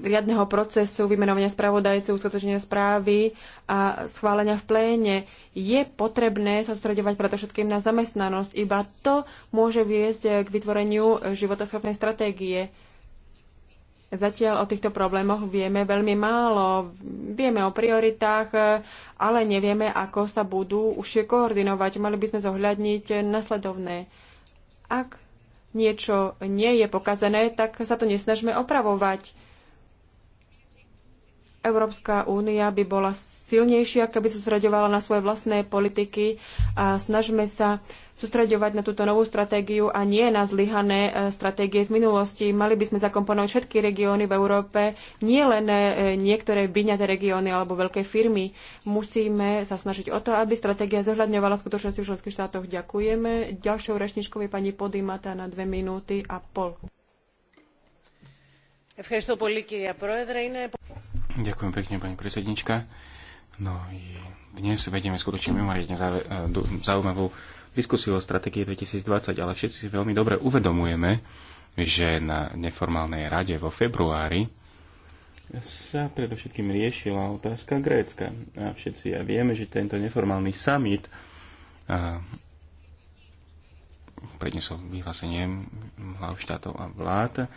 riadneho procesu vymenovania spravodajcov, uskutočnenia správy a schválenia v pléne. Je potrebné sa sústredovať predovšetkým na zamestnanosť. Iba to môže viesť k vytvoreniu životaschopnej stratégie. Zatiaľ o týchto problémoch vieme veľmi málo. Vieme o prioritách, ale nevieme, ako sa budú už koordinovať. Mali by sme zohľadniť nasledovné. Ak niečo nie je pokazené, tak sa to nesnažme opravovať Európska únia by bola silnejšia, keby sústreďovala na svoje vlastné politiky a snažme sa sústreďovať na túto novú stratégiu a nie na zlyhané e, stratégie z minulosti. Mali by sme zakomponovať všetky regióny v Európe, nie len e, niektoré vyňaté regióny alebo veľké firmy. Musíme sa snažiť o to, aby stratégia zohľadňovala skutočnosti v členských štátoch. Ďakujeme. Ďalšou rečničkou je pani Podimata na dve minúty a pol. Ευχαριστώ πολύ κυρία Πρόεδρε. Είναι... Ďakujem pekne, pani predsednička. No i dnes vedieme skutočne mimoriadne e, zaujímavú diskusiu o stratégii 2020, ale všetci si veľmi dobre uvedomujeme, že na neformálnej rade vo februári sa predovšetkým riešila otázka Grécka. A všetci ja vieme, že tento neformálny summit a, prednesol vyhlásenie hlav štátov a vlád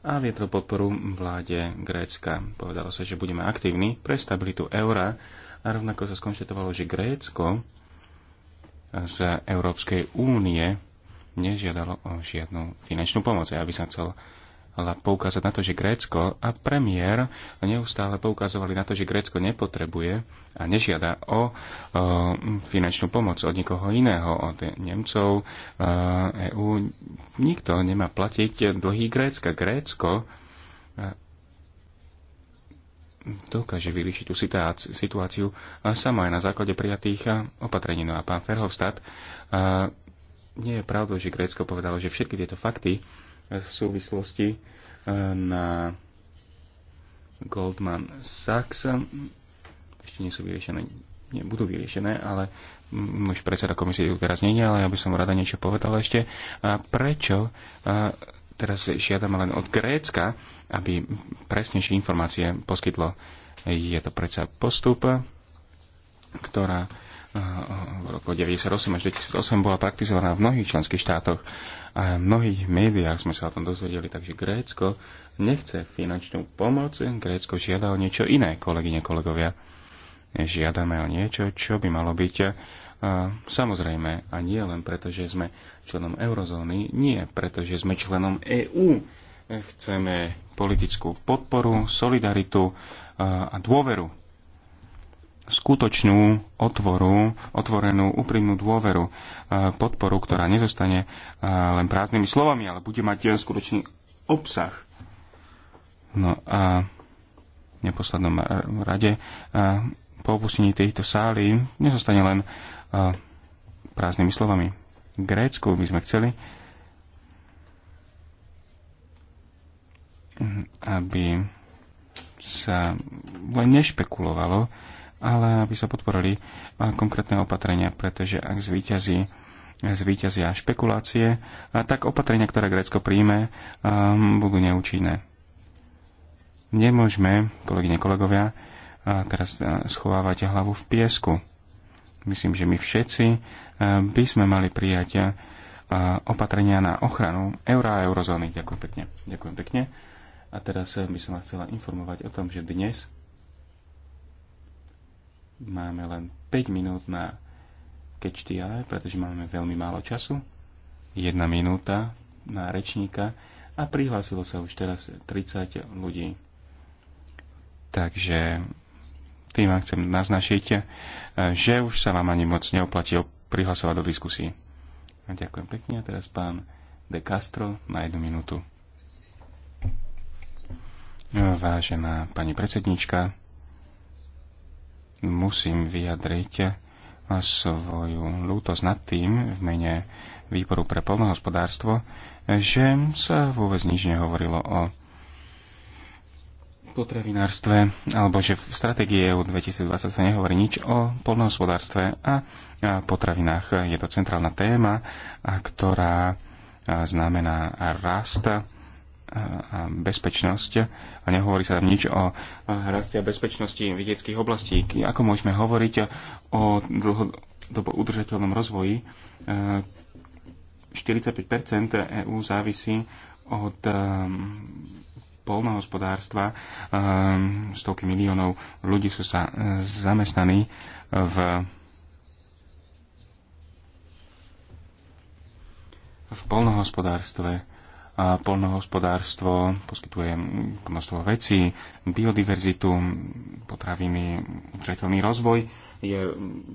a viedlo podporu vláde Grécka. Povedalo sa, že budeme aktívni pre stabilitu eura a rovnako sa skonštatovalo, že Grécko z Európskej únie nežiadalo o žiadnu finančnú pomoc. Ja by som chcel poukázať na to, že Grécko a premiér neustále poukazovali na to, že Grécko nepotrebuje a nežiada o, o finančnú pomoc od nikoho iného, od Nemcov, EÚ. Nikto nemá platiť dlhy Grécka. Grécko dokáže vyriešiť tú situáciu sama aj na základe prijatých opatrení. No a pán Ferhovstad, nie je pravdou, že Grécko povedalo, že všetky tieto fakty v súvislosti eh, na Goldman Sachs. Ešte nie sú vyriešené, nie, budú vyriešené, ale už predseda komisie ju teraz nie ale ja by som rada niečo povedal ešte. A prečo a eh, teraz žiadame len od Grécka, aby presnejšie informácie poskytlo. Je to predsa postup, ktorá v roku 1998 až 2008 bola praktizovaná v mnohých členských štátoch a v mnohých médiách sme sa o tom dozvedeli, takže Grécko nechce finančnú pomoc, Grécko žiada o niečo iné, kolegyne, kolegovia. Žiadame o niečo, čo by malo byť a samozrejme, a nie len preto, že sme členom eurozóny, nie preto, že sme členom EÚ. Chceme politickú podporu, solidaritu a dôveru skutočnú otvoru, otvorenú úprimnú dôveru, e, podporu, ktorá nezostane e, len prázdnymi slovami, ale bude mať e, skutočný obsah. No a v neposlednom rade po opustení tejto sály nezostane len prázdnymi slovami. V Grécku by sme chceli, aby sa len nešpekulovalo, ale aby sa podporili konkrétne opatrenia, pretože ak zvýťazí zvíťazia špekulácie, a tak opatrenia, ktoré Grécko príjme, um, budú neúčinné. Nemôžeme, kolegyne, kolegovia, teraz schovávať hlavu v piesku. Myslím, že my všetci by sme mali prijať opatrenia na ochranu eura a eurozóny. Ďakujem pekne. Ďakujem pekne. A teraz by som vás chcela informovať o tom, že dnes máme len 5 minút na catch the eye, pretože máme veľmi málo času. Jedna minúta na rečníka a prihlásilo sa už teraz 30 ľudí. Takže tým vám chcem naznačiť, eh, že už sa vám ani moc neoplatí prihlasovať do diskusí. A ďakujem pekne. A teraz pán De Castro na jednu minútu. Vážená pani predsednička, musím vyjadriť svoju lútosť nad tým v mene výboru pre polnohospodárstvo, že sa vôbec nič nehovorilo o potravinárstve, alebo že v stratégii EU 2020 sa nehovorí nič o polnohospodárstve a potravinách. Je to centrálna téma, ktorá znamená rast a bezpečnosť a nehovorí sa tam nič o hraste a bezpečnosti vidieckých oblastí. Ako môžeme hovoriť o dlhodobo udržateľnom rozvoji? 45% e, EÚ závisí od e, polnohospodárstva. E, stovky miliónov ľudí sú sa zamestnaní v v polnohospodárstve polnohospodárstvo poskytuje množstvo vecí, biodiverzitu, potraviny, udržateľný rozvoj je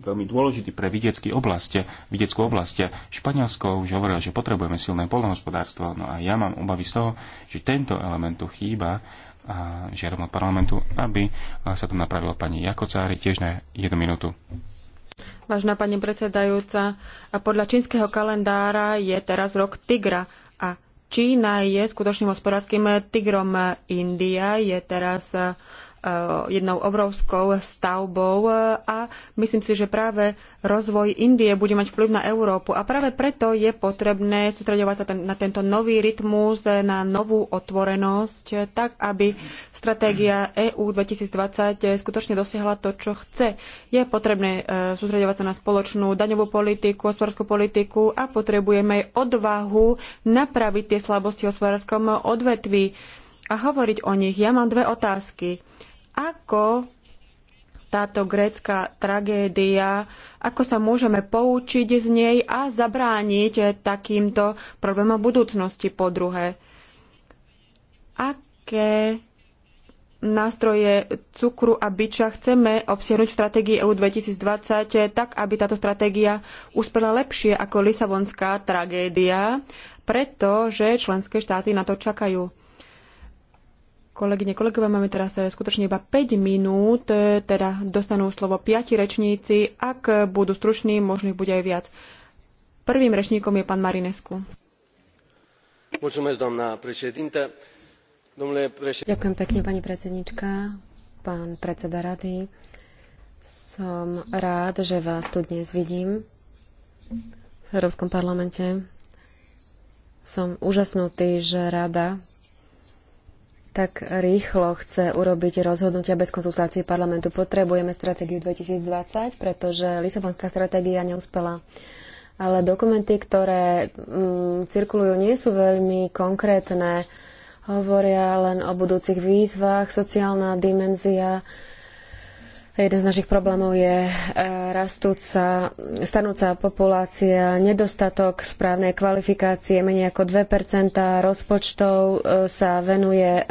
veľmi dôležitý pre vidiecky oblasť, vidieckú oblasť. Španielsko už hovorilo, že potrebujeme silné polnohospodárstvo, no a ja mám obavy z toho, že tento element tu chýba a žiadam od parlamentu, aby sa to napravilo pani Jakocári tiež na jednu minútu. Vážna pani predsedajúca, podľa čínskeho kalendára je teraz rok tigra. Čína je skutočným hospodárskym tigrom. India je teraz Eh, jednou obrovskou stavbou eh, a myslím si, že práve rozvoj Indie bude mať vplyv na Európu a práve preto je potrebné sústredovať sa ten, na tento nový rytmus, eh, na novú otvorenosť, tak aby stratégia EU 2020 skutočne dosiahla to, čo chce. Je potrebné sústredovať sa na spoločnú daňovú politiku, hospodárskú politiku a potrebujeme aj odvahu napraviť tie slabosti v hospodárskom odvetví a hovoriť o nich. Ja mám dve otázky ako táto grécka tragédia, ako sa môžeme poučiť z nej a zabrániť takýmto problémom budúcnosti po druhé. Aké nástroje cukru a biča chceme obsiahnuť v stratégii EU 2020 tak, aby táto stratégia uspela lepšie ako Lisabonská tragédia, pretože členské štáty na to čakajú. Kolegyne, kolegovia, máme teraz eh, skutočne iba 5 minút, eh, teda dostanú slovo 5 rečníci. Ak budú struční, možno ich bude aj viac. Prvým rečníkom je pán Marinescu. Ďakujem pekne, pani predsednička, pán predseda rady. Som rád, že vás tu dnes vidím v Európskom parlamente. Som úžasnutý, že rada tak rýchlo chce urobiť rozhodnutia bez konzultácie parlamentu. Potrebujeme stratégiu 2020, pretože Lisabonská stratégia neúspela. Ale dokumenty, ktoré mm, cirkulujú, nie sú veľmi konkrétne. Hovoria len o budúcich výzvach, sociálna dimenzia, Jeden z našich problémov je e, rastúca, stanúca populácia, nedostatok správnej kvalifikácie, menej ako 2 rozpočtov e, sa venuje e,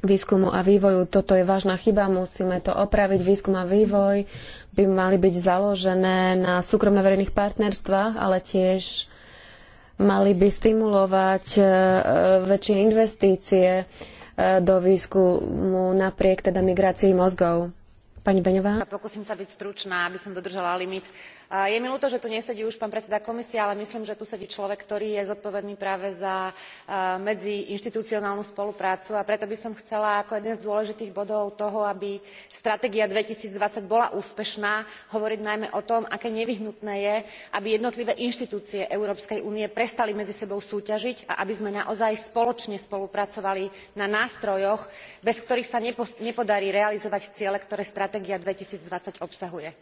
výskumu a vývoju. Toto je vážna chyba, musíme to opraviť. Výskum a vývoj by mali byť založené na súkromno-verejných partnerstvách, ale tiež mali by stimulovať väčšie investície do výskumu napriek teda migrácii mozgov. Pani Beňová. Pokúsim sa byť stručná, aby som dodržala limit je mi ľúto že tu nesedí už pán predseda komisie ale myslím že tu sedí človek ktorý je zodpovedný práve za medziinštitucionálnu spoluprácu a preto by som chcela ako jeden z dôležitých bodov toho aby stratégia two thousand and twenty bola úspešná hovoriť najmä o tom aké nevyhnutné je aby jednotlivé inštitúcie európskej únie prestali medzi sebou súťažiť a aby sme naozaj spoločne spolupracovali na nástrojoch bez ktorých sa nepodarí realizovať ciele ktoré stratégia two thousand and twenty obsahuje.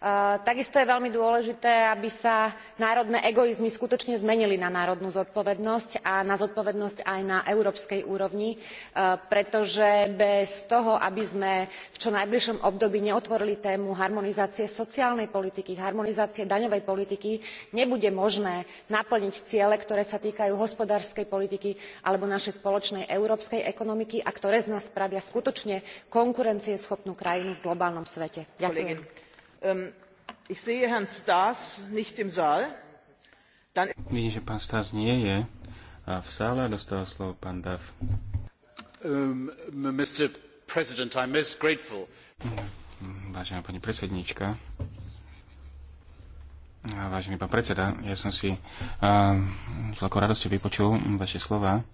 Eh, takisto je veľmi dôležité aby sa národné egoizmy skutočne zmenili na národnú zodpovednosť a na zodpovednosť aj na európskej úrovni eh, pretože bez toho aby sme v čo najbližšom období neotvorili tému harmonizácie sociálnej politiky harmonizácie daňovej politiky nebude možné naplniť ciele ktoré sa týkajú hospodárskej politiky alebo našej spoločnej európskej ekonomiky a ktoré z nás spravia skutočne konkurencieschopnú krajinu v globálnom svete. ďakujem. Ähm, ich sehe Herrn Stas nicht im Saal. Dann... Vidím, že pán Stas nie je v sále. Dostal slovo pán Dav. Um, Mr. President, I'm most grateful. Vážená pani predsednička, Vážený pán predseda, ja som si uh, s veľkou radosťou vypočul vaše slova,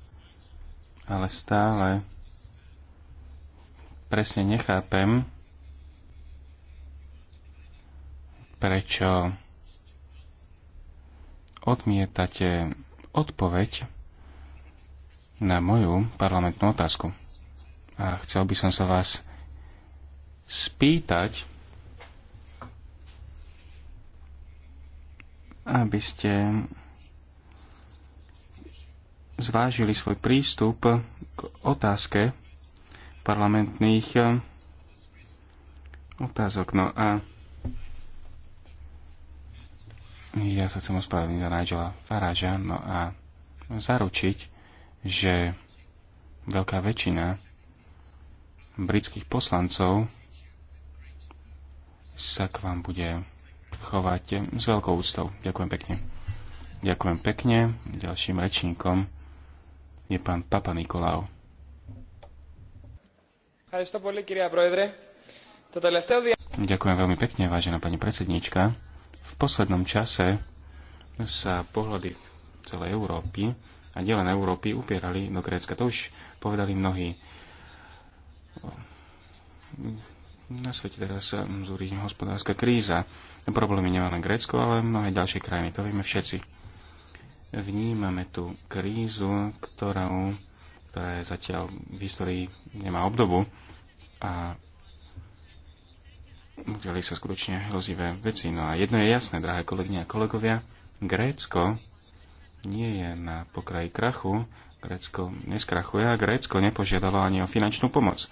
ale stále presne nechápem, prečo odmietate odpoveď na moju parlamentnú otázku. A chcel by som sa vás spýtať, aby ste zvážili svoj prístup k otázke parlamentných otázok. No a ja sa chcem ospravedlniť za Nigela Faraža, no a zaručiť, že veľká väčšina britských poslancov sa k vám bude chovať s veľkou úctou. Ďakujem pekne. Ďakujem pekne. Ďalším rečníkom je pán Papa Nikolau. Ďakujem veľmi pekne, vážená pani predsedníčka. V poslednom čase sa pohľady celej Európy a nielen Európy upierali do Grécka. To už povedali mnohí. Na svete teraz zúri hospodárska kríza. Problémy nemá len Grécko, ale mnohé ďalšie krajiny. To vieme všetci. Vnímame tú krízu, ktorá, ktorá je zatiaľ v histórii nemá obdobu a Udeli sa skutočne hrozivé veci. No a jedno je jasné, drahé kolegyne a kolegovia, Grécko nie je na pokraji krachu, Grécko neskrachuje a Grécko nepožiadalo ani o finančnú pomoc.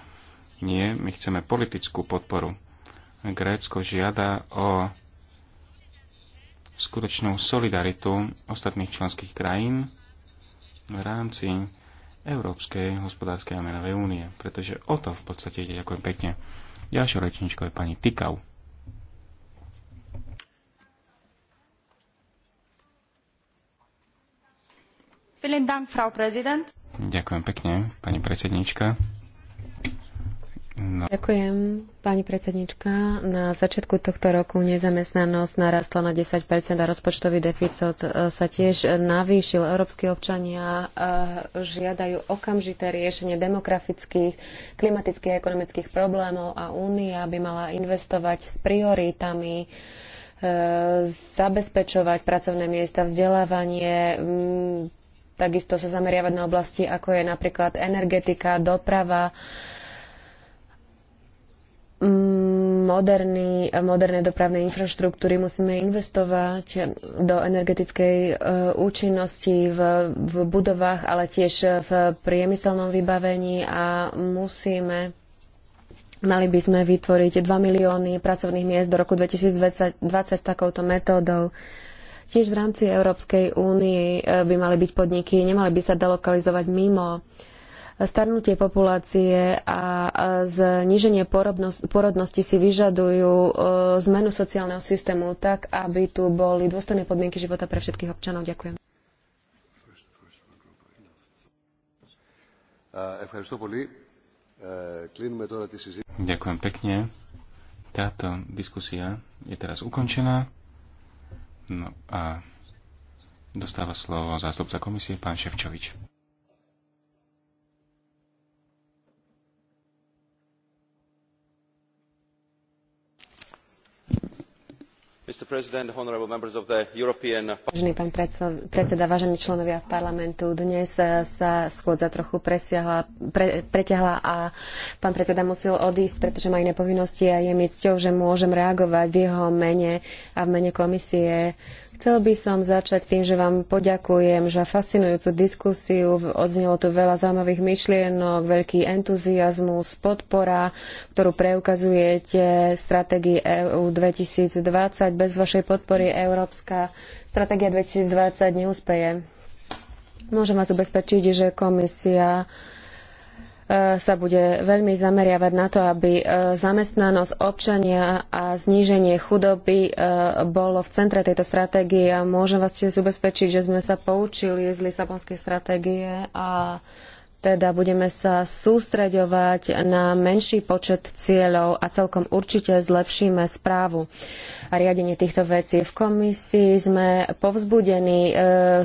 Nie, my chceme politickú podporu. Grécko žiada o skutočnú solidaritu ostatných členských krajín v rámci Európskej hospodárskej a menovej únie, pretože o to v podstate ide. Ďakujem pekne. Ďalšou rečničkou je pani Tikau. Ďakujem pekne, pani predsednička. No. Ďakujem, pani predsednička. Na začiatku tohto roku nezamestnanosť narastla na 10 a rozpočtový deficit e, sa tiež navýšil. Európsky občania e, žiadajú okamžité riešenie demografických, klimatických a ekonomických problémov a Únia by mala investovať s prioritami e, zabezpečovať pracovné miesta, vzdelávanie, takisto sa zameriavať na oblasti, ako je napríklad energetika, doprava, moderný, moderné dopravné infraštruktúry, musíme investovať do energetickej e, účinnosti v, v budovách, ale tiež v priemyselnom vybavení a musíme mali by sme vytvoriť 2 milióny pracovných miest do roku 2020 takouto metódou. Tiež v rámci Európskej únie e, by mali byť podniky, nemali by sa delokalizovať mimo uh, starnutie populácie a zníženie porodnosti si vyžadujú e, zmenu sociálneho systému tak, aby tu boli dôstojné podmienky života pre všetkých občanov. Ďakujem. Ďakujem pekne. Táto diskusia je teraz ukončená. No a dostáva slovo zástupca komisie, pán Ševčovič. Vážený pán predseda, vážení členovia parlamentu, dnes eh, sa schôdza trochu preťahla a pán predseda musel odísť, pretože má iné povinnosti a je mi cťou, že môžem reagovať v jeho mene a v mene komisie. Chcel by som začať tým, že vám poďakujem za fascinujúcu diskusiu. Odznelo tu veľa zaujímavých myšlienok, veľký entuziasmus, podpora, ktorú preukazujete stratégii EU 2020 bez vašej podpory Európska stratégia 2020 neúspeje. Môžem vás ubezpečiť, že komisia e, sa bude veľmi zameriavať na to, aby e, zamestnanosť občania a zníženie chudoby e, bolo v centre tejto stratégie a môžem vás tiež ubezpečiť, že sme sa poučili z Lisabonskej stratégie a teda budeme sa sústreďovať na menší počet cieľov a celkom určite zlepšíme správu a riadenie týchto vecí. V komisii sme povzbudení e,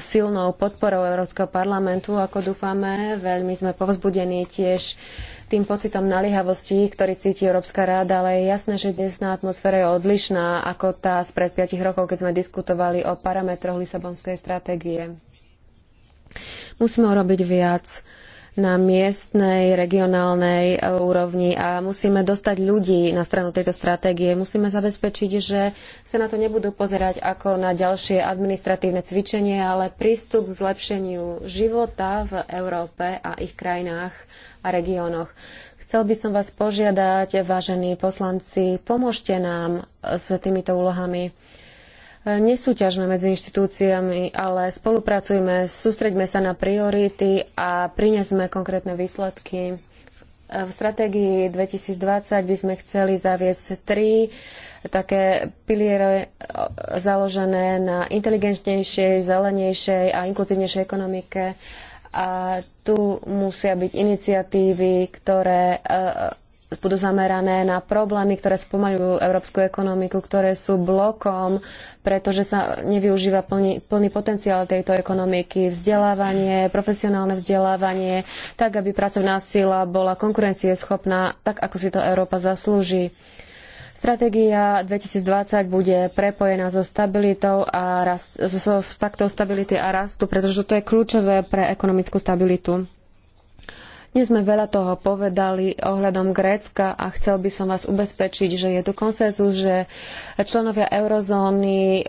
silnou podporou Európskeho parlamentu, ako dúfame. Veľmi sme povzbudení tiež tým pocitom naliehavosti, ktorý cíti Európska rada, ale je jasné, že dnesná atmosféra je odlišná ako tá spred 5 rokov, keď sme diskutovali o parametroch Lisabonskej stratégie. Musíme urobiť viac na miestnej, regionálnej e, úrovni a musíme dostať ľudí na stranu tejto stratégie. Musíme zabezpečiť, že sa na to nebudú pozerať ako na ďalšie administratívne cvičenie, ale prístup k zlepšeniu života v Európe a ich krajinách a regiónoch. Chcel by som vás požiadať, vážení poslanci, pomôžte nám s týmito úlohami nesúťažme medzi inštitúciami, ale spolupracujme, sústreďme sa na priority a prinesme konkrétne výsledky. V stratégii 2020 by sme chceli zaviesť tri také piliere e, založené na inteligentnejšej, zelenejšej a inkluzívnejšej ekonomike. A tu musia byť iniciatívy, ktoré e, budú zamerané na problémy, ktoré spomaľujú európsku ekonomiku, ktoré sú blokom pretože sa nevyužíva plný, plný potenciál tejto ekonomiky. Vzdelávanie, profesionálne vzdelávanie, tak aby pracovná sila bola konkurencieschopná, tak ako si to Európa zaslúži. Stratégia 2020 bude prepojená so stabilitou a rast, so, so, s stability a rastu, pretože toto je kľúčové pre ekonomickú stabilitu. Dnes sme veľa toho povedali ohľadom Grécka a chcel by som vás ubezpečiť, že je tu konsenzus, že členovia eurozóny e,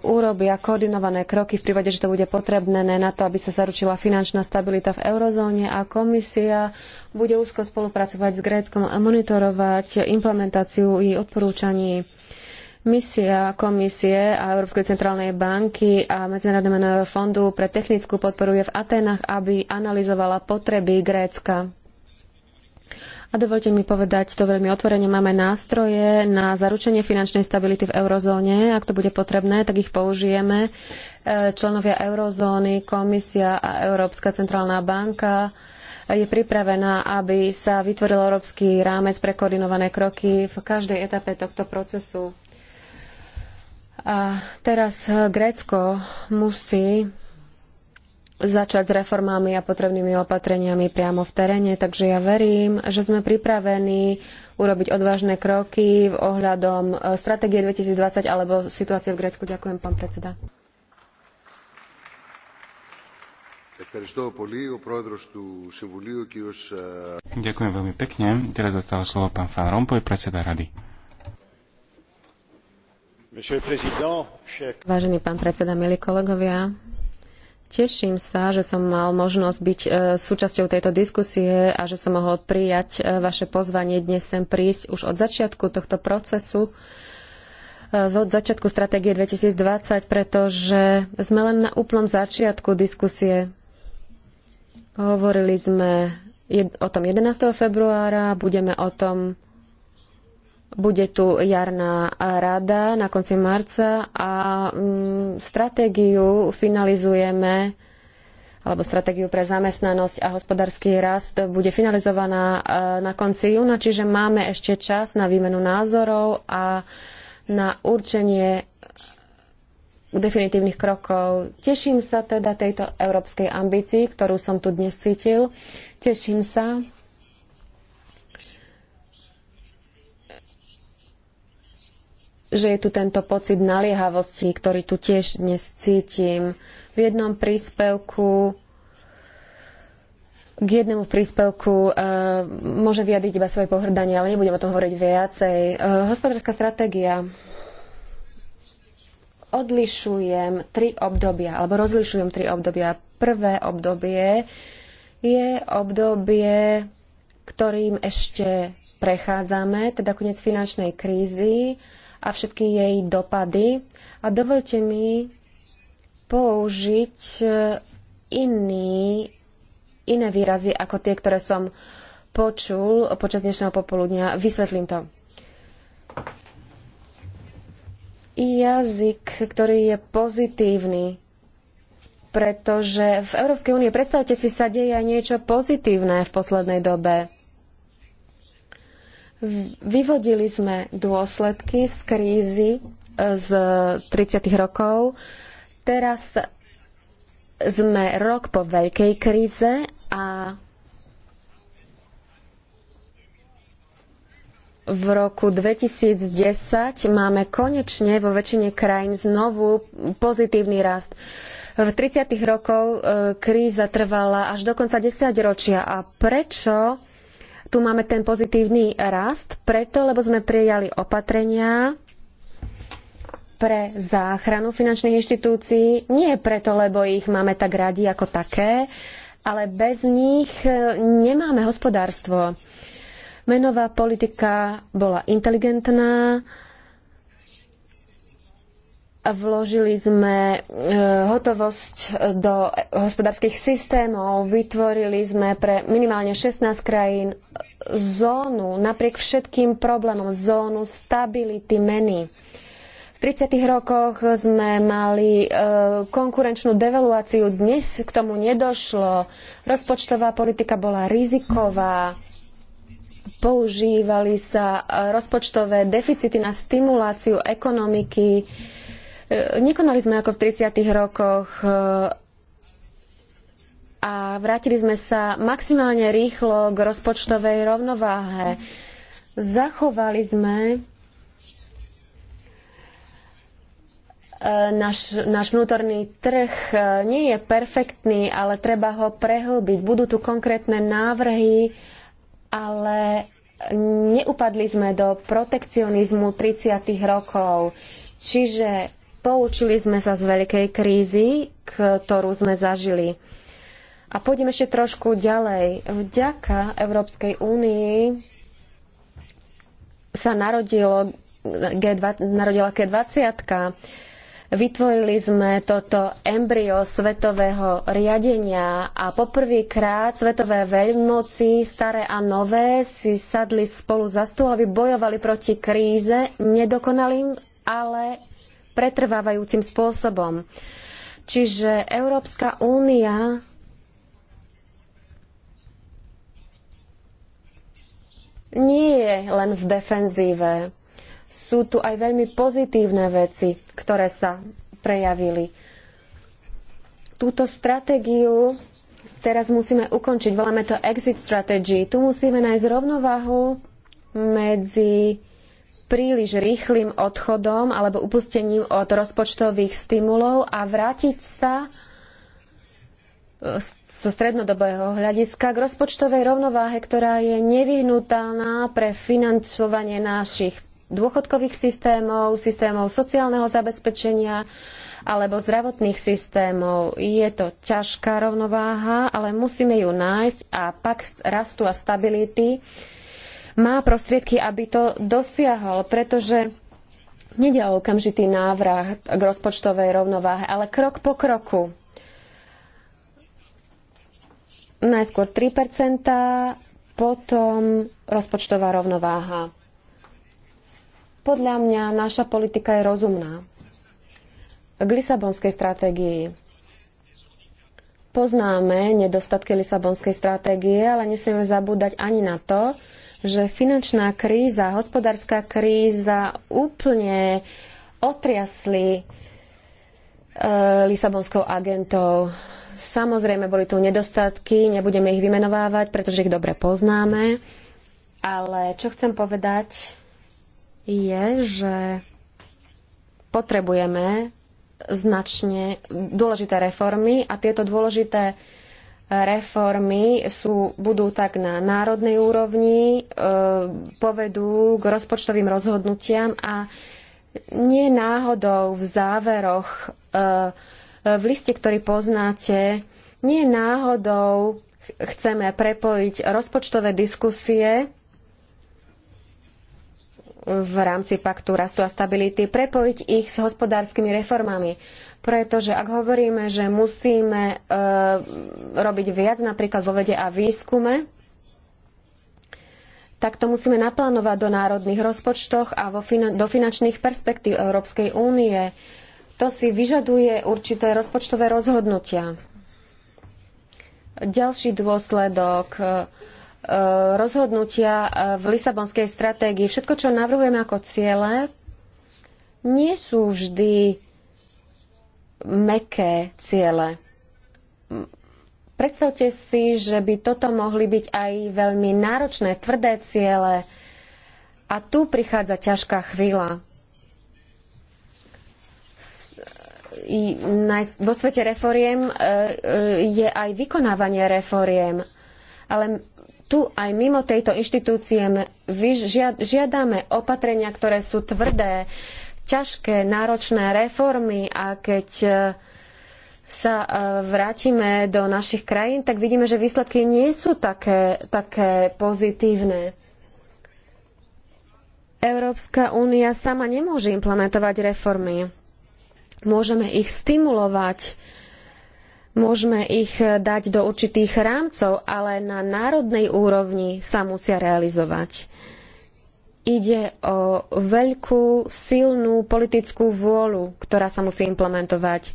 urobia koordinované kroky v prípade, že to bude potrebné na to, aby sa zaručila finančná stabilita v eurozóne a komisia bude úzko spolupracovať s Gréckom a monitorovať implementáciu jej odporúčaní Misia komisie a Európskej centrálnej banky a Medzinárodného menového fondu pre technickú podporu je v Atenách, aby analyzovala potreby Grécka. A dovolte mi povedať to veľmi otvorene. Máme nástroje na zaručenie finančnej stability v eurozóne. Ak to bude potrebné, tak ich použijeme. E, členovia eurozóny, komisia a Európska centrálna banka je pripravená, aby sa vytvoril európsky rámec pre koordinované kroky v každej etape tohto procesu a teraz eh, Grécko musí začať s reformami a potrebnými opatreniami priamo v teréne, takže ja verím, že sme pripravení urobiť odvážne kroky v ohľadom eh, stratégie 2020 alebo situácie v Grécku. Ďakujem, pán predseda. Ďakujem veľmi pekne. Teraz zastáva slovo pán Fan Rompuy, predseda rady. Vážený pán predseda, milí kolegovia, teším sa, že som mal možnosť byť e, súčasťou tejto diskusie a že som mohol prijať e, vaše pozvanie dnes sem prísť už od začiatku tohto procesu, e, od začiatku stratégie 2020, pretože sme len na úplnom začiatku diskusie. Hovorili sme o tom 11. februára, budeme o tom bude tu jarná rada na konci marca a mm, stratégiu finalizujeme alebo stratégiu pre zamestnanosť a hospodársky rast bude finalizovaná e, na konci júna, čiže máme ešte čas na výmenu názorov a na určenie definitívnych krokov. Teším sa teda tejto európskej ambícii, ktorú som tu dnes cítil. Teším sa že je tu tento pocit naliehavosti, ktorý tu tiež dnes cítim. V jednom príspevku k jednému príspevku uh, môže vyjadriť iba svoje pohrdanie, ale nebudem o tom hovoriť viacej. Uh, hospodárska stratégia. Odlišujem tri obdobia, alebo rozlišujem tri obdobia. Prvé obdobie je obdobie, ktorým ešte prechádzame, teda koniec finančnej krízy a všetky jej dopady. A dovolte mi použiť e, iný, iné výrazy ako tie, ktoré som počul počas dnešného popoludnia. Vysvetlím to. Jazyk, ktorý je pozitívny, pretože v Európskej únie, predstavte si, sa deje niečo pozitívne v poslednej dobe Vyvodili sme dôsledky z krízy e, z 30. rokov. Teraz sme rok po veľkej kríze a v roku 2010 máme konečne vo väčšine krajín znovu pozitívny rast. V 30. rokoch e, kríza trvala až do konca 10 ročia. A prečo tu máme ten pozitívny rast, preto, lebo sme prijali opatrenia pre záchranu finančných inštitúcií, nie preto, lebo ich máme tak radi ako také, ale bez nich e, nemáme hospodárstvo. Menová politika bola inteligentná, Vložili sme e, hotovosť do hospodárskych systémov, vytvorili sme pre minimálne 16 krajín zónu napriek všetkým problémom, zónu stability meny. V 30. rokoch sme mali e, konkurenčnú devaluáciu, dnes k tomu nedošlo. Rozpočtová politika bola riziková, používali sa e, rozpočtové deficity na stimuláciu ekonomiky Nekonali sme ako v 30. rokoch e, a vrátili sme sa maximálne rýchlo k rozpočtovej rovnováhe. Zachovali sme e, náš, náš vnútorný trh e, nie je perfektný, ale treba ho prehlbiť. Budú tu konkrétne návrhy, ale neupadli sme do protekcionizmu 30. rokov. Čiže Poučili sme sa z veľkej krízy, ktorú sme zažili. A pôjdem ešte trošku ďalej. Vďaka Európskej únii sa narodilo G2, narodila G20. Vytvorili sme toto embryo svetového riadenia a poprvýkrát svetové veľmoci, staré a nové, si sadli spolu za stôl, aby bojovali proti kríze nedokonalým, ale pretrvávajúcim spôsobom. Čiže Európska únia nie je len v defenzíve. Sú tu aj veľmi pozitívne veci, ktoré sa prejavili. Túto stratégiu teraz musíme ukončiť. Voláme to exit strategy. Tu musíme nájsť rovnováhu medzi príliš rýchlým odchodom alebo upustením od rozpočtových stimulov a vrátiť sa e, zo strednodobého hľadiska k rozpočtovej rovnováhe, ktorá je nevyhnutná pre financovanie našich dôchodkových systémov, systémov sociálneho zabezpečenia alebo zdravotných systémov. Je to ťažká rovnováha, ale musíme ju nájsť a pakt rastu a stability má prostriedky, aby to dosiahol, pretože nedia okamžitý návrat k rozpočtovej rovnováhe, ale krok po kroku. Najskôr 3%, potom rozpočtová rovnováha. Podľa mňa naša politika je rozumná. K Lisabonskej stratégii. Poznáme nedostatky Lisabonskej stratégie, ale nesmieme zabúdať ani na to, že finančná kríza, hospodárska kríza úplne otriasli e, Lisabonskou agentou. Samozrejme, boli tu nedostatky, nebudeme ich vymenovávať, pretože ich dobre poznáme. Ale čo chcem povedať je, že potrebujeme značne dôležité reformy a tieto dôležité reformy sú, budú tak na národnej úrovni, e, povedú k rozpočtovým rozhodnutiam a nie náhodou v záveroch, e, v liste, ktorý poznáte, nie náhodou chceme prepojiť rozpočtové diskusie v rámci paktu rastu a stability, prepojiť ich s hospodárskymi reformami pretože ak hovoríme, že musíme e, robiť viac napríklad vo vede a výskume, tak to musíme naplánovať do národných rozpočtoch a do finančných perspektív Európskej únie. To si vyžaduje určité rozpočtové rozhodnutia. Ďalší dôsledok e, rozhodnutia e, v Lisabonskej stratégii. Všetko, čo navrhujeme ako ciele, nie sú vždy meké ciele. Predstavte si, že by toto mohli byť aj veľmi náročné, tvrdé ciele. A tu prichádza ťažká chvíľa. Vo svete reforiem e, e, je aj vykonávanie reforiem. Ale tu aj mimo tejto inštitúcie žiadame opatrenia, ktoré sú tvrdé, ťažké, náročné reformy a keď e, sa e, vrátime do našich krajín, tak vidíme, že výsledky nie sú také, také pozitívne. Európska únia sama nemôže implementovať reformy. Môžeme ich stimulovať, môžeme ich dať do určitých rámcov, ale na národnej úrovni sa musia realizovať ide o veľkú, silnú politickú vôľu, ktorá sa musí implementovať.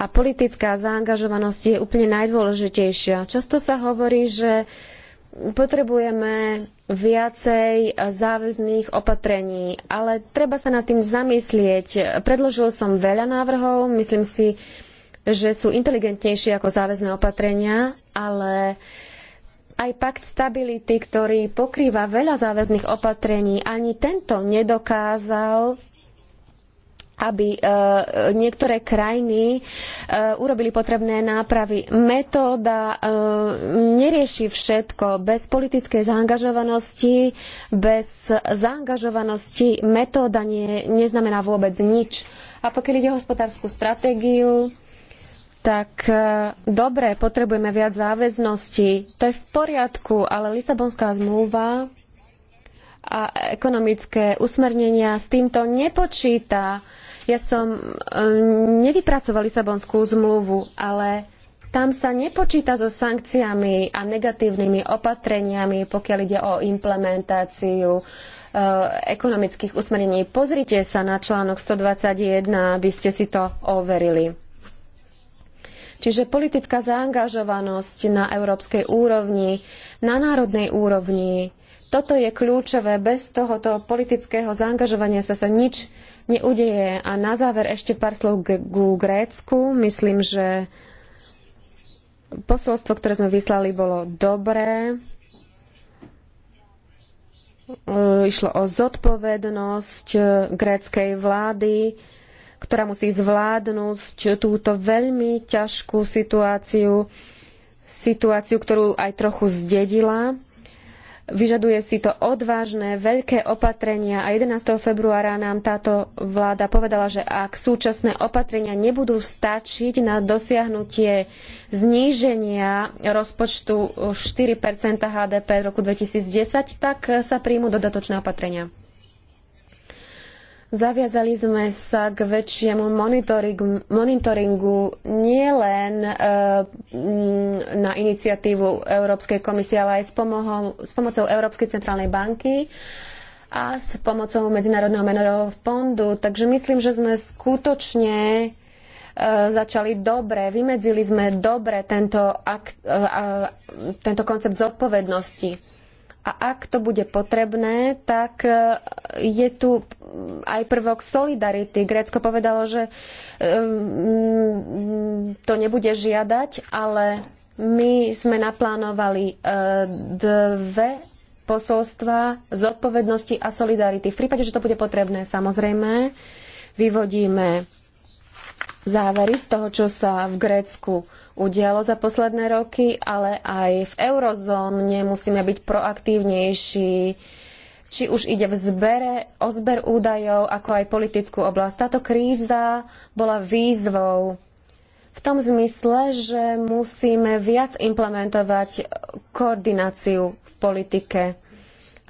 A politická zaangažovanosť je úplne najdôležitejšia. Často sa hovorí, že potrebujeme viacej záväzných opatrení, ale treba sa nad tým zamyslieť. Predložil som veľa návrhov, myslím si, že sú inteligentnejšie ako záväzné opatrenia, ale uh, aj pakt stability, ktorý pokrýva veľa záväzných opatrení, ani tento nedokázal aby e, niektoré krajiny e, urobili potrebné nápravy. Metóda e, nerieši všetko. Bez politickej zaangažovanosti, bez zaangažovanosti metóda nie, neznamená vôbec nič. A pokiaľ ide o hospodársku stratégiu, tak e, dobre, potrebujeme viac záväznosti, To je v poriadku, ale Lisabonská zmluva a ekonomické usmernenia s týmto nepočíta. Ja som e, nevypracoval Lisabonskú zmluvu, ale tam sa nepočíta so sankciami a negatívnymi opatreniami, pokiaľ ide o implementáciu e, ekonomických usmernení. Pozrite sa na článok 121, aby ste si to overili. Čiže politická zaangažovanosť na európskej úrovni, na národnej úrovni, toto je kľúčové. Bez tohoto politického zaangažovania sa sa nič neudeje. A na záver ešte pár slov k, k Grécku. Myslím, že posolstvo, ktoré sme vyslali, bolo dobré. E, išlo o zodpovednosť e, gréckej vlády ktorá musí zvládnuť túto veľmi ťažkú situáciu, situáciu, ktorú aj trochu zdedila. Vyžaduje si to odvážne, veľké opatrenia a 11. februára nám táto vláda povedala, že ak súčasné opatrenia nebudú stačiť na dosiahnutie zníženia rozpočtu 4 HDP v roku 2010, tak sa príjmu dodatočné opatrenia. Zaviazali sme sa k väčšiemu monitoringu, monitoringu nielen e, mm, na iniciatívu Európskej komisie, ale aj s, pomohou, s pomocou Európskej centrálnej banky a s pomocou Medzinárodného menového fondu. Takže myslím, že sme skutočne e, začali dobre, vymedzili sme dobre tento, e, tento koncept zodpovednosti. A ak to bude potrebné, tak e, je tu aj prvok solidarity. Grécko povedalo, že e, to nebude žiadať, ale my sme naplánovali e, dve posolstva zodpovednosti a solidarity. V prípade, že to bude potrebné, samozrejme, vyvodíme závery z toho, čo sa v Grécku udialo za posledné roky, ale aj v eurozóne musíme byť proaktívnejší, či už ide v zbere, o zber údajov, ako aj politickú oblasť. Táto kríza bola výzvou v tom zmysle, že musíme viac implementovať koordináciu v politike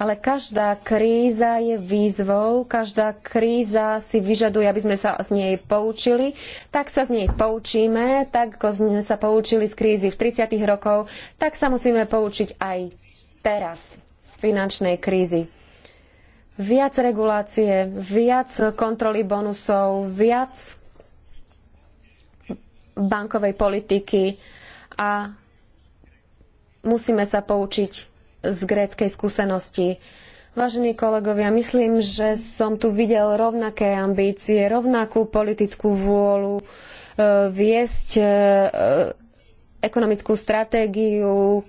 ale každá kríza je výzvou, každá kríza si vyžaduje, aby sme sa z nej poučili. Tak sa z nej poučíme, tak ako sme sa poučili z krízy v 30. rokov, tak sa musíme poučiť aj teraz z finančnej krízy. Viac regulácie, viac kontroly bonusov, viac bankovej politiky a musíme sa poučiť z gréckej skúsenosti. Vážení kolegovia, myslím, že som tu videl rovnaké ambície, rovnakú politickú vôľu e, viesť e, ekonomickú stratégiu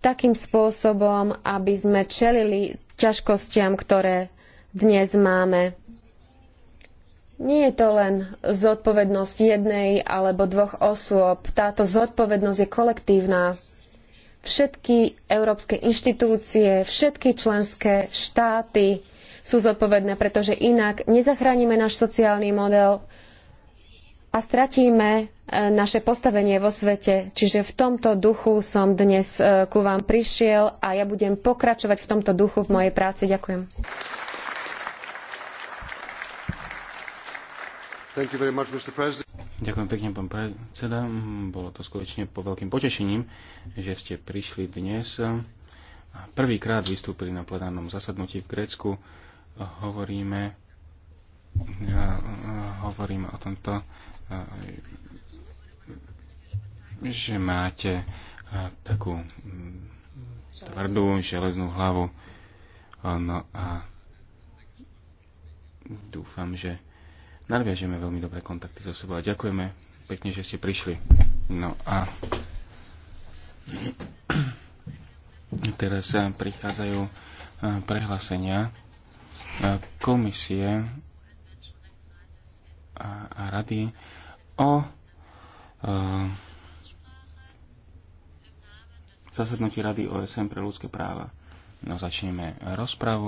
takým spôsobom, aby sme čelili ťažkostiam, ktoré dnes máme. Nie je to len zodpovednosť jednej alebo dvoch osôb. Táto zodpovednosť je kolektívna všetky európske inštitúcie, všetky členské štáty sú zodpovedné, pretože inak nezachránime náš sociálny model a stratíme e, naše postavenie vo svete. Čiže v tomto duchu som dnes e, ku vám prišiel a ja budem pokračovať v tomto duchu v mojej práci. Ďakujem. Ďakujem pekne, pán predseda. Bolo to skutočne po veľkým potešením, že ste prišli dnes. a Prvýkrát vystúpili na plenárnom zasadnutí v Grécku. Hovoríme, hovoríme o tomto, že máte e, takú tvrdú železnú hlavu. No a dúfam, že nadviažeme veľmi dobré kontakty so sebou a ďakujeme pekne, že ste prišli. No a (clears throat) teraz prichádzajú e, prehlásenia e, komisie a rady o e, zasadnutí Rady OSN pre ľudské práva. No začneme rozpravu.